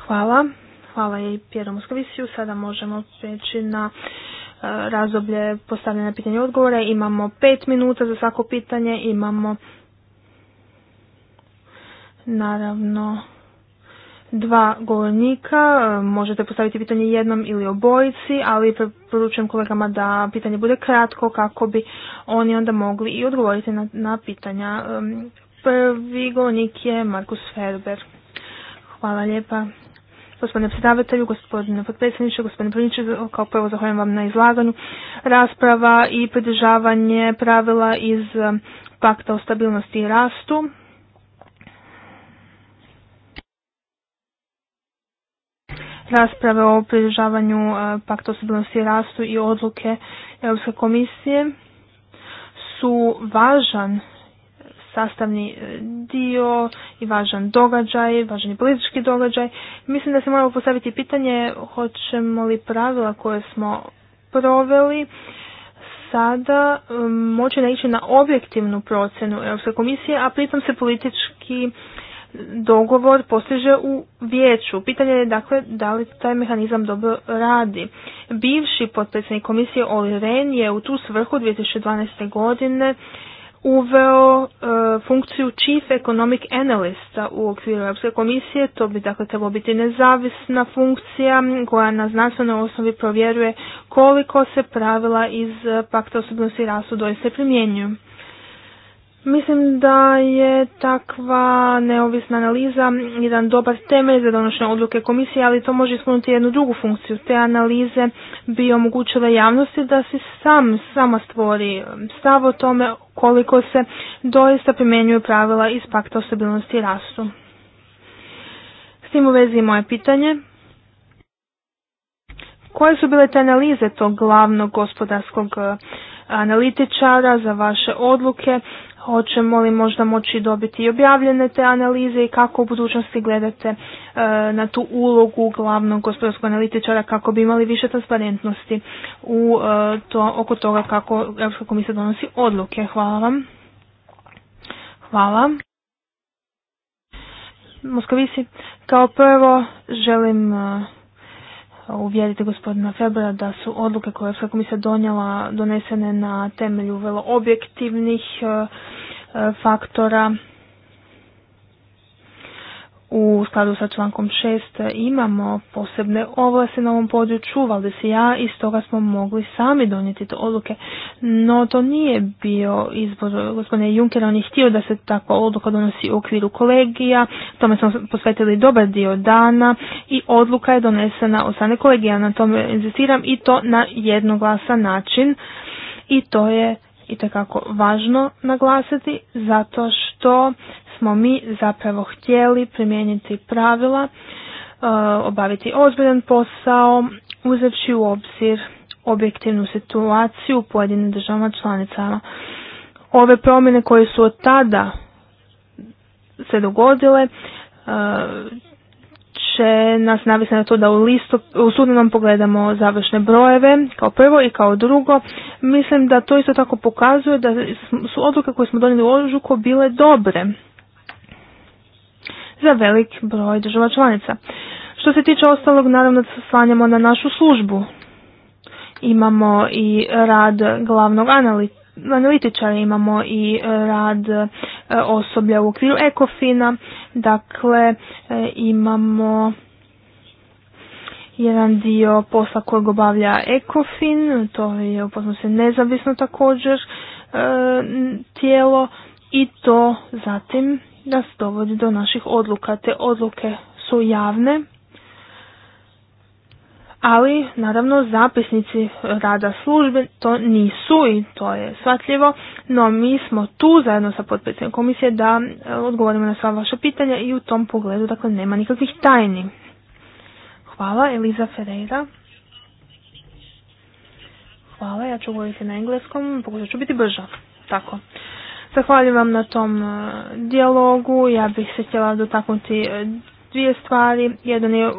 [SPEAKER 2] Hvala. Hvala i Pjeru Moskovisiju. Sada možemo preći na e, razdoblje postavljanja pitanja i odgovora. Imamo pet minuta za svako pitanje. Imamo naravno dva govornika. E, možete postaviti pitanje jednom ili obojici, ali preporučujem kolegama da pitanje bude kratko kako bi oni onda mogli i odgovoriti na, na pitanja. E, prvi govornik je Markus Ferber. Hvala lijepa Gospodine predsjedavatelju, gospodine potpredsjedniče, gospodine Priniče, kao prvo zahvaljujem vam na izlaganju. Rasprava i pridržavanje pravila iz eh, pakta o stabilnosti i rastu. Rasprave o pridržavanju eh, pakta o stabilnosti i rastu i odluke Europske komisije su važan sastavni e, dio i važan događaj, važan i politički događaj. Mislim da se moramo postaviti pitanje hoćemo li pravila koje smo proveli sada e, moći naići na objektivnu procjenu Europske komisije, a pritom se politički dogovor postiže u vijeću. Pitanje je dakle da li taj mehanizam dobro radi. Bivši potpredsjednik komisije Oli Rehn je u tu svrhu 2012. godine uveo e, funkciju Chief Economic Analysta u okviru Europske komisije. To bi dakle trebalo biti nezavisna funkcija koja na znanstvenoj osnovi provjeruje koliko se pravila iz e, pakta osobnosti rastu doista primjenjuju. Mislim da je takva neovisna analiza jedan dobar temelj za donošenje odluke komisije, ali to može ispuniti jednu drugu funkciju. Te analize bi omogućile javnosti da si sam sama stvori stav o tome koliko se doista primjenjuju pravila iz pakta o stabilnosti i rastu. S tim u vezi moje pitanje. Koje su bile te analize tog glavnog gospodarskog eh, analitičara za vaše odluke Hoćemo li možda moći dobiti i objavljene te analize i kako u budućnosti gledate e, na tu ulogu glavnog gospodarskog analitičara kako bi imali više transparentnosti u e, to, oko toga kako Europska komisija donosi odluke. Hvala vam. Hvala. Moskovici, kao prvo želim e, uvjeriti gospodina Febera da su odluke koje je komisija donijela donesene na temelju vrlo objektivnih eh, eh, faktora u skladu sa člankom 6 imamo posebne ovlasti na ovom području, valde se ja i stoga smo mogli sami donijeti te odluke. No to nije bio izbor gospodine Junkera, on je htio da se takva odluka donosi u okviru kolegija, tome smo posvetili dobar dio dana i odluka je donesena od strane kolegija, na tome insistiram i to na jednoglasan način i to je i važno naglasiti zato što smo mi zapravo htjeli primijeniti pravila, e, obaviti ozbiljan posao, uzevši u obzir objektivnu situaciju u pojedinim državama članicama. Ove promjene koje su od tada se dogodile e, će nas navisati na to da u, listop, u studenom pogledamo završne brojeve kao prvo i kao drugo. Mislim da to isto tako pokazuje da su odluke koje smo donijeli u ožuku bile dobre za velik broj država članica. Što se tiče ostalog, naravno da se slanjamo na našu službu. Imamo i rad glavnog analitičara, imamo i rad e, osoblja u okviru ekofina, dakle e, imamo jedan dio posla kojeg obavlja ekofin, to je se nezavisno također e, tijelo i to zatim se dovodi do naših odluka. Te odluke su javne, ali naravno zapisnici rada službe to nisu i to je shvatljivo, no mi smo tu zajedno sa potpredsjednikom komisije da e, odgovorimo na sva vaša pitanja i u tom pogledu dakle nema nikakvih tajni. Hvala Eliza Ferreira. Hvala, ja ću govoriti na engleskom, pokušat ću biti brža. Tako. Zahvaljujem vam na tom e, dijalogu. Ja bih se htjela dotaknuti e, dvije stvari. Jedan je,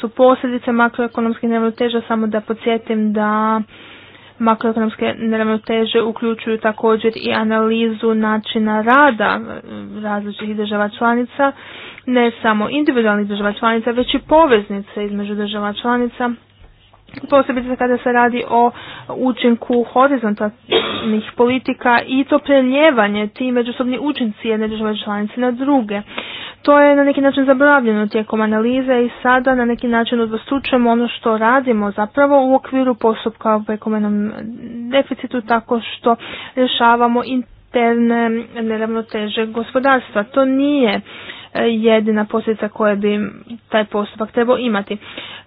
[SPEAKER 2] su posljedice makroekonomskih neravnoteža, samo da podsjetim da makroekonomske neravnoteže uključuju također i analizu načina rada e, različitih država članica, ne samo individualnih država članica, već i poveznice između država članica posebice kada se radi o učinku horizontalnih politika i to preljevanje ti međusobni učinci jedne države članice na druge. To je na neki način zaboravljeno tijekom analize i sada na neki način odvostručujemo ono što radimo zapravo u okviru postupka u ekomenom deficitu tako što rješavamo interne neravnoteže gospodarstva. To nije e, jedina posljedica koje bi taj postupak trebao imati.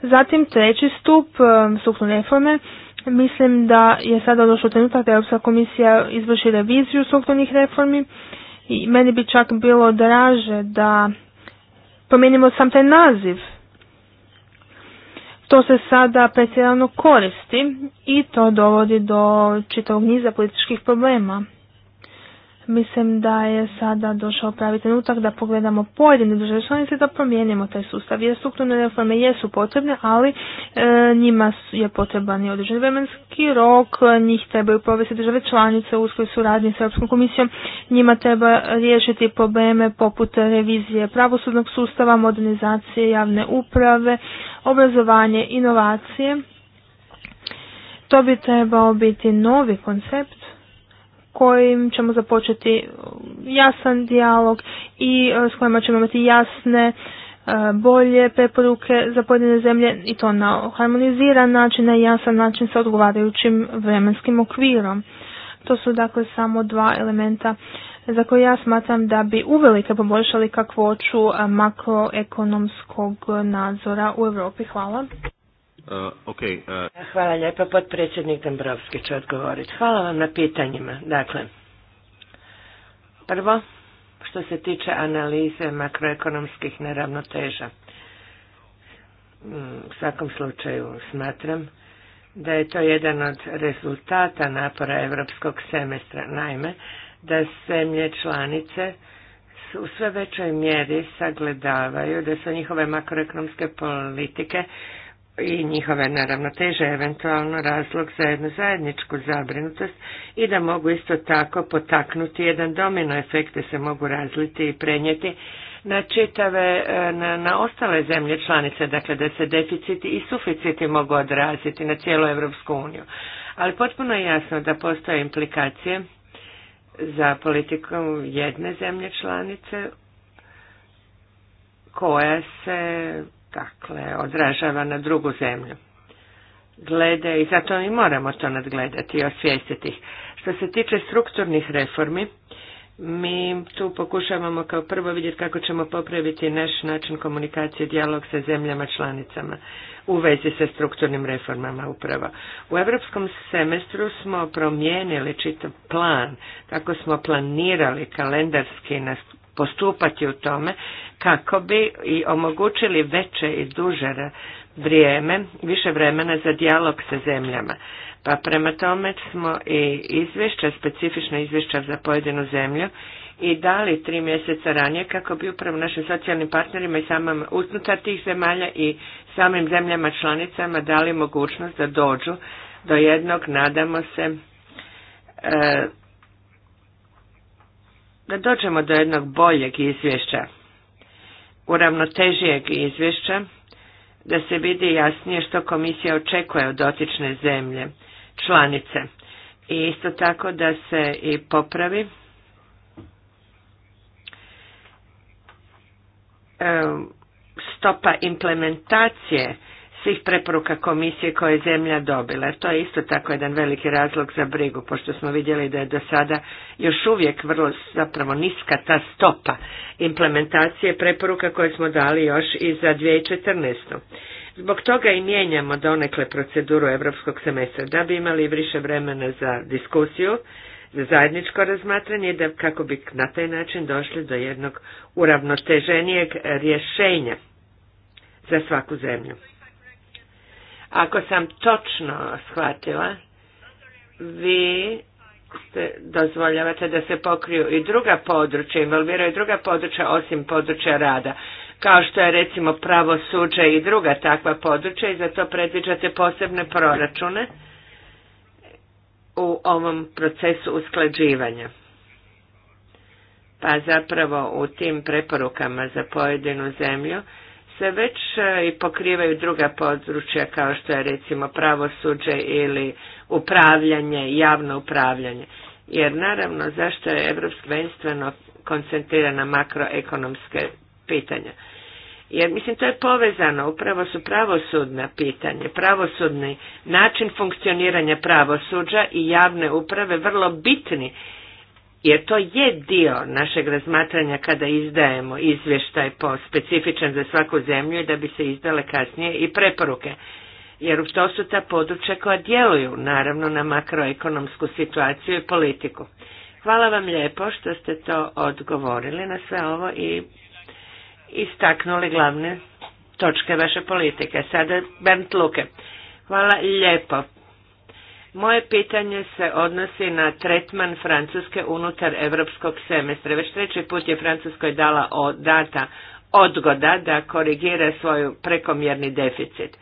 [SPEAKER 2] Zatim treći stup, e, strukturne reforme, mislim da je sada došlo trenutak da Europska komisija izvrši reviziju strukturnih reformi i meni bi čak bilo draže da promijenimo sam taj naziv. To se sada pretjerano koristi i to dovodi do čitavog niza političkih problema. Mislim da je sada došao pravi trenutak da pogledamo pojedine države članice da promijenimo taj sustav. Jer strukturne reforme jesu potrebne, ali e, njima je potreban i određen vremenski rok, njih trebaju provesti države članice u uskoj suradnji s Europskom komisijom, njima treba riješiti probleme poput revizije pravosudnog sustava, modernizacije javne uprave, obrazovanje, inovacije. To bi trebao biti novi koncept kojim ćemo započeti jasan dijalog i e, s kojima ćemo imati jasne e, bolje preporuke za pojedine zemlje i to na harmoniziran način, na jasan način sa odgovarajućim vremenskim okvirom. To su dakle samo dva elementa za koje ja smatram da bi uvelike poboljšali kakvoću makroekonomskog nadzora u Europi. Hvala.
[SPEAKER 1] Uh, uh, Hvala lijepa, potpredsjednik Dombrovski će odgovoriti. Hvala vam na pitanjima. Dakle, prvo, što se tiče analize makroekonomskih neravnoteža. Mm, u svakom slučaju smatram da je to jedan od rezultata napora europskog semestra. Naime, da zemlje članice u sve većoj mjeri sagledavaju da su njihove makroekonomske politike i njihove naravno teže eventualno razlog za jednu zajedničku zabrinutost i da mogu isto tako potaknuti jedan domino efekte se mogu razliti i prenijeti na čitave, e, na, na ostale zemlje članice, dakle da se deficiti i suficiti mogu odraziti na cijelu Europsku uniju. Ali potpuno je jasno da postoje implikacije za politiku jedne zemlje članice koja se dakle, odražava na drugu zemlju. Glede, i zato i moramo to nadgledati i osvijestiti Što se tiče strukturnih reformi, mi tu pokušavamo kao prvo vidjeti kako ćemo popraviti naš način komunikacije i dijalog sa zemljama članicama u vezi sa strukturnim reformama upravo. U europskom semestru smo promijenili čitav plan, kako smo planirali kalendarski postupati u tome kako bi i omogućili veće i duže vrijeme, više vremena za dijalog sa zemljama. Pa prema tome smo i izvješća, specifična izvješća za pojedinu zemlju i dali tri mjeseca ranije kako bi upravo našim socijalnim partnerima i samim unutar tih zemalja i samim zemljama članicama dali mogućnost da dođu do jednog, nadamo se, e, da dođemo do jednog boljeg izvješća, uravnotežijeg izvješća, da se vidi jasnije što komisija očekuje od dotične zemlje, članice. I isto tako da se i popravi e, stopa implementacije svih preporuka komisije koje je zemlja dobila. To je isto tako jedan veliki razlog za brigu, pošto smo vidjeli da je do sada još uvijek vrlo zapravo niska ta stopa implementacije preporuka koje smo dali još i za 2014. Zbog toga i mijenjamo donekle proceduru europskog semestra, da bi imali više vremena za diskusiju, za zajedničko razmatranje, da kako bi na taj način došli do jednog uravnoteženijeg rješenja za svaku zemlju. Ako sam točno shvatila, vi dozvoljavate da se pokriju i druga područja, involviraju druga područja osim područja rada, kao što je recimo pravo pravosuđe i druga takva područja i za to predviđate posebne proračune u ovom procesu usklađivanja. Pa zapravo u tim preporukama za pojedinu zemlju se već e, i pokrivaju druga područja kao što je recimo pravosuđe ili upravljanje, javno upravljanje. Jer naravno zašto je Evropsko venstveno koncentrira na makroekonomske pitanja. Jer mislim to je povezano, upravo su pravosudna pitanje, pravosudni način funkcioniranja pravosuđa i javne uprave vrlo bitni jer to je dio našeg razmatranja kada izdajemo izvještaj po specifičan za svaku zemlju i da bi se izdale kasnije i preporuke. Jer to su ta područja koja djeluju naravno na makroekonomsku situaciju i politiku. Hvala vam lijepo što ste to odgovorili na sve ovo i istaknuli glavne točke vaše politike. Sada Bernd Luke. Hvala lijepo moje pitanje se odnosi na tretman Francuske unutar evropskog semestra. Već treći put je Francuskoj dala data odgoda da korigira svoj prekomjerni deficit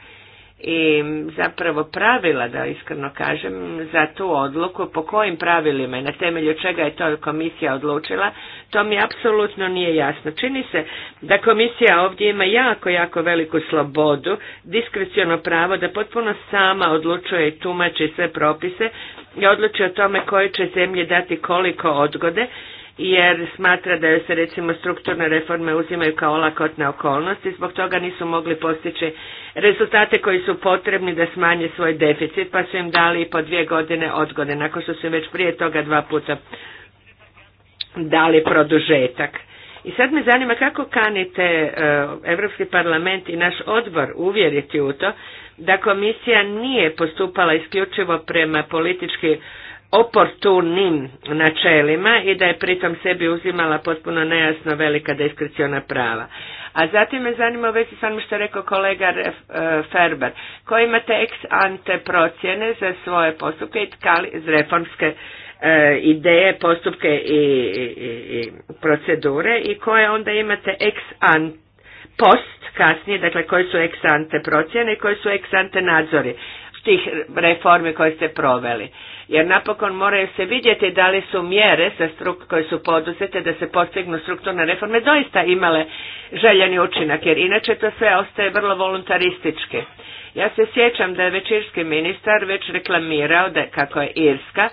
[SPEAKER 1] i zapravo pravila, da iskreno kažem, za tu odluku, po kojim pravilima i na temelju čega je to komisija odlučila, to mi apsolutno nije jasno. Čini se da komisija ovdje ima jako, jako veliku slobodu, diskreciono pravo da potpuno sama odlučuje i tumači sve propise i odluči o tome koje će zemlje dati koliko odgode jer smatra da joj se recimo strukturne reforme uzimaju kao olakotne okolnosti, zbog toga nisu mogli postići rezultate koji su potrebni da smanje svoj deficit, pa su im dali i po dvije godine odgode, nakon što su već prije toga dva puta dali produžetak. I sad me zanima kako kanite Europski parlament i naš odbor uvjeriti u to da komisija nije postupala isključivo prema politički oportunnim načelima i da je pritom sebi uzimala potpuno nejasno velika diskreciona prava. A zatim me zanima već i sa što je rekao kolega e, Ferber, koji imate ex ante procjene za svoje postupke i iz reformske e, ideje, postupke i, procedure i koje onda imate ex ante post kasnije, dakle koje su ex ante procjene i koji su ex ante nadzori tih reformi koje ste proveli. Jer napokon moraju se vidjeti da li su mjere sa struk koje su poduzete da se postignu strukturne reforme doista imale željeni učinak, jer inače to sve ostaje vrlo voluntaristički. Ja se sjećam da je već irski ministar već reklamirao da kako je Irska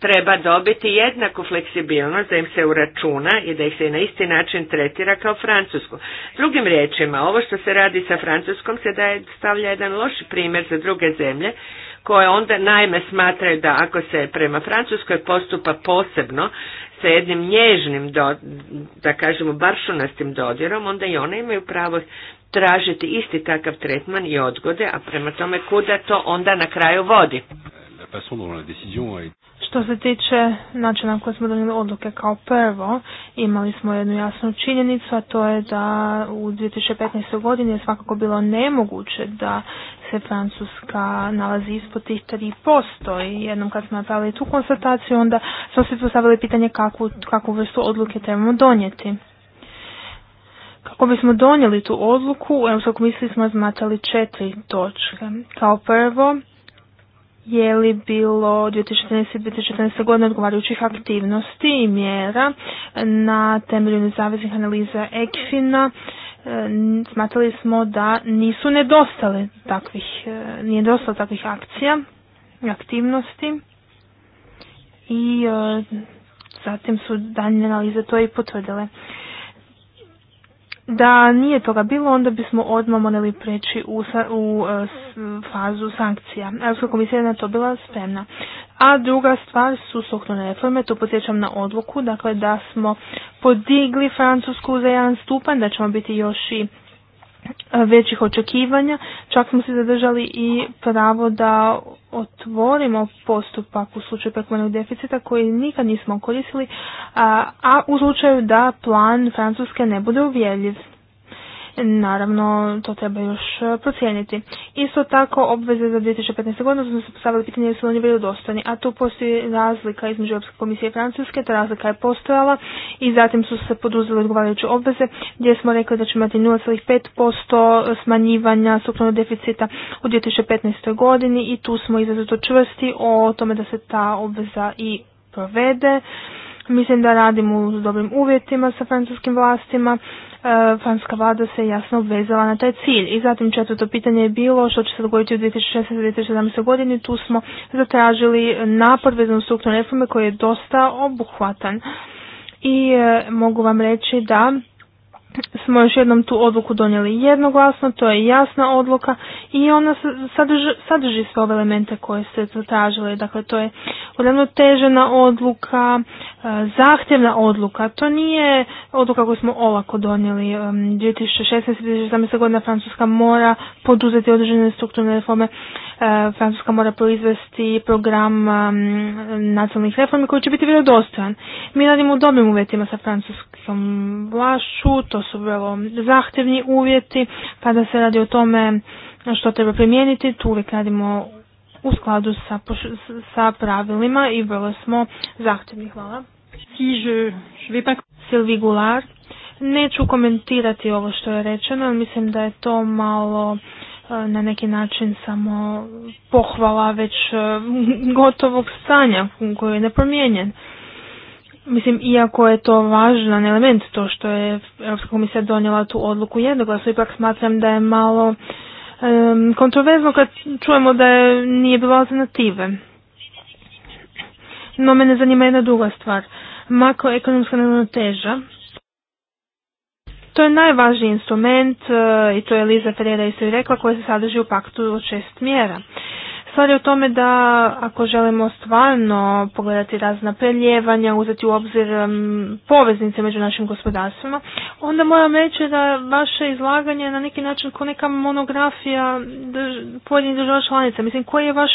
[SPEAKER 1] treba dobiti jednaku fleksibilnost da im se uračuna i da ih se na isti način tretira kao Francusku. Drugim riječima, ovo što se radi sa Francuskom se daje, stavlja jedan loš primjer za druge zemlje koje onda naime smatraju da ako se prema Francuskoj postupa posebno sa jednim nježnim, do, da kažemo baršunastim dodirom, onda i one imaju pravo tražiti isti takav tretman i odgode, a prema tome kuda to onda na kraju vodi.
[SPEAKER 2] Što se tiče načina koji smo donijeli odluke kao prvo, imali smo jednu jasnu činjenicu, a to je da u 2015. godini je svakako bilo nemoguće da se Francuska nalazi ispod tih 3%. I jednom kad smo napravili tu konstataciju, onda smo se postavili pitanje kakvu, vrstu odluke trebamo donijeti. Kako bismo donijeli tu odluku, u Europskoj smo razmatrali četiri točke. Kao prvo, je li bilo 2014. godine odgovarajućih aktivnosti i mjera na temelju nezavisnih analiza Ekfina e, smatrali smo da nisu nedostale takvih, e, nije dostalo takvih akcija i aktivnosti i e, zatim su daljnje analize to i potvrdile. Da nije toga bilo, onda bismo odmah morali preći u, u e, fazu sankcija. Europska komisija je na to bila spremna. A druga stvar su strukturne reforme, to podsjećam na odluku, dakle da smo podigli Francusku za jedan stupanj, da ćemo biti još i većih očekivanja. Čak smo se zadržali i pravo da otvorimo postupak u slučaju prekomjernog deficita koji nikad nismo koristili, a u slučaju da plan Francuske ne bude uvjerljiv. Naravno, to treba još e, procijeniti. Isto tako, obveze za 2015. godinu su se postavili pitanje su oni dostojni a tu postoji razlika između Europske komisije i Francuske, ta razlika je postojala i zatim su se poduzele odgovarajuće obveze gdje smo rekli da ćemo imati 0,5% smanjivanja sukladno deficita u 2015. godini i tu smo izrazito čvrsti o tome da se ta obveza i provede. Mislim da radimo u dobrim uvjetima sa francuskim vlastima E, fanska vlada se jasno obvezala na taj cilj. I zatim četvrto pitanje je bilo što će se dogoditi u 2016-2017 godini. Tu smo zatražili napor vezano strukturne reforme koji je dosta obuhvatan. I e, mogu vam reći da smo još jednom tu odluku donijeli jednoglasno, to je jasna odluka i ona sadrži, sadrži sve ove elemente koje ste zatražili. Dakle, to je uravnotežena odluka, e, zahtjevna odluka. To nije odluka koju smo ovako donijeli. 2016-2017 e, godina Francuska mora poduzeti određene strukturne reforme. E, Francuska mora proizvesti program nacionalnih reformi koji će biti vjerodostojan. Mi radimo u dobrim uvjetima sa francuskom vlašću, to su vrlo zahtjevni uvjeti kada se radi o tome što treba primijeniti, tu uvijek radimo u skladu sa, sa pravilima i vrlo smo zahtjevni. Hvala. Silvi Gular, neću komentirati ovo što je rečeno, mislim da je to malo e, na neki način samo pohvala već e, gotovog stanja koji je nepromijenjen. Mislim, iako je to važan element, to što je Europska komisija donijela tu odluku jednoglasno, ipak smatram da je malo kontroverzno kad čujemo da je, nije bilo alternative. No mene zanima jedna druga stvar. Makroekonomska neravnoteža. To je najvažniji instrument eh, i to je Liza Ferreira isto i rekla koja se sadrži u paktu od šest mjera. Stvar je u tome da ako želimo stvarno pogledati razna preljevanja, uzeti u obzir poveznice među našim gospodarstvima, onda moram reći da vaše izlaganje na neki način kao neka monografija pojedinih država članica. Mislim, koji je vaš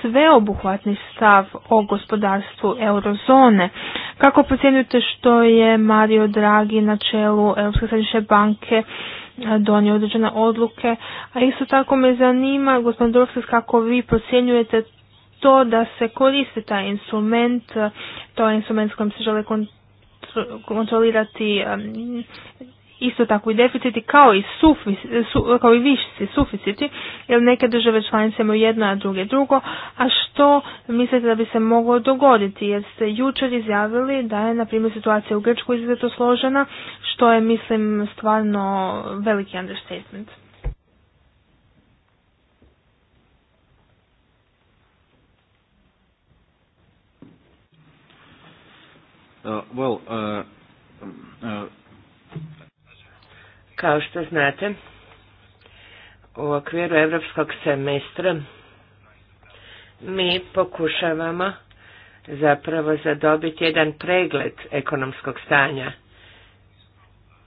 [SPEAKER 2] sveobuhvatni stav o gospodarstvu eurozone? Kako procjenjujete što je Mario Draghi na čelu Europske središnje banke donio određene odluke, a isto tako me zanima, gospodin Dorfis, kako vi procjenjujete to da se koristi taj instrument, to je instrument s kojim se žele kontrolirati um, isto tako i deficiti kao i, sufi, su, kao i višci, suficiti, jer neke države članice imaju jedno, a druge drugo, a što mislite da bi se moglo dogoditi, jer ste jučer izjavili da je, na primjer, situacija u Grčkoj izuzetno složena, što je, mislim, stvarno veliki understatement.
[SPEAKER 4] Uh, well, uh. Um, uh
[SPEAKER 1] kao što znate, u okviru europskog semestra mi pokušavamo zapravo zadobiti jedan pregled ekonomskog stanja.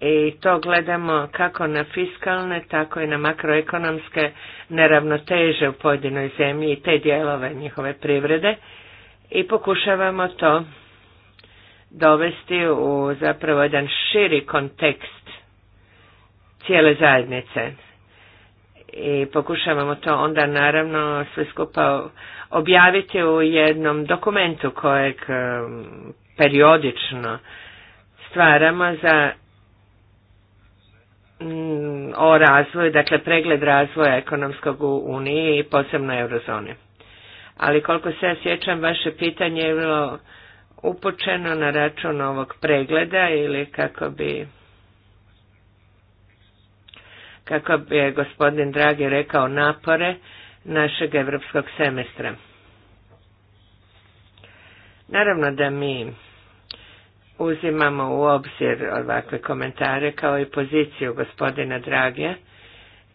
[SPEAKER 1] I to gledamo kako na fiskalne, tako i na makroekonomske neravnoteže u pojedinoj zemlji i te dijelove njihove privrede i pokušavamo to dovesti u zapravo jedan širi kontekst cijele zajednice. I pokušavamo to onda naravno sve skupa objaviti u jednom dokumentu kojeg um, periodično stvaramo za mm, o razvoju, dakle pregled razvoja ekonomskog u Uniji i posebno eurozoni. Ali koliko se ja sjećam, vaše pitanje je bilo upućeno na račun ovog pregleda ili kako bi kako bi je gospodin Dragi rekao, napore našeg evropskog semestra. Naravno da mi uzimamo u obzir ovakve komentare kao i poziciju gospodina Drage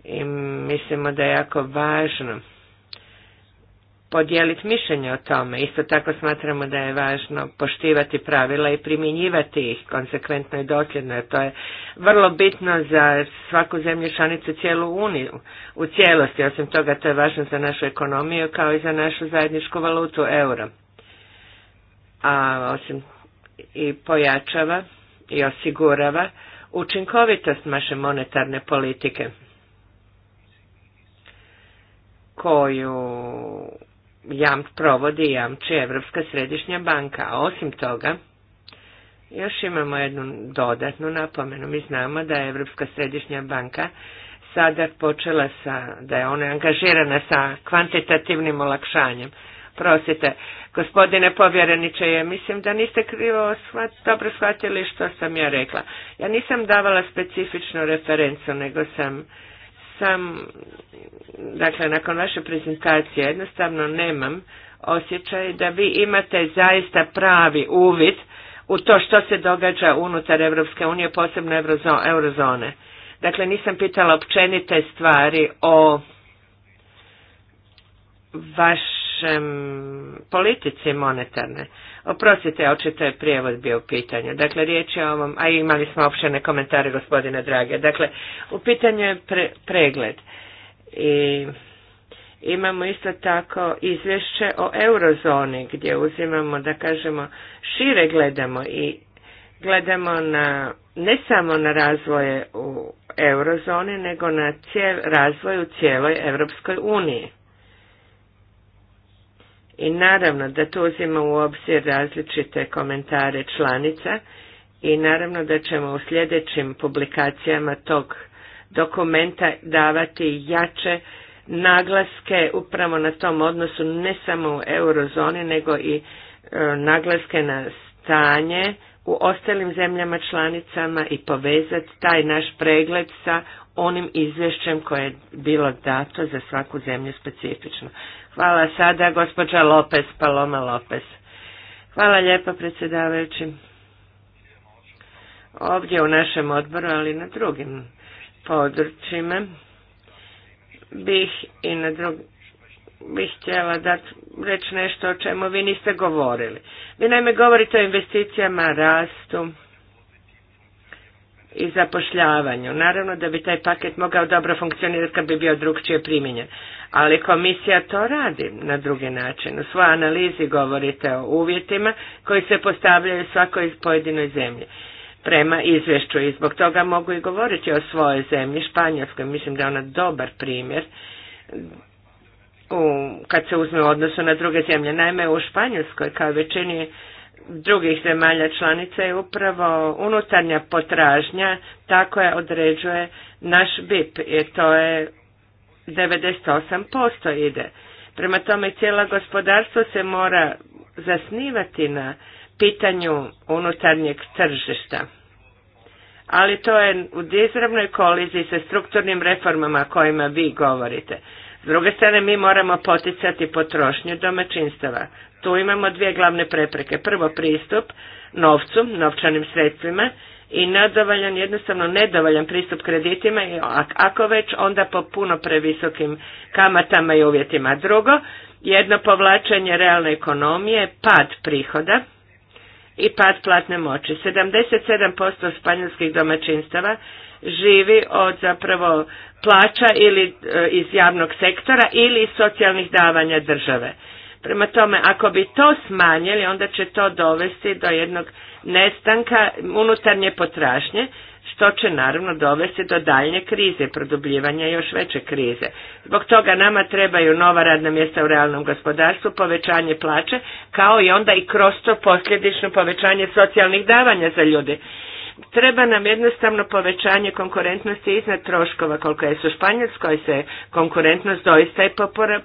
[SPEAKER 1] i mislimo da je jako važno podijeliti mišljenje o tome. Isto tako smatramo da je važno poštivati pravila i primjenjivati ih konsekventno i dosljedno, jer to je vrlo bitno za svaku zemlju članicu cijelu uniju u cijelosti. Osim toga, to je važno za našu ekonomiju kao i za našu zajedničku valutu euro. A osim i pojačava i osigurava učinkovitost naše monetarne politike koju jam, provodi i jamči Evropska središnja banka. A osim toga, još imamo jednu dodatnu napomenu. Mi znamo da je Evropska središnja banka sada počela sa, da je ona angažirana sa kvantitativnim olakšanjem. Prosite, gospodine povjereniče, ja mislim da niste krivo shvat, dobro shvatili što sam ja rekla. Ja nisam davala specifičnu referencu, nego sam sam, dakle, nakon vaše prezentacije jednostavno nemam osjećaj da vi imate zaista pravi uvid u to što se događa unutar Europske unije, posebno eurozone. Dakle, nisam pitala općenite stvari o vašem politici monetarne. Oprostite, očito je prijevod bio u pitanju. Dakle, riječ je o ovom, a imali smo opšene komentare gospodine Drage. Dakle, u pitanju je pregled. I imamo isto tako izvješće o eurozoni gdje uzimamo, da kažemo, šire gledamo i gledamo na, ne samo na razvoje u eurozoni, nego na cijel, razvoj u cijeloj Europskoj uniji. I naravno da tu uzima u obzir različite komentare članica i naravno da ćemo u sljedećim publikacijama tog dokumenta davati jače naglaske upravo na tom odnosu ne samo u eurozoni nego i e, naglaske na stanje u ostalim zemljama članicama i povezati taj naš pregled sa onim izvješćem koje je bilo dato za svaku zemlju specifično. Hvala sada, gospođa Lopez, Paloma Lopez. Hvala lijepa, predsjedavajući. Ovdje u našem odboru, ali i na drugim područjima, bih i na drugim bih htjela dati reći nešto o čemu vi niste govorili. Vi naime govorite o investicijama, rastu i zapošljavanju. Naravno da bi taj paket mogao dobro funkcionirati kad bi bio drugčije primjenjen ali komisija to radi na drugi način. U svojoj analizi govorite o uvjetima koji se postavljaju svakoj pojedinoj zemlji prema izvješću i zbog toga mogu i govoriti o svojoj zemlji, Španjolskoj, mislim da je ona dobar primjer u, kad se uzme u odnosu na druge zemlje. Naime, u Španjolskoj kao većini drugih zemalja članica je upravo unutarnja potražnja ta koja određuje naš BIP jer to je 98% ide. Prema tome, cijela gospodarstvo se mora zasnivati na pitanju unutarnjeg tržišta. Ali to je u izravnoj koliziji sa strukturnim reformama kojima vi govorite. S druge strane, mi moramo poticati potrošnju domaćinstava. Tu imamo dvije glavne prepreke. Prvo, pristup novcu, novčanim sredstvima i nedovoljan, jednostavno nedovoljan pristup kreditima, ako već onda po puno previsokim kamatama i uvjetima. Drugo, jedno povlačenje realne ekonomije, pad prihoda i pad platne moći. 77% španjolskih domaćinstava živi od zapravo plaća ili e, iz javnog sektora ili iz socijalnih davanja države. Prema tome, ako bi to smanjili, onda će to dovesti do jednog nestanka unutarnje potrašnje, što će naravno dovesti do daljnje krize, produbljivanja još veće krize. Zbog toga nama trebaju nova radna mjesta u realnom gospodarstvu, povećanje plaće, kao i onda i kroz to posljedično povećanje socijalnih davanja za ljude. Treba nam jednostavno povećanje konkurentnosti iznad troškova koliko je su Španjolskoj se konkurentnost doista i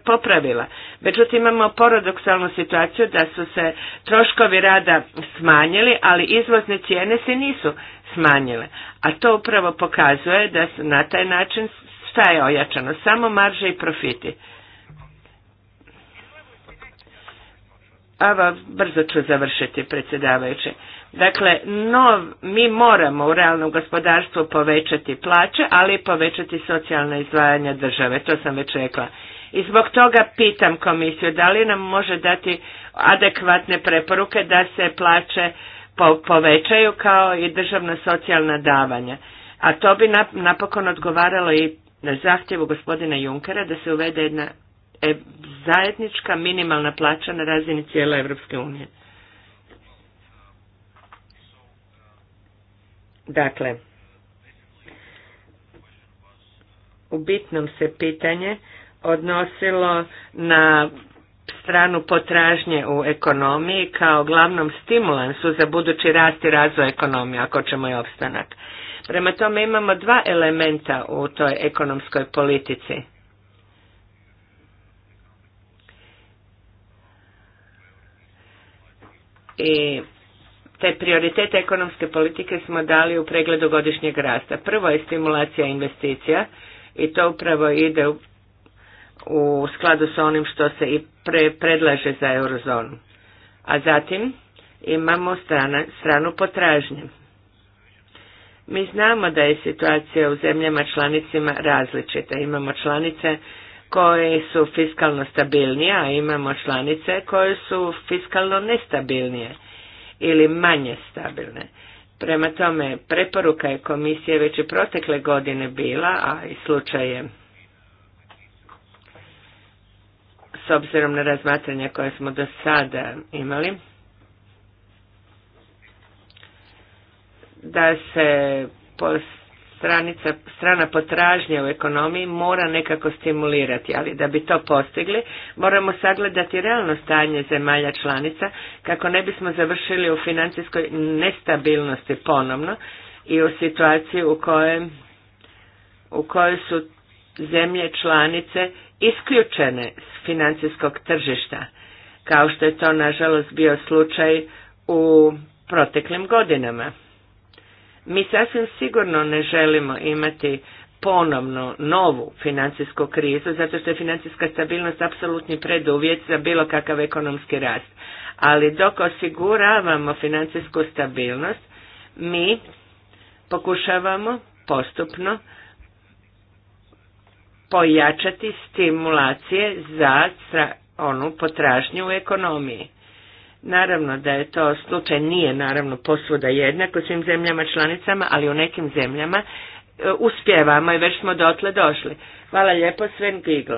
[SPEAKER 1] popravila. Međutim, imamo paradoksalnu situaciju da su se troškovi rada smanjili, ali izvozne cijene se nisu smanjile. A to upravo pokazuje da su na taj način staje je ojačano, samo marže i profiti. Ava, brzo ću završiti predsjedavajući. Dakle, no, mi moramo u realnom gospodarstvu povećati plaće, ali i povećati socijalne izdvajanja države, to sam već rekla. I zbog toga pitam komisiju da li nam može dati adekvatne preporuke da se plaće povećaju kao i državna socijalna davanja. A to bi napokon odgovaralo i na zahtjevu gospodina Junkera da se uvede jedna E, zajednička minimalna plaća na razini cijele Europske unije. Dakle, u bitnom se pitanje odnosilo na stranu potražnje u ekonomiji kao glavnom stimulansu za budući rast i razvoj ekonomije, ako ćemo i opstanak. Prema tome imamo dva elementa u toj ekonomskoj politici i te prioritete ekonomske politike smo dali u pregledu godišnjeg rasta. Prvo je stimulacija investicija i to upravo ide u, skladu sa onim što se i pre, predlaže za eurozonu. A zatim imamo strana, stranu potražnje. Mi znamo da je situacija u zemljama članicima različita. Imamo članice koje su fiskalno stabilnije, a imamo članice koje su fiskalno nestabilnije ili manje stabilne. Prema tome, preporuka je komisije već i protekle godine bila, a i slučaj je s obzirom na razmatranje koje smo do sada imali, da se post stranica, strana potražnje u ekonomiji mora nekako stimulirati, ali da bi to postigli moramo sagledati realno stanje zemalja članica kako ne bismo završili u financijskoj nestabilnosti ponovno i u situaciji u kojoj u kojoj su zemlje članice isključene s financijskog tržišta, kao što je to nažalost bio slučaj u proteklim godinama. Mi sasvim sigurno ne želimo imati ponovno novu financijsku krizu, zato što je financijska stabilnost apsolutni preduvjet za bilo kakav ekonomski rast. Ali dok osiguravamo financijsku stabilnost, mi pokušavamo postupno pojačati stimulacije za onu potražnju u ekonomiji. Naravno da je to slučaj, nije naravno posvuda jednako svim zemljama članicama, ali u nekim zemljama e, uspjevamo i već smo dotle došli. Hvala lijepo Sven Gigl.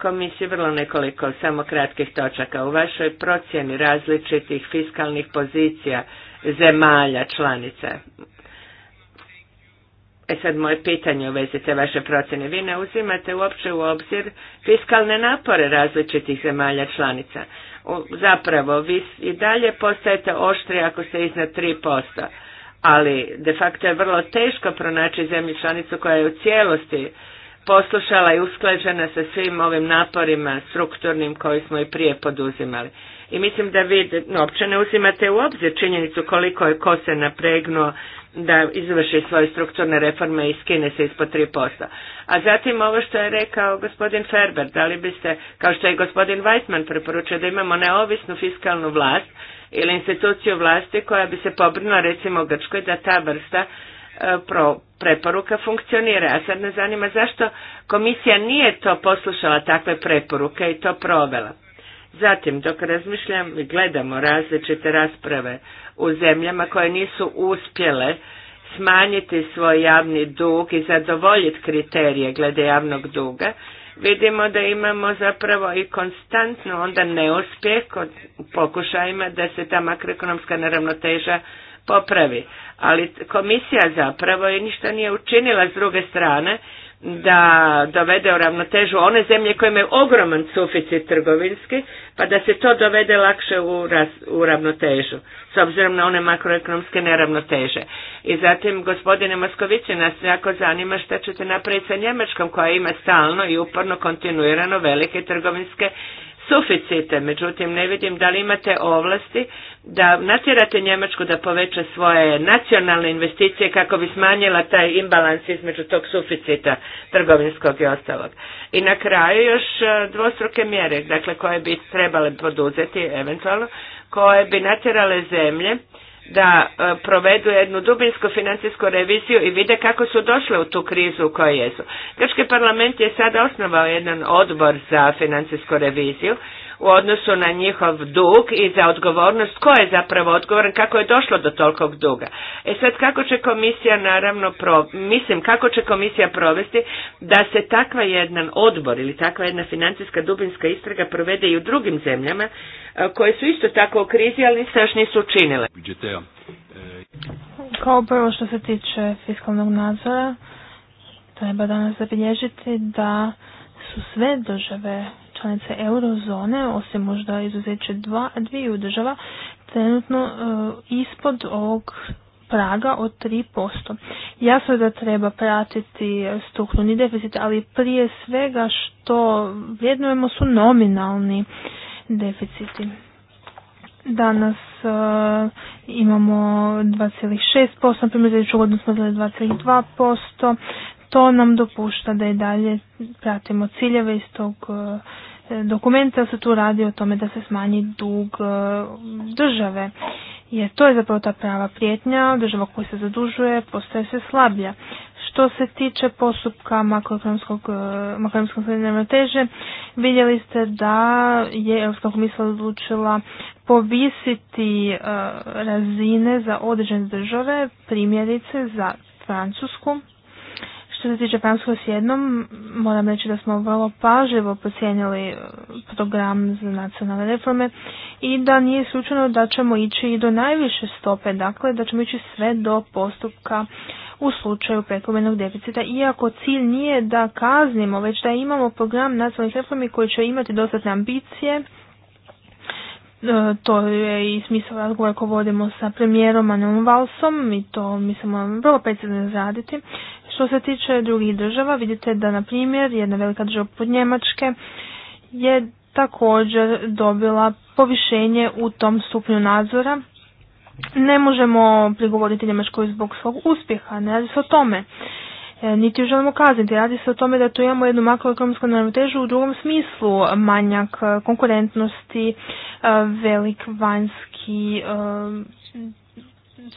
[SPEAKER 1] Komisije vrlo nekoliko samo kratkih točaka. U vašoj procjeni različitih fiskalnih pozicija zemalja članica. E sad moje pitanje u vezi te vaše procjene. Vi ne uzimate uopće u obzir fiskalne napore različitih zemalja članica zapravo vi i dalje postajete oštri ako ste iznad 3%, ali de facto je vrlo teško pronaći zemlju članicu koja je u cijelosti poslušala i usklađena sa svim ovim naporima strukturnim koji smo i prije poduzimali. I mislim da vi uopće ne uzimate u obzir činjenicu koliko je ko se napregnuo da izvrši svoje strukturne reforme i skine se ispod 3%. A zatim ovo što je rekao gospodin Ferber, da li biste, kao što je gospodin Weissman preporučio, da imamo neovisnu fiskalnu vlast ili instituciju vlasti koja bi se pobrinula recimo u Grčkoj da ta vrsta e, preporuka funkcionira. A sad ne zanima zašto komisija nije to poslušala takve preporuke i to provela. Zatim, dok razmišljam i gledamo različite rasprave u zemljama koje nisu uspjele smanjiti svoj javni dug i zadovoljiti kriterije glede javnog duga, vidimo da imamo zapravo i konstantno onda neuspjeh kod pokušajima da se ta makroekonomska neravnoteža popravi. Ali komisija zapravo i ništa nije učinila s druge strane da dovede u ravnotežu one zemlje koje imaju ogroman suficit trgovinski, pa da se to dovede lakše u, u ravnotežu, s obzirom na one makroekonomske neravnoteže. I zatim, gospodine Moskovići, nas jako zanima što ćete napraviti sa Njemačkom, koja ima stalno i uporno kontinuirano velike trgovinske suficite, međutim ne vidim da li imate ovlasti da natjerate Njemačku da poveća svoje nacionalne investicije kako bi smanjila taj imbalans između tog suficita trgovinskog i ostalog. I na kraju još e, dvostruke mjere, dakle koje bi trebale poduzeti eventualno, koje bi natjerale zemlje da e, provedu jednu dubinsku financijsku reviziju i vide kako su došle u tu krizu u kojoj jesu. Grčki parlament je sada osnovao jedan odbor za financijsku reviziju u odnosu na njihov dug i za odgovornost ko je zapravo odgovoran, kako je došlo do tolikog duga. E sad kako će komisija naravno, pro, mislim kako će komisija provesti da se takva jedan odbor ili takva jedna financijska dubinska istraga provede i u drugim zemljama e, koje su isto tako u krizi, ali se još nisu učinile. E,
[SPEAKER 2] kao prvo što se tiče fiskalnog nadzora, treba danas zabilježiti da su sve države članice eurozone, osim možda izuzeće dva, dviju država, trenutno e, ispod ovog praga od 3%. Jasno je da treba pratiti strukturni deficit, ali prije svega što vrednujemo su nominalni deficiti. Danas e, imamo 2,6%, na primjer za godinu smo 2,2%, to nam dopušta da i dalje pratimo ciljeve iz tog e, dokumenta, se tu radi o tome da se smanji dug e, države. Jer to je zapravo ta prava prijetnja, država koja se zadužuje postaje sve slabija. Što se tiče postupka makroekonomskog e, ravnoteže, vidjeli ste da je Europska komisija odlučila povisiti razine za određene države, primjerice za Francusku, što se tiče Franskog s jednom, moram reći da smo vrlo pažljivo pocijenili e, program nacionalne reforme i da nije slučajno da ćemo ići i do najviše stope, dakle da ćemo ići sve do postupka u slučaju prekomenog deficita, iako cilj nije da kaznimo, već da imamo program nacionalnih reformi koji će imati dostatne ambicije, e, to je i smisao razgovora vodimo sa premijerom Manuelom Valsom i to mislimo vrlo precizno izraditi. Što se tiče drugih država, vidite da, na primjer, jedna velika država pod Njemačke je također dobila povišenje u tom stupnju nadzora. Ne možemo prigovoriti Njemačkoj zbog svog uspjeha, ne radi se o tome. E, niti želimo kazniti, radi se o tome da tu imamo jednu makroekonomsku neravnotežu u drugom smislu, manjak e, konkurentnosti, e, velik vanjski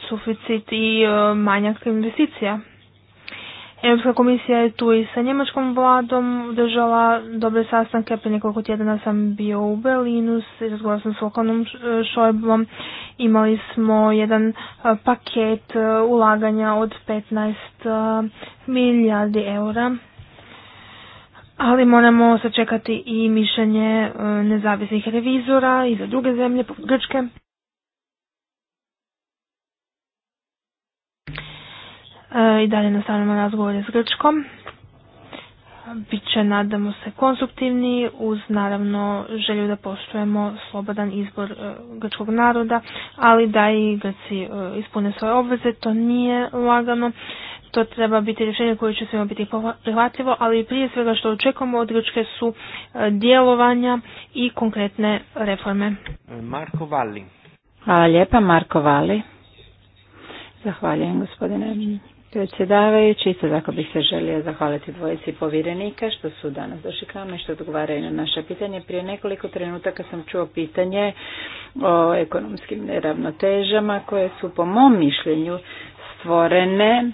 [SPEAKER 2] suficit i manjak investicija. Europska komisija je tu i sa njemačkom vladom držala dobre sastanke. Prije nekoliko tjedana sam bio u Berlinu, razgovarao sam s lokalnom šojbom. Imali smo jedan e, paket e, ulaganja od 15 e, milijardi eura. Ali moramo sačekati i mišljenje nezavisnih revizora i za druge zemlje, Grčke. I dalje nastavljamo razgovore s Grčkom. Biće, nadamo se, konstruktivni uz naravno želju da poštujemo slobodan izbor e, grčkog naroda, ali da i Grci e, ispune svoje obveze, to nije lagano. To treba biti rješenje koje će svima biti prihvatljivo, ali prije svega što očekujemo od Grčke su e, djelovanja i konkretne reforme.
[SPEAKER 1] Marko Valli.
[SPEAKER 3] Hvala lijepa, Marko Vali. Zahvaljujem gospodine Predsjedavajući, isto tako bih se želio zahvaliti dvojici povjerenika što su danas došli k i što odgovaraju na naše pitanje. Prije nekoliko trenutaka sam čuo pitanje o ekonomskim neravnotežama koje su po mom mišljenju stvorene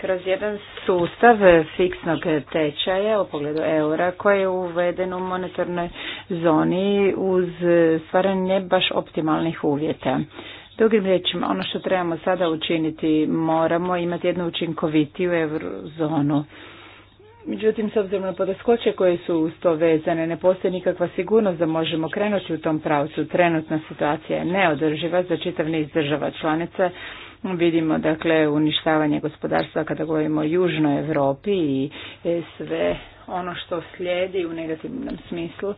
[SPEAKER 3] kroz jedan sustav fiksnog tečaja u pogledu eura koji je uveden u monetarnoj zoni uz stvaranje baš optimalnih uvjeta. Drugim riječima, ono što trebamo sada učiniti, moramo imati jednu učinkovitiju eurozonu. Međutim, s obzirom na podaskoće koje su uz to vezane, ne postoji nikakva sigurnost da možemo krenuti u tom pravcu. Trenutna situacija je neodrživa za čitav niz država članica. Vidimo dakle uništavanje gospodarstva kada govorimo o Južnoj Europi i e, sve ono što slijedi u negativnom smislu.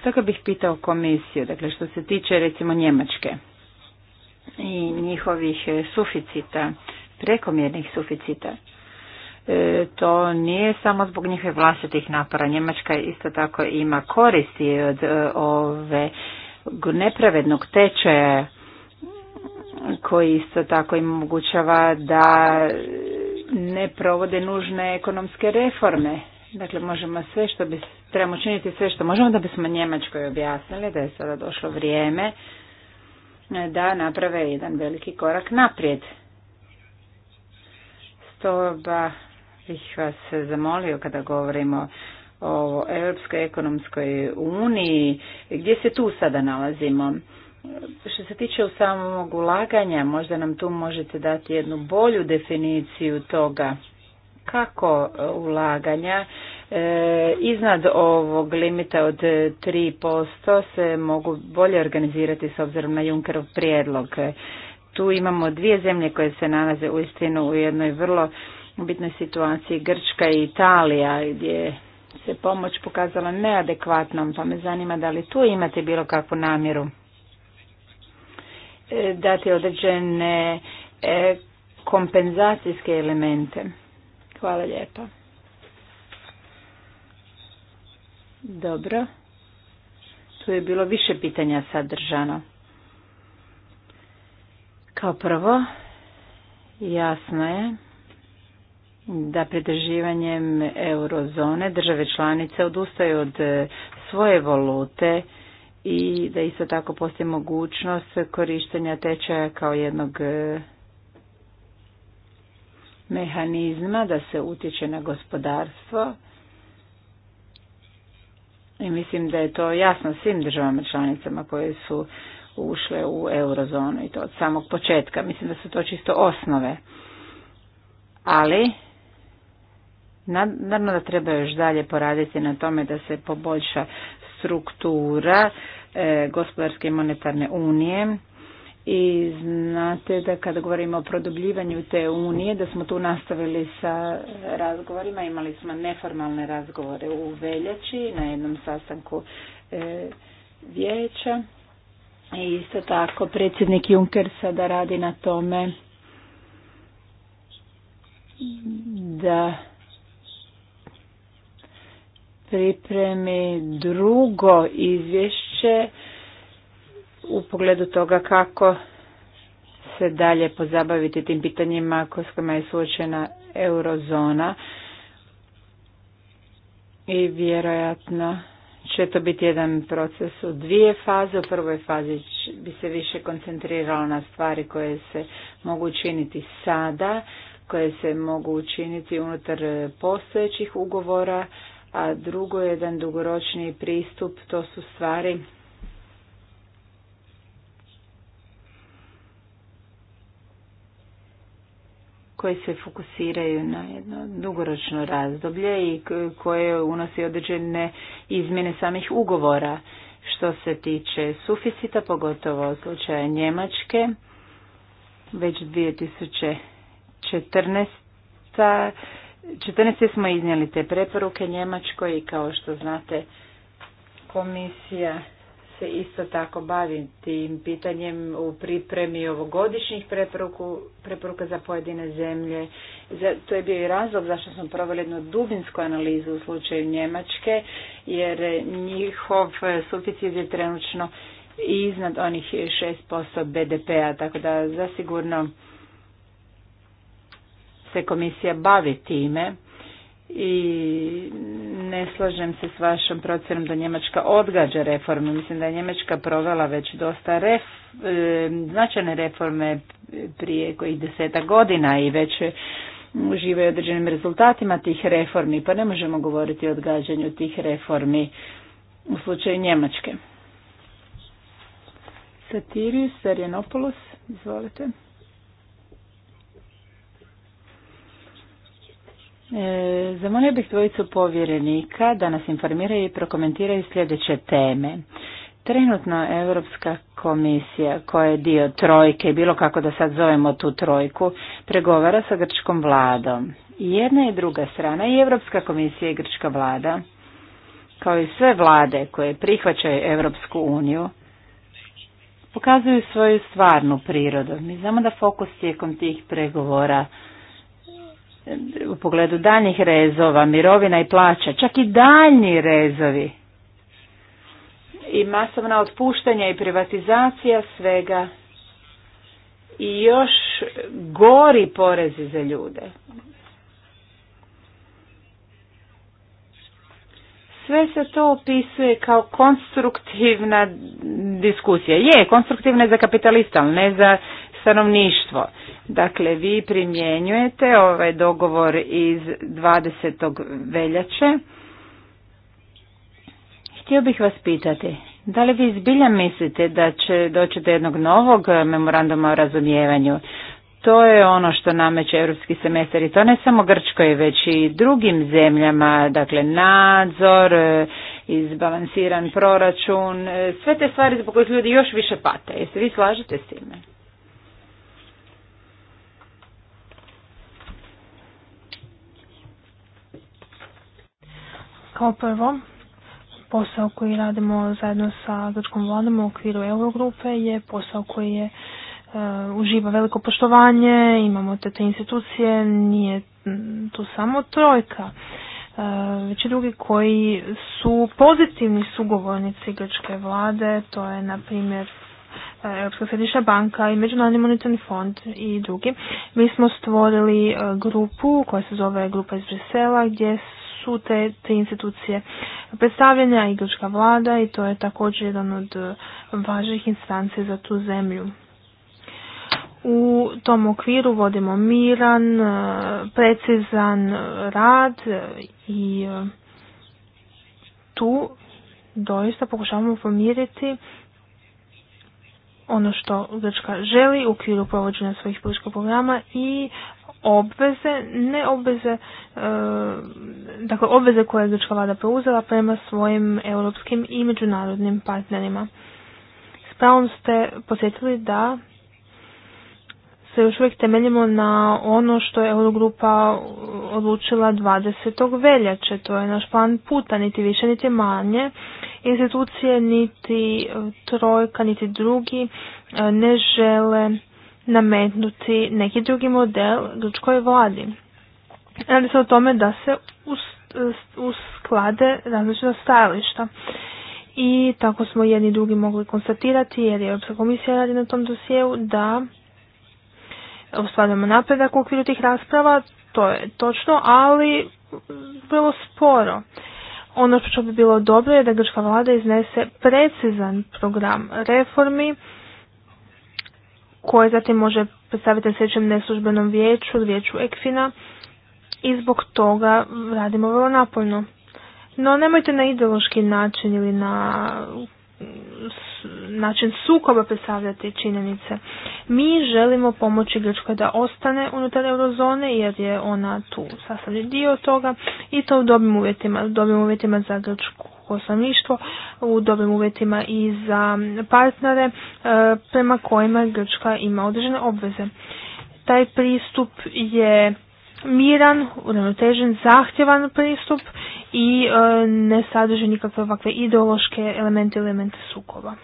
[SPEAKER 3] Stoga bih pitao komisiju, dakle što se tiče recimo Njemačke i njihovih e, suficita, prekomjernih suficita. E, to nije samo zbog njihove vlastitih napora. Njemačka isto tako ima koristi od e, ove nepravednog tečaja koji isto tako im omogućava da ne provode nužne ekonomske reforme. Dakle, možemo sve što bi, trebamo činiti sve što možemo da bismo Njemačkoj objasnili da je sada došlo vrijeme da naprave jedan veliki korak naprijed. stoba bih vas zamolio kada govorimo o Europskoj ekonomskoj uniji, gdje se tu sada nalazimo? Što se tiče u samog ulaganja, možda nam tu možete dati jednu bolju definiciju toga kako ulaganja E, iznad ovog limita od 3% se mogu bolje organizirati s obzirom na Junkerov prijedlog. Tu imamo dvije zemlje koje se nalaze u istinu u jednoj vrlo bitnoj situaciji, Grčka i Italija, gdje se pomoć pokazala neadekvatnom, pa me zanima da li tu imate bilo kakvu namjeru e, dati određene e, kompenzacijske elemente. Hvala lijepa. Dobro. Tu je bilo više pitanja sadržano. Kao prvo, jasno je da pridrživanjem eurozone države članice odustaju od e, svoje valute i da isto tako postoji mogućnost korištenja tečaja kao jednog e, mehanizma da se utječe na gospodarstvo i mislim da je to jasno svim državama članicama koje su ušle u eurozonu i to od samog početka. Mislim da su to čisto osnove. Ali, naravno da treba još dalje poraditi na tome da se poboljša struktura e, gospodarske i monetarne unije i znate da kada govorimo o produbljivanju te unije, da smo tu nastavili sa razgovorima, imali smo neformalne razgovore u veljači na jednom sastanku e, vijeća. I isto tako predsjednik Juncker sada radi na tome da pripremi drugo izvješće u pogledu toga kako se dalje pozabaviti tim pitanjima s kojima je suočena eurozona i vjerojatno će to biti jedan proces u dvije faze. U prvoj fazi bi se više koncentriralo na stvari koje se mogu učiniti sada, koje se mogu učiniti unutar postojećih ugovora, a drugo je jedan dugoročni pristup, to su stvari koje se fokusiraju na jedno dugoročno razdoblje i koje unosi određene izmjene samih ugovora. Što se tiče suficita, pogotovo slučaja Njemačke, već 2014. 14. smo iznijeli te preporuke Njemačkoj i kao što znate komisija se isto tako bavim tim pitanjem u pripremi ovogodišnjih preporuka za pojedine zemlje. To je bio i razlog zašto smo proveli jednu dubinsku analizu u slučaju Njemačke, jer njihov suficit je trenutno iznad onih 6% BDP-a, tako da zasigurno se komisija bavi time i ne slažem se s vašom procjenom da Njemačka odgađa reforme. Mislim da je Njemačka provela već dosta ref, e, značajne reforme prije kojih deseta godina i već u određenim rezultatima tih reformi, pa ne možemo govoriti o odgađanju tih reformi u slučaju Njemačke. Satirius Arianopoulos, izvolite. E, zamolio bih dvojicu povjerenika da nas informiraju i prokomentiraju sljedeće teme. Trenutno Europska komisija, koja je dio trojke, bilo kako da sad zovemo tu trojku, pregovara sa grčkom vladom. I jedna i druga strana, i Europska komisija i grčka vlada, kao i sve vlade koje prihvaćaju Europsku uniju, pokazuju svoju stvarnu prirodu. Mi znamo da fokus tijekom tih pregovora u pogledu daljnjih rezova, mirovina i plaća, čak i daljnji rezovi i masovna otpuštanja i privatizacija svega i još gori porezi za ljude. Sve se to opisuje kao konstruktivna diskusija. Je, konstruktivna je za kapitalista, ali ne za stanovništvo. Dakle, vi primjenjujete ovaj dogovor iz 20. veljače. Htio bih vas pitati, da li vi zbilja mislite da će doći do jednog novog memoranduma o razumijevanju? To je ono što nameće europski semestar i to ne samo Grčkoj, već i drugim zemljama, dakle nadzor, e, izbalansiran proračun, e, sve te stvari zbog kojih ljudi još više pate. Jeste vi slažete s time?
[SPEAKER 2] Kao prvo, posao koji radimo zajedno sa grčkom vladom u okviru Eurogrupe je posao koji je e, uživa veliko poštovanje, imamo te, te institucije, nije tu samo trojka, e, već i drugi koji su pozitivni sugovornici grčke vlade, to je na primjer e, Europska središnja banka i Međunarodni monetarni fond i drugi. Mi smo stvorili grupu koja se zove Grupa iz Brisela gdje su te, institucije predstavljanja i grčka vlada i to je također jedan od e, važnih instanci za tu zemlju. U tom okviru vodimo miran, e, precizan rad i e, tu doista pokušavamo pomiriti ono što Grčka želi u okviru provođenja svojih političkog programa i obveze, ne obveze, e, dakle obveze koje je grčka vlada preuzela prema svojim europskim i međunarodnim partnerima. S pravom ste posjetili da se još uvijek temeljimo na ono što je Eurogrupa odlučila 20. veljače. To je naš plan puta, niti više, niti manje. Institucije, niti trojka, niti drugi e, ne žele nametnuti neki drugi model grčkoj vladi. Radi se o tome da se usklade različita stajališta. I tako smo jedni drugi mogli konstatirati, jer je Europska komisija radi na tom dosjeu, da ostvarujemo napredak u okviru tih rasprava, to je točno, ali vrlo sporo. Ono što bi bilo dobro je da grčka vlada iznese precizan program reformi koje zatim može predstaviti sljedećem neslužbenom vijeću, vijeću Ekfina i zbog toga radimo vrlo napoljno. No nemojte na ideološki način ili na način sukoba predstavljati činjenice. Mi želimo pomoći Grčkoj da ostane unutar eurozone jer je ona tu sastavni dio toga i to u dobrim uvjetima, u uvjetima za Grčko osnovništvo, u dobrim uvjetima i za partnere e, prema kojima Grčka ima određene obveze. Taj pristup je miran, uravnotežen, zahtjevan pristup i e, ne sadrži nikakve ovakve ideološke elemente elemente sukoba.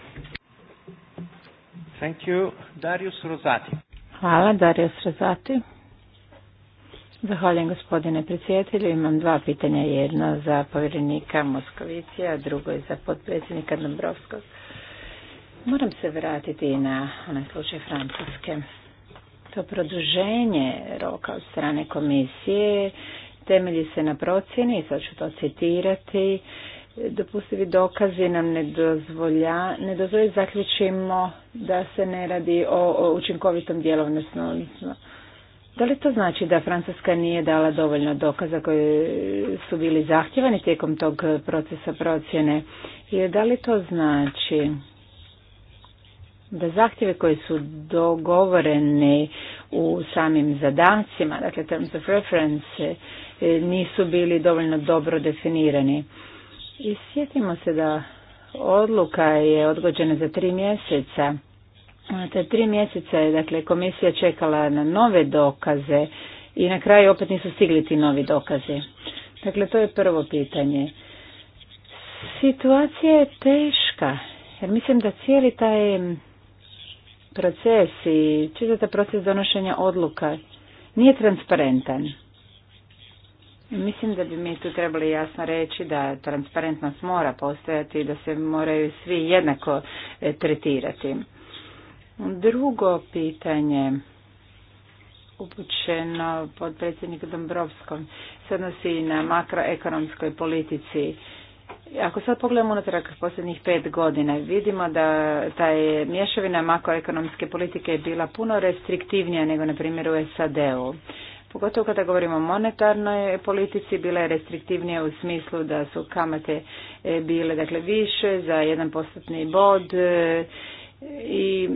[SPEAKER 1] Thank you. Darius Rozati.
[SPEAKER 2] Hvala, Darius Rozati.
[SPEAKER 3] Zahvaljujem gospodine predsjedatelju. Imam dva pitanja, jedno za povjerenika Moskovicija, a drugo je za potpredsjednika Dombrovskog. Moram se vratiti na onaj slučaj Francuske. To produženje roka od strane komisije temelji se na procjeni, sad ću to citirati, dopustivi dokazi nam ne dozvolja, ne dozvolja zaključimo da se ne radi o, učinkovitom djelovnosti. Da li to znači da Francuska nije dala dovoljno dokaza koji su bili zahtjevani tijekom tog procesa procjene? I da li to znači da zahtjeve koji su dogovoreni u samim zadacima, dakle terms of reference, e, nisu bili dovoljno dobro definirani. I sjetimo se da odluka je odgođena za tri mjeseca. Te tri mjeseca je dakle komisija čekala na nove dokaze i na kraju opet nisu stigli ti novi dokazi. Dakle, to je prvo pitanje. Situacija je teška, jer mislim da cijeli taj proces i čitata proces donošenja odluka nije transparentan. Mislim da bi mi tu trebali jasno reći da transparentnost mora postojati i da se moraju svi jednako e, tretirati. Drugo pitanje upućeno pod predsjednikom Dombrovskom se odnosi na makroekonomskoj politici ako sad pogledamo unatrag posljednjih pet godina, vidimo da je mješavina makroekonomske politike bila puno restriktivnija nego na primjer u SAD-u. Pogotovo kada govorimo o monetarnoj politici, bila je restriktivnija u smislu da su kamate e, bile dakle više za jedan postotni bod e, i,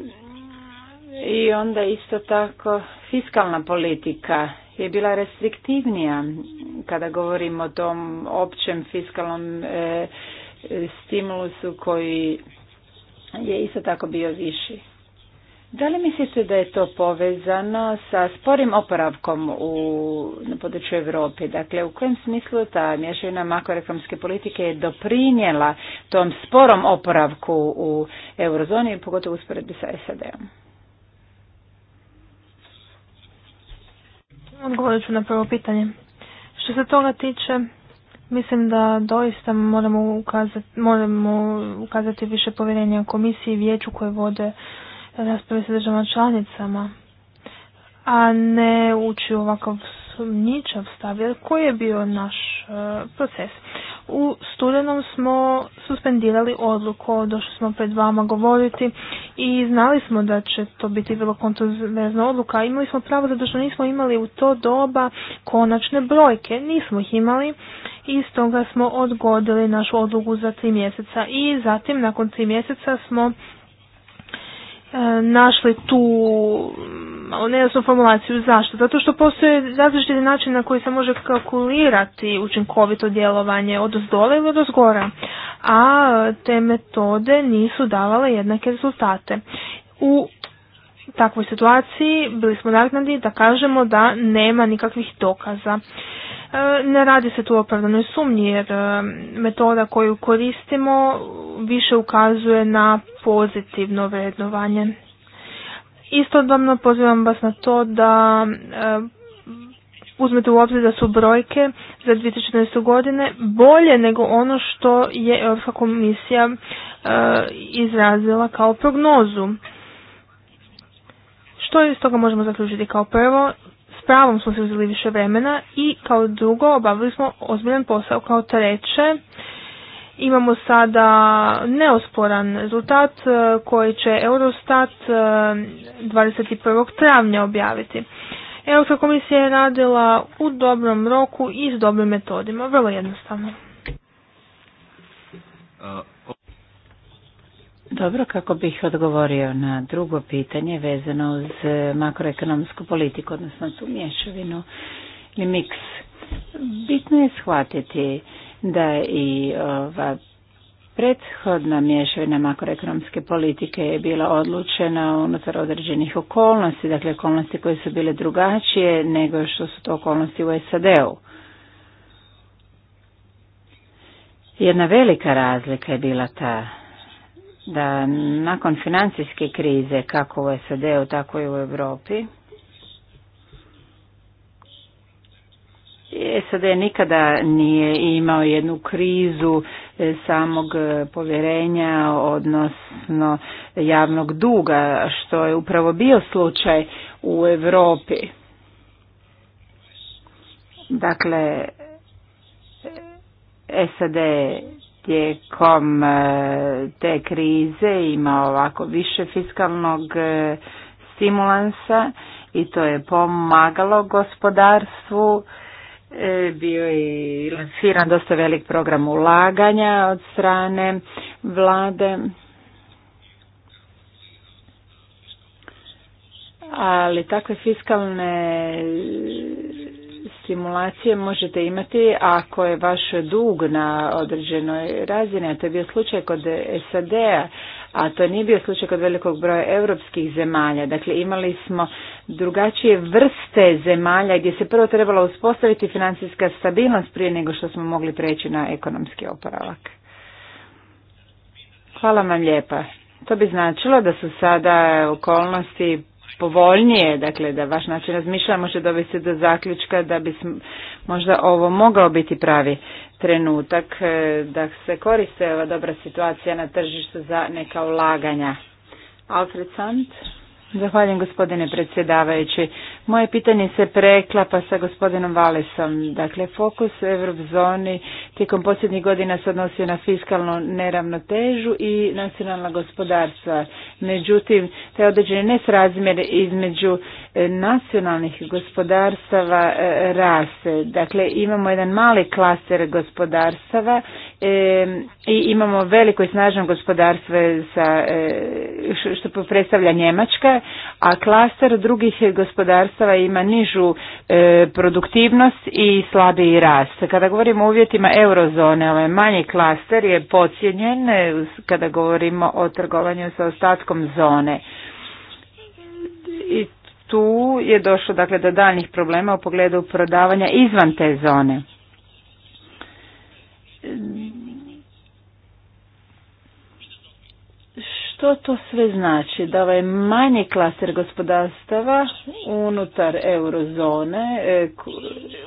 [SPEAKER 3] i onda isto tako fiskalna politika je bila restriktivnija kada govorimo o tom općem fiskalnom e, stimulusu koji je isto tako bio viši. Da li mislite da je to povezano sa sporim oporavkom u, na području Europe? Dakle, u kojem smislu ta mješavina makroekonomske politike je doprinjela tom sporom oporavku u eurozoni, pogotovo
[SPEAKER 2] usporedbi sa SAD-om? Odgovorit ću na prvo pitanje. Što se toga tiče, mislim da doista moramo ukazati, moramo ukazati više povjerenja komisiji i vijeću koje vode rasprave sa državama članicama, a ne ući ovakav ničav stav, jer koji je bio naš eh, proces? u studenom smo suspendirali odluku, došli smo pred vama govoriti i znali smo da će to biti vrlo kontroverzna odluka. Imali smo pravo zato što nismo imali u to doba konačne brojke, nismo ih imali i stoga smo odgodili našu odluku za tri mjeseca i zatim nakon tri mjeseca smo E, našli tu mm, nejasnu formulaciju. Zašto? Zato što postoje različiti način na koji se može kalkulirati učinkovito djelovanje od dole ili od zgora, a te metode nisu davale jednake rezultate. U takvoj situaciji bili smo naknadi da kažemo da nema nikakvih dokaza. E, ne radi se tu o opravdanoj sumnji jer e, metoda koju koristimo više ukazuje na pozitivno vrednovanje. Istodobno pozivam vas na to da e, uzmete u obzir da su brojke za 2014. godine bolje nego ono što je Europska komisija izrazila kao prognozu. Što iz toga možemo zaključiti? Kao prvo, s pravom smo se uzeli više vremena i kao drugo obavili smo ozbiljan posao. Kao treće, imamo sada neosporan rezultat e, koji će Eurostat 21. E, travnja objaviti. Europska komisija je radila u dobrom roku i s dobrim metodima, vrlo jednostavno. Uh, dobro, kako
[SPEAKER 3] bih odgovorio na drugo pitanje vezano uz makroekonomsku politiku, odnosno tu mješavinu ili miks. Bitno je shvatiti da i ova prethodna mješavina makroekonomske politike je bila odlučena unutar određenih okolnosti, dakle okolnosti koje su bile drugačije nego što su to okolnosti u SAD-u. Jedna velika razlika je bila ta da nakon financijske krize kako u SAD-u tako i u Europi SAD nikada nije imao jednu krizu e, samog e, povjerenja, odnosno javnog duga, što je upravo bio slučaj u Europi. Dakle, SAD tijekom e, te krize ima ovako više fiskalnog e, stimulansa i to je pomagalo gospodarstvu. E, bio je lansiran dosta velik program ulaganja od strane vlade. Ali takve fiskalne stimulacije možete imati ako je vaš dug na određenoj razini, a to je bio slučaj kod SAD-a, a to nije bio slučaj kod velikog broja europskih zemalja. Dakle, imali smo drugačije vrste zemalja gdje se prvo trebalo uspostaviti financijska stabilnost prije nego što smo mogli preći na ekonomski oporavak. Hvala vam lijepa. To bi značilo da su sada okolnosti povoljnije, dakle da vaš način razmišlja može dovesti do zaključka da bi možda ovo mogao biti pravi trenutak e, da se koriste ova dobra situacija na tržištu za neka ulaganja. Alfred Sant. Zahvaljujem gospodine predsjedavajući. Moje pitanje se preklapa sa gospodinom Valesom. Dakle, fokus u Evropzoni tijekom posljednjih godina se odnosio na fiskalnu neravnotežu i nacionalna gospodarstva. Međutim, taj određeni nesrazmjer između e, nacionalnih gospodarstava e, rase. Dakle, imamo jedan mali klaster gospodarstava e, i imamo veliko i snažno gospodarstvo sa, što predstavlja Njemačka, a klaster drugih gospodarstva sustava ima nižu e, produktivnost i slabiji rast. Kada govorimo o uvjetima eurozone, ovaj manji klaster je pocijenjen e, kada govorimo o trgovanju sa ostatkom zone. I tu je došlo dakle do daljnjih problema u pogledu prodavanja izvan te zone Što to sve znači? Da ovaj manji klaster gospodarstava unutar eurozone e,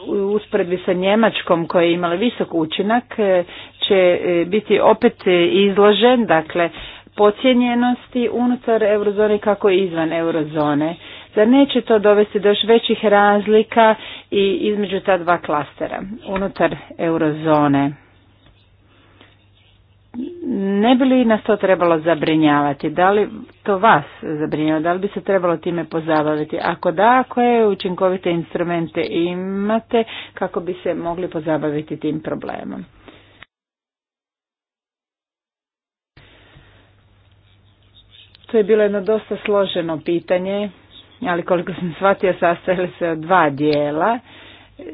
[SPEAKER 3] u usporedbi sa Njemačkom koja je imala visok učinak e, će e, biti opet izložen, dakle, pocijenjenosti unutar eurozone kako i izvan eurozone. Zar neće to dovesti do još većih razlika i između ta dva klastera unutar eurozone? ne bi li nas to trebalo zabrinjavati? Da li to vas zabrinjava? Da li bi se trebalo time pozabaviti? Ako da, koje učinkovite instrumente imate kako bi se mogli pozabaviti tim problemom? To je bilo jedno dosta složeno pitanje, ali koliko sam shvatio sastavili se od dva dijela –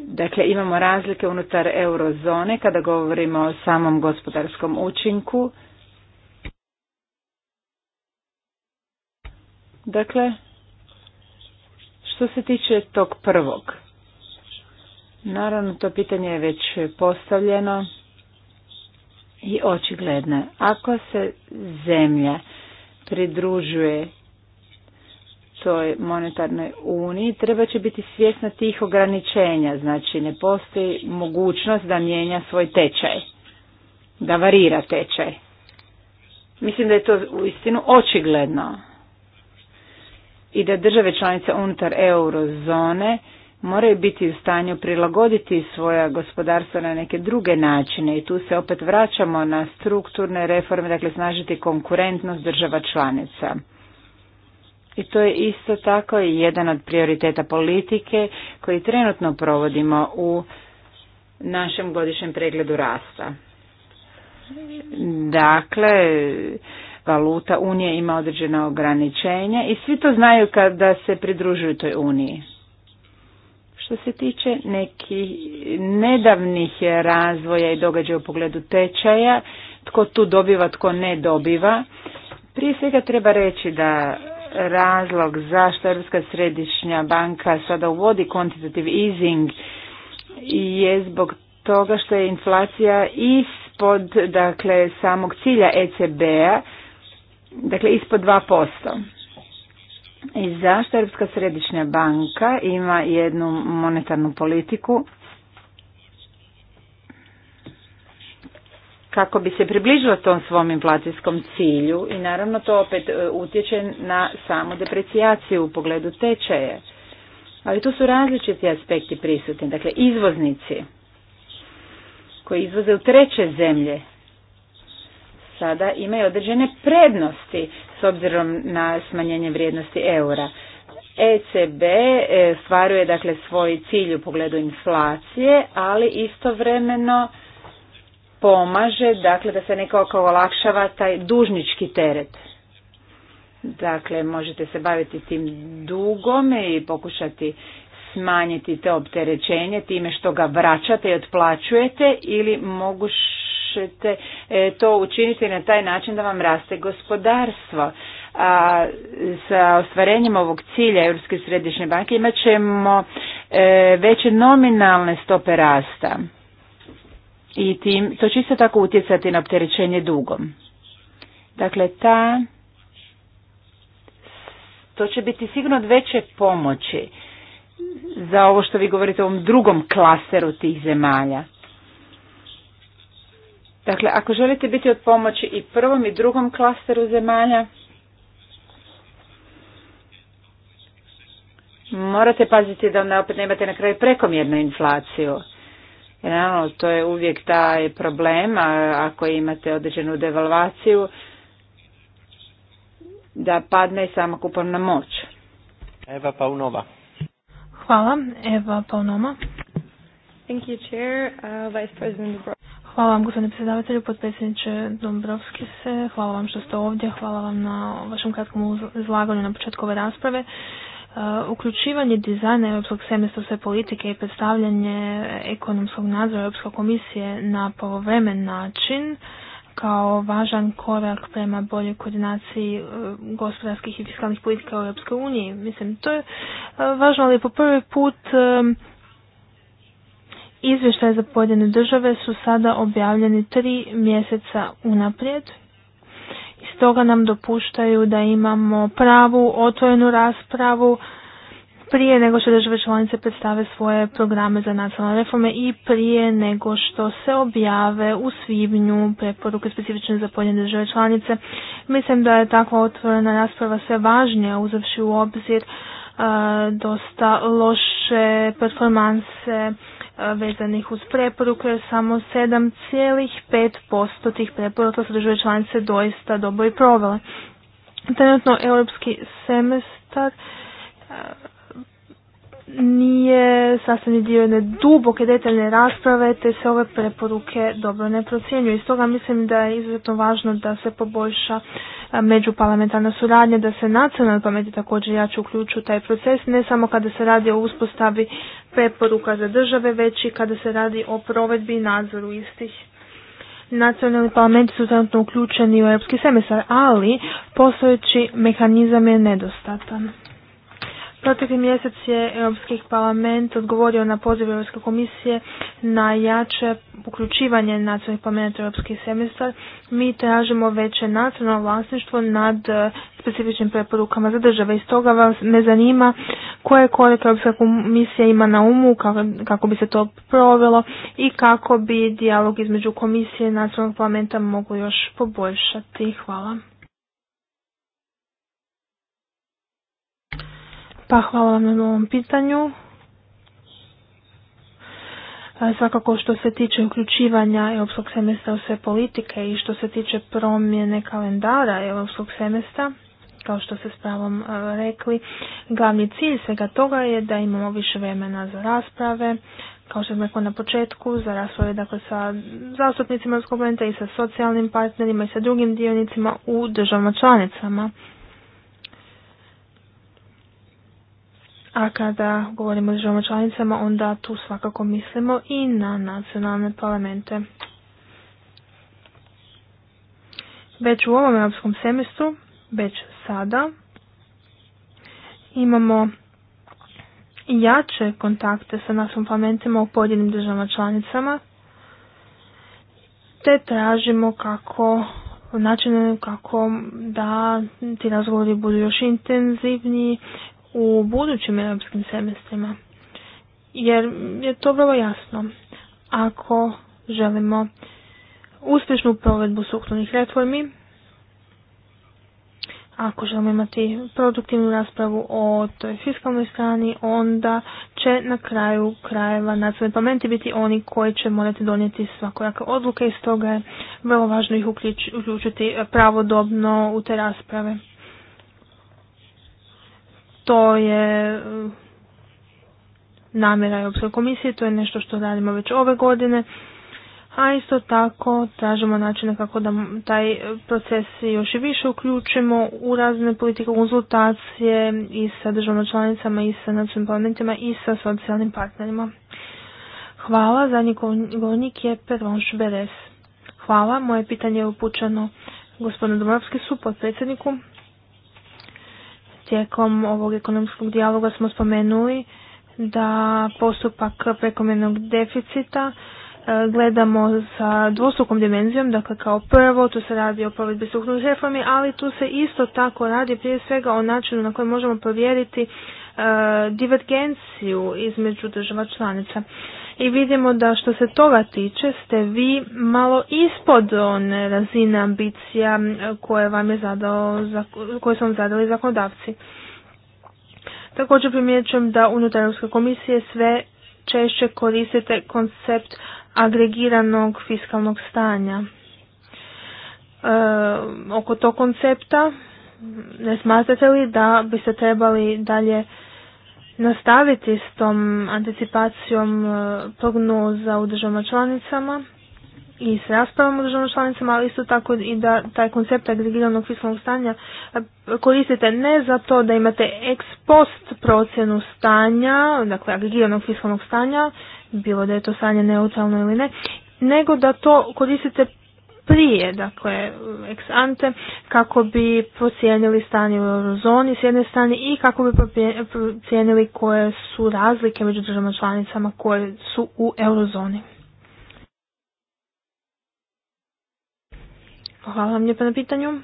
[SPEAKER 3] Dakle, imamo razlike unutar eurozone kada govorimo o samom gospodarskom učinku. Dakle, što se tiče tog prvog, naravno to pitanje je već postavljeno i očigledno. Ako se zemlja pridružuje toj monetarnoj uniji treba će biti svjesna tih ograničenja, znači ne postoji mogućnost da mijenja svoj tečaj, da varira tečaj. Mislim da je to uistinu očigledno i da države članice unutar eurozone moraju biti u stanju prilagoditi svoja gospodarstva na neke druge načine i tu se opet vraćamo na strukturne reforme, dakle snažiti konkurentnost država članica i to je isto tako i jedan od prioriteta politike koji trenutno provodimo u našem godišnjem pregledu rasta. Dakle, valuta Unije ima određena ograničenja i svi to znaju kada se pridružuju toj Uniji. Što se tiče nekih nedavnih razvoja i događaja u pogledu tečaja, tko tu dobiva, tko ne dobiva, prije svega treba reći da razlog zašto Europska središnja banka sada uvodi quantitative easing je zbog toga što je inflacija ispod dakle samog cilja ECB-a, dakle ispod 2%. I zašto Europska središnja banka ima jednu monetarnu politiku kako bi se približila tom svom inflacijskom cilju i naravno to opet e, utječe na samu deprecijaciju u pogledu tečaje. Ali tu su različiti aspekti prisutni. Dakle, izvoznici koji izvoze u treće zemlje sada imaju određene prednosti s obzirom na smanjenje vrijednosti eura. ECB e, stvaruje dakle svoj cilj u pogledu inflacije, ali istovremeno pomaže, dakle da se nekako olakšava taj dužnički teret. Dakle, možete se baviti tim dugom i pokušati smanjiti to opterećenje time što ga vraćate i otplaćujete ili mogušete e, to učiniti na taj način da vam raste gospodarstvo. A sa ostvarenjem ovog cilja Europske središnje banke imat ćemo e, veće nominalne stope rasta i tim, to će isto tako utjecati na opterećenje dugom. Dakle, ta, to će biti sigurno od veće pomoći za ovo što vi govorite o ovom drugom klaseru tih zemalja. Dakle, ako želite biti od pomoći i prvom i drugom klasteru zemalja, morate paziti da onda opet nemate na kraju prekomjernu inflaciju to je uvijek taj problem, ako imate određenu devalvaciju, da padne
[SPEAKER 2] i sama kupovna
[SPEAKER 1] moć. Eva Paunova.
[SPEAKER 2] Hvala, Eva Paunova. Thank you, Chair, uh, Vice President Hvala vam gospodine predsjedavatelju, potpredsjedniče Dombrovski se, hvala vam što ste ovdje, hvala vam na vašem kratkom izlaganju na početku ove rasprave. Uh, uključivanje dizajna europskog semestra sve politike i predstavljanje ekonomskog nadzora Europske komisije na polovremen način kao važan korak prema boljoj koordinaciji uh, gospodarskih i fiskalnih politika u Europskoj uniji. Mislim, to je uh, važno, ali po prvi put um, izvještaje za pojedine države su sada objavljeni tri mjeseca unaprijed i stoga nam dopuštaju da imamo pravu otvorenu raspravu prije nego što države članice predstave svoje programe za nacionalne reforme i prije nego što se objave u svibnju preporuke specifične za pojedine države članice. Mislim da je takva otvorena rasprava sve važnija uzavši u obzir dosta loše performanse vezanih uz preporuke, samo 7,5% tih preporuka su države članice doista dobro i provele. Trenutno europski semestar e, nije sastavni dio jedne duboke detaljne rasprave te se ove preporuke dobro ne procjenjuju. I stoga mislim da je izuzetno važno da se poboljša međuparlamentarna suradnja, da se nacionalni pameti također jače u taj proces, ne samo kada se radi o uspostavi preporuka za države, već i kada se radi o provedbi i nadzoru istih. Nacionalni parlamenti su trenutno uključeni u europski semestar, ali postojeći mehanizam je nedostatan. Protekli mjesec je Europski parlament odgovorio na poziv Europske komisije na jače uključivanje nacionalnih parlamenta Europski semestar. Mi tražimo veće nacionalno vlasništvo nad e, specifičnim preporukama za države. I stoga vas me zanima koje korake Europska komisija ima na umu, kako bi se to provelo i kako bi dijalog između komisije i nacionalnog parlamenta mogu još poboljšati. Hvala. Pa hvala vam na ovom pitanju. E, svakako što se tiče uključivanja europskog semestra u sve politike i što se tiče promjene kalendara europskog semestra, kao što ste s pravom e, rekli, glavni cilj svega toga je da imamo više vremena za rasprave, kao što sam rekao na početku, za rasprave dakle, sa zastupnicima Europskog i sa socijalnim partnerima i sa drugim dionicima u državama članicama A kada govorimo o državama članicama, onda tu svakako mislimo i na nacionalne parlamente. Već u ovom europskom semestru, već sada, imamo jače kontakte sa našim parlamentima u pojedinim državama članicama, te tražimo kako načine kako da ti razgovori budu još intenzivniji, u budućim europskim semestrima. Jer je to vrlo jasno. Ako želimo uspješnu provedbu strukturnih reformi, ako želimo imati produktivnu raspravu o toj fiskalnoj strani, onda će na kraju krajeva nacionalni parlamenti biti oni koji će morati donijeti svakojake odluke i stoga je vrlo važno ih uključiti pravodobno u te rasprave. To je e, namjera Europske komisije, to je nešto što radimo već ove godine, a isto tako tražimo načine kako da taj proces još i više uključimo u razne politike konzultacije i sa državno članicama i sa nacionalnim parlamentima i sa socijalnim partnerima. Hvala, zadnji govornik je Pervonš Beres. Hvala, moje pitanje je upućeno gospodinu Dobrovski su Tijekom ovog ekonomskog dijaloga smo spomenuli da postupak prekomjernog deficita e, gledamo sa dvostrukom dimenzijom, dakle kao prvo tu se radi o provedbi strukturnih reformi, ali tu se isto tako radi prije svega o načinu na koji možemo provjeriti e, divergenciju između država članica i vidimo da što se toga tiče ste vi malo ispod one razine ambicija koje vam je zadao, koje su vam zadali zakonodavci. Također primjećujem da unutar Europske komisije sve češće koristite koncept agregiranog fiskalnog stanja. E, oko tog koncepta ne smatrate li da biste trebali dalje nastaviti s tom anticipacijom e, prognoza u državama članicama i s raspravom u državama članicama, ali isto tako i da taj koncept agregiranog fiskalnog stanja e, koristite ne za to da imate ex post procjenu stanja, dakle agregiranog fiskalnog stanja, bilo da je to stanje neutralno ili ne, nego da to koristite prije, dakle ex ante, kako bi procijenili stanje u eurozoni s jedne strane i kako bi procijenili koje su razlike među državama članicama koje su u eurozoni. Hvala vam lijepa na pitanju.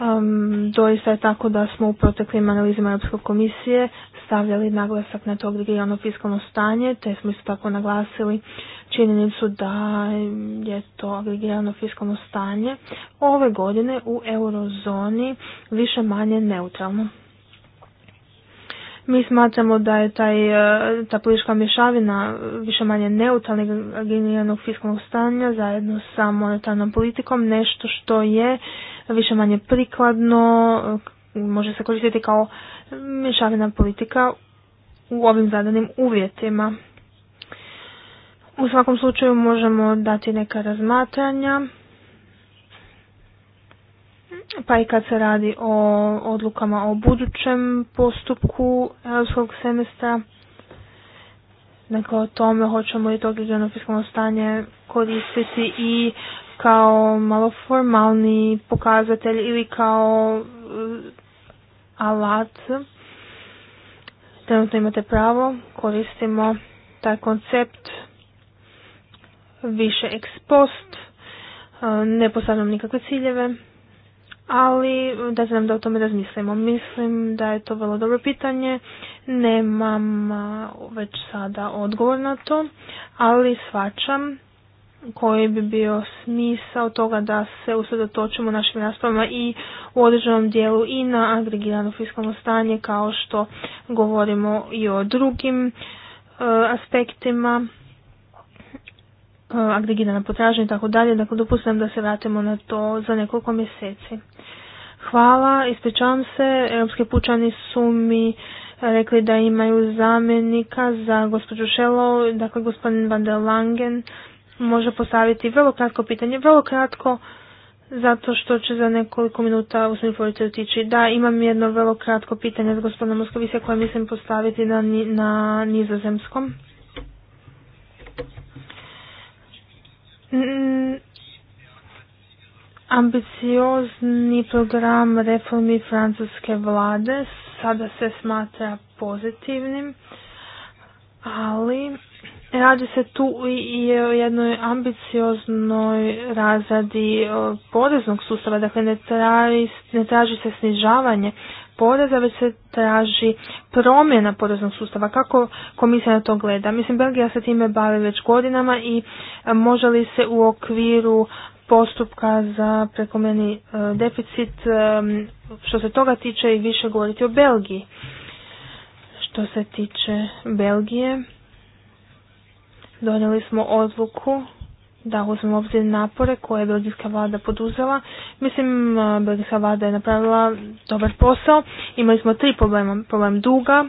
[SPEAKER 2] Um, doista je tako da smo u proteklim analizima Europske komisije stavljali naglasak na to gdje je ono fiskalno stanje, te smo isto tako naglasili činjenicu da je to agregirano fiskalno stanje ove godine u eurozoni više manje neutralno. Mi smatramo da je taj, e, ta politička mješavina više manje neutralnog agregiranog fiskalnog stanja zajedno sa monetarnom politikom nešto što je više manje prikladno, e, može se koristiti kao mješavina politika u ovim zadanim uvjetima. U svakom slučaju možemo dati neka razmatranja, pa i kad se radi o odlukama o budućem postupku europskog semestra, Neko dakle o tome hoćemo li to određeno fiskalno stanje koristiti i kao malo formalni pokazatelj ili kao e, alat. Trenutno imate pravo, koristimo taj koncept više ex post, e, ne postavljam nikakve ciljeve, ali da znam da o tome razmislimo. Mislim da je to vrlo dobro pitanje, nemam e, već sada odgovor na to, ali svačam koji bi bio smisao toga da se usredotočimo našim raspravama i u određenom dijelu i na agregirano fiskalno stanje kao što govorimo i o drugim e, aspektima agregirana potražnja i tako dalje. Dakle, dopustam da se vratimo na to za nekoliko mjeseci. Hvala, ispričavam se, europski pučani su mi rekli da imaju zamjenika za gospođu Šelo, dakle gospodin Van der Langen može postaviti vrlo kratko pitanje, vrlo kratko, zato što će za nekoliko minuta u svojoj otići. Da, imam jedno vrlo kratko pitanje za gospodina Moskovića koje mislim postaviti na, na nizozemskom. Mm, ambiciozni program reformi francuske vlade sada se smatra pozitivnim, ali radi se tu i o jednoj ambicioznoj razradi poreznog sustava, dakle ne traži, ne traži se snižavanje poreza, već se traži promjena poreznog sustava. Kako komisija na to gleda? Mislim, Belgija se time bavi već godinama i e, može li se u okviru postupka za prekomeni e, deficit e, što se toga tiče i više govoriti o Belgiji. Što se tiče Belgije, donijeli smo odluku da uzmemo obzir napore koje je belgijska vlada poduzela. Mislim, e, belgijska vlada je napravila dobar posao. Imali smo tri problema. Problem duga,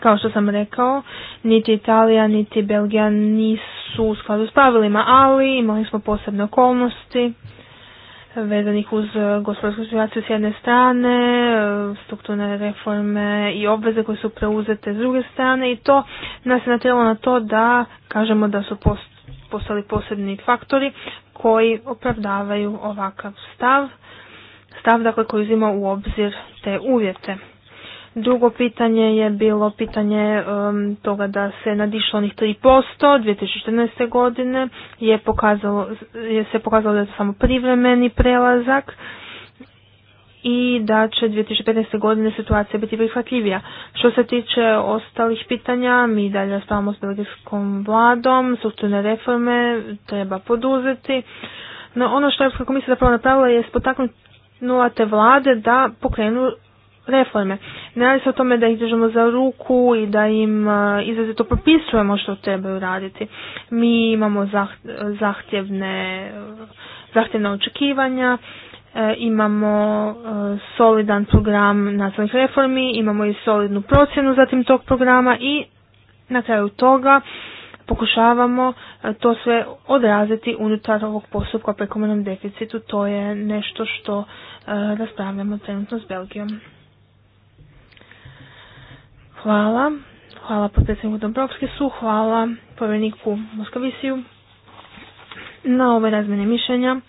[SPEAKER 2] kao što sam rekao, niti Italija, niti Belgija nisu u skladu s pravilima, ali imali smo posebne okolnosti vezanih uz e, gospodarsku situaciju s jedne strane, e, strukturne reforme i obveze koje su preuzete s druge strane i to nas je natjelo na to da kažemo da su post postali posebni faktori koji opravdavaju ovakav stav, stav dakle koji uzima u obzir te uvjete. Drugo pitanje je bilo pitanje um, toga da se nadišlo onih 3% 2014. godine, je, pokazalo, je se pokazalo da je samo privremeni prelazak i da će 2015. godine situacija biti prihvatljivija. Što se tiče ostalih pitanja, mi dalje nastavamo s belgijskom vladom, strukturne reforme treba poduzeti. No ono što je Europska komisija zapravo napravila je spotaknula te vlade da pokrenu reforme. Ne radi se o tome da ih držimo za ruku i da im e, izrazito propisujemo što trebaju raditi. Mi imamo zahtjevne e, zahtjevna očekivanja E, imamo e, solidan program nacionalnih reformi, imamo i solidnu procjenu zatim tog programa i na kraju toga pokušavamo e, to sve odraziti unutar ovog postupka o deficitu. To je nešto što raspravljamo trenutno s Belgijom. Hvala. Hvala potpredsjedniku Dombrovskisu, hvala povjereniku Moskavisiju na ove razmjene mišljenja.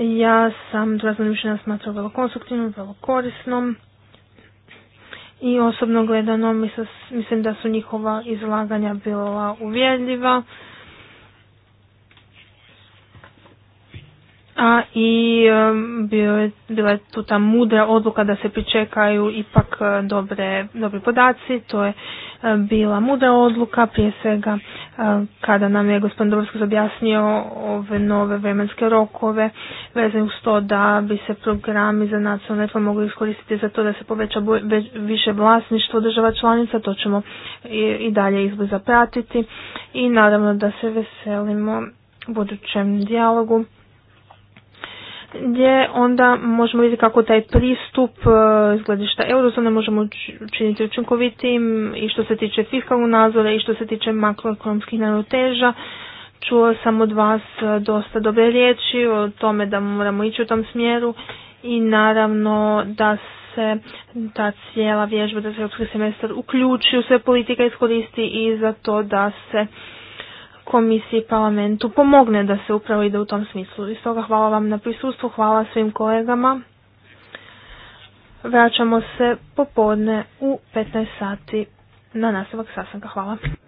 [SPEAKER 2] Ja sam razvojno mišljenja smatrao vrlo konstruktivnom, vrlo korisnom i osobno gledano mislim da su njihova izlaganja bila uvjerljiva. A i bio je, bila je tu ta mudra odluka da se pričekaju ipak eh, dobre, dobri podaci, to je eh, bila mudra odluka prije svega kada nam je gospodin Dobrovskog objasnio ove nove vremenske rokove vezane uz to da bi se programi za nacionalnu reformu mogli iskoristiti za to da se poveća više vlasništvo država članica, to ćemo i dalje izbliza pratiti i naravno da se veselimo budućem dijalogu gdje onda možemo vidjeti kako taj pristup e, izgledišta eurozone možemo učiniti učinkovitim i što se tiče fiskalnog nadzora i što se tiče makroekonomskih naroteža. Čuo sam od vas e, dosta dobre riječi o tome da moramo ići u tom smjeru i naravno da se ta cijela vježba, da se europski semestar uključi u sve politika iskoristi i za to da se komisiji parlamentu pomogne da se upravo ide u tom smislu. I stoga hvala vam na prisustvu, hvala svim kolegama. Vraćamo se popodne u 15 sati na nastavak sasnaka. Hvala.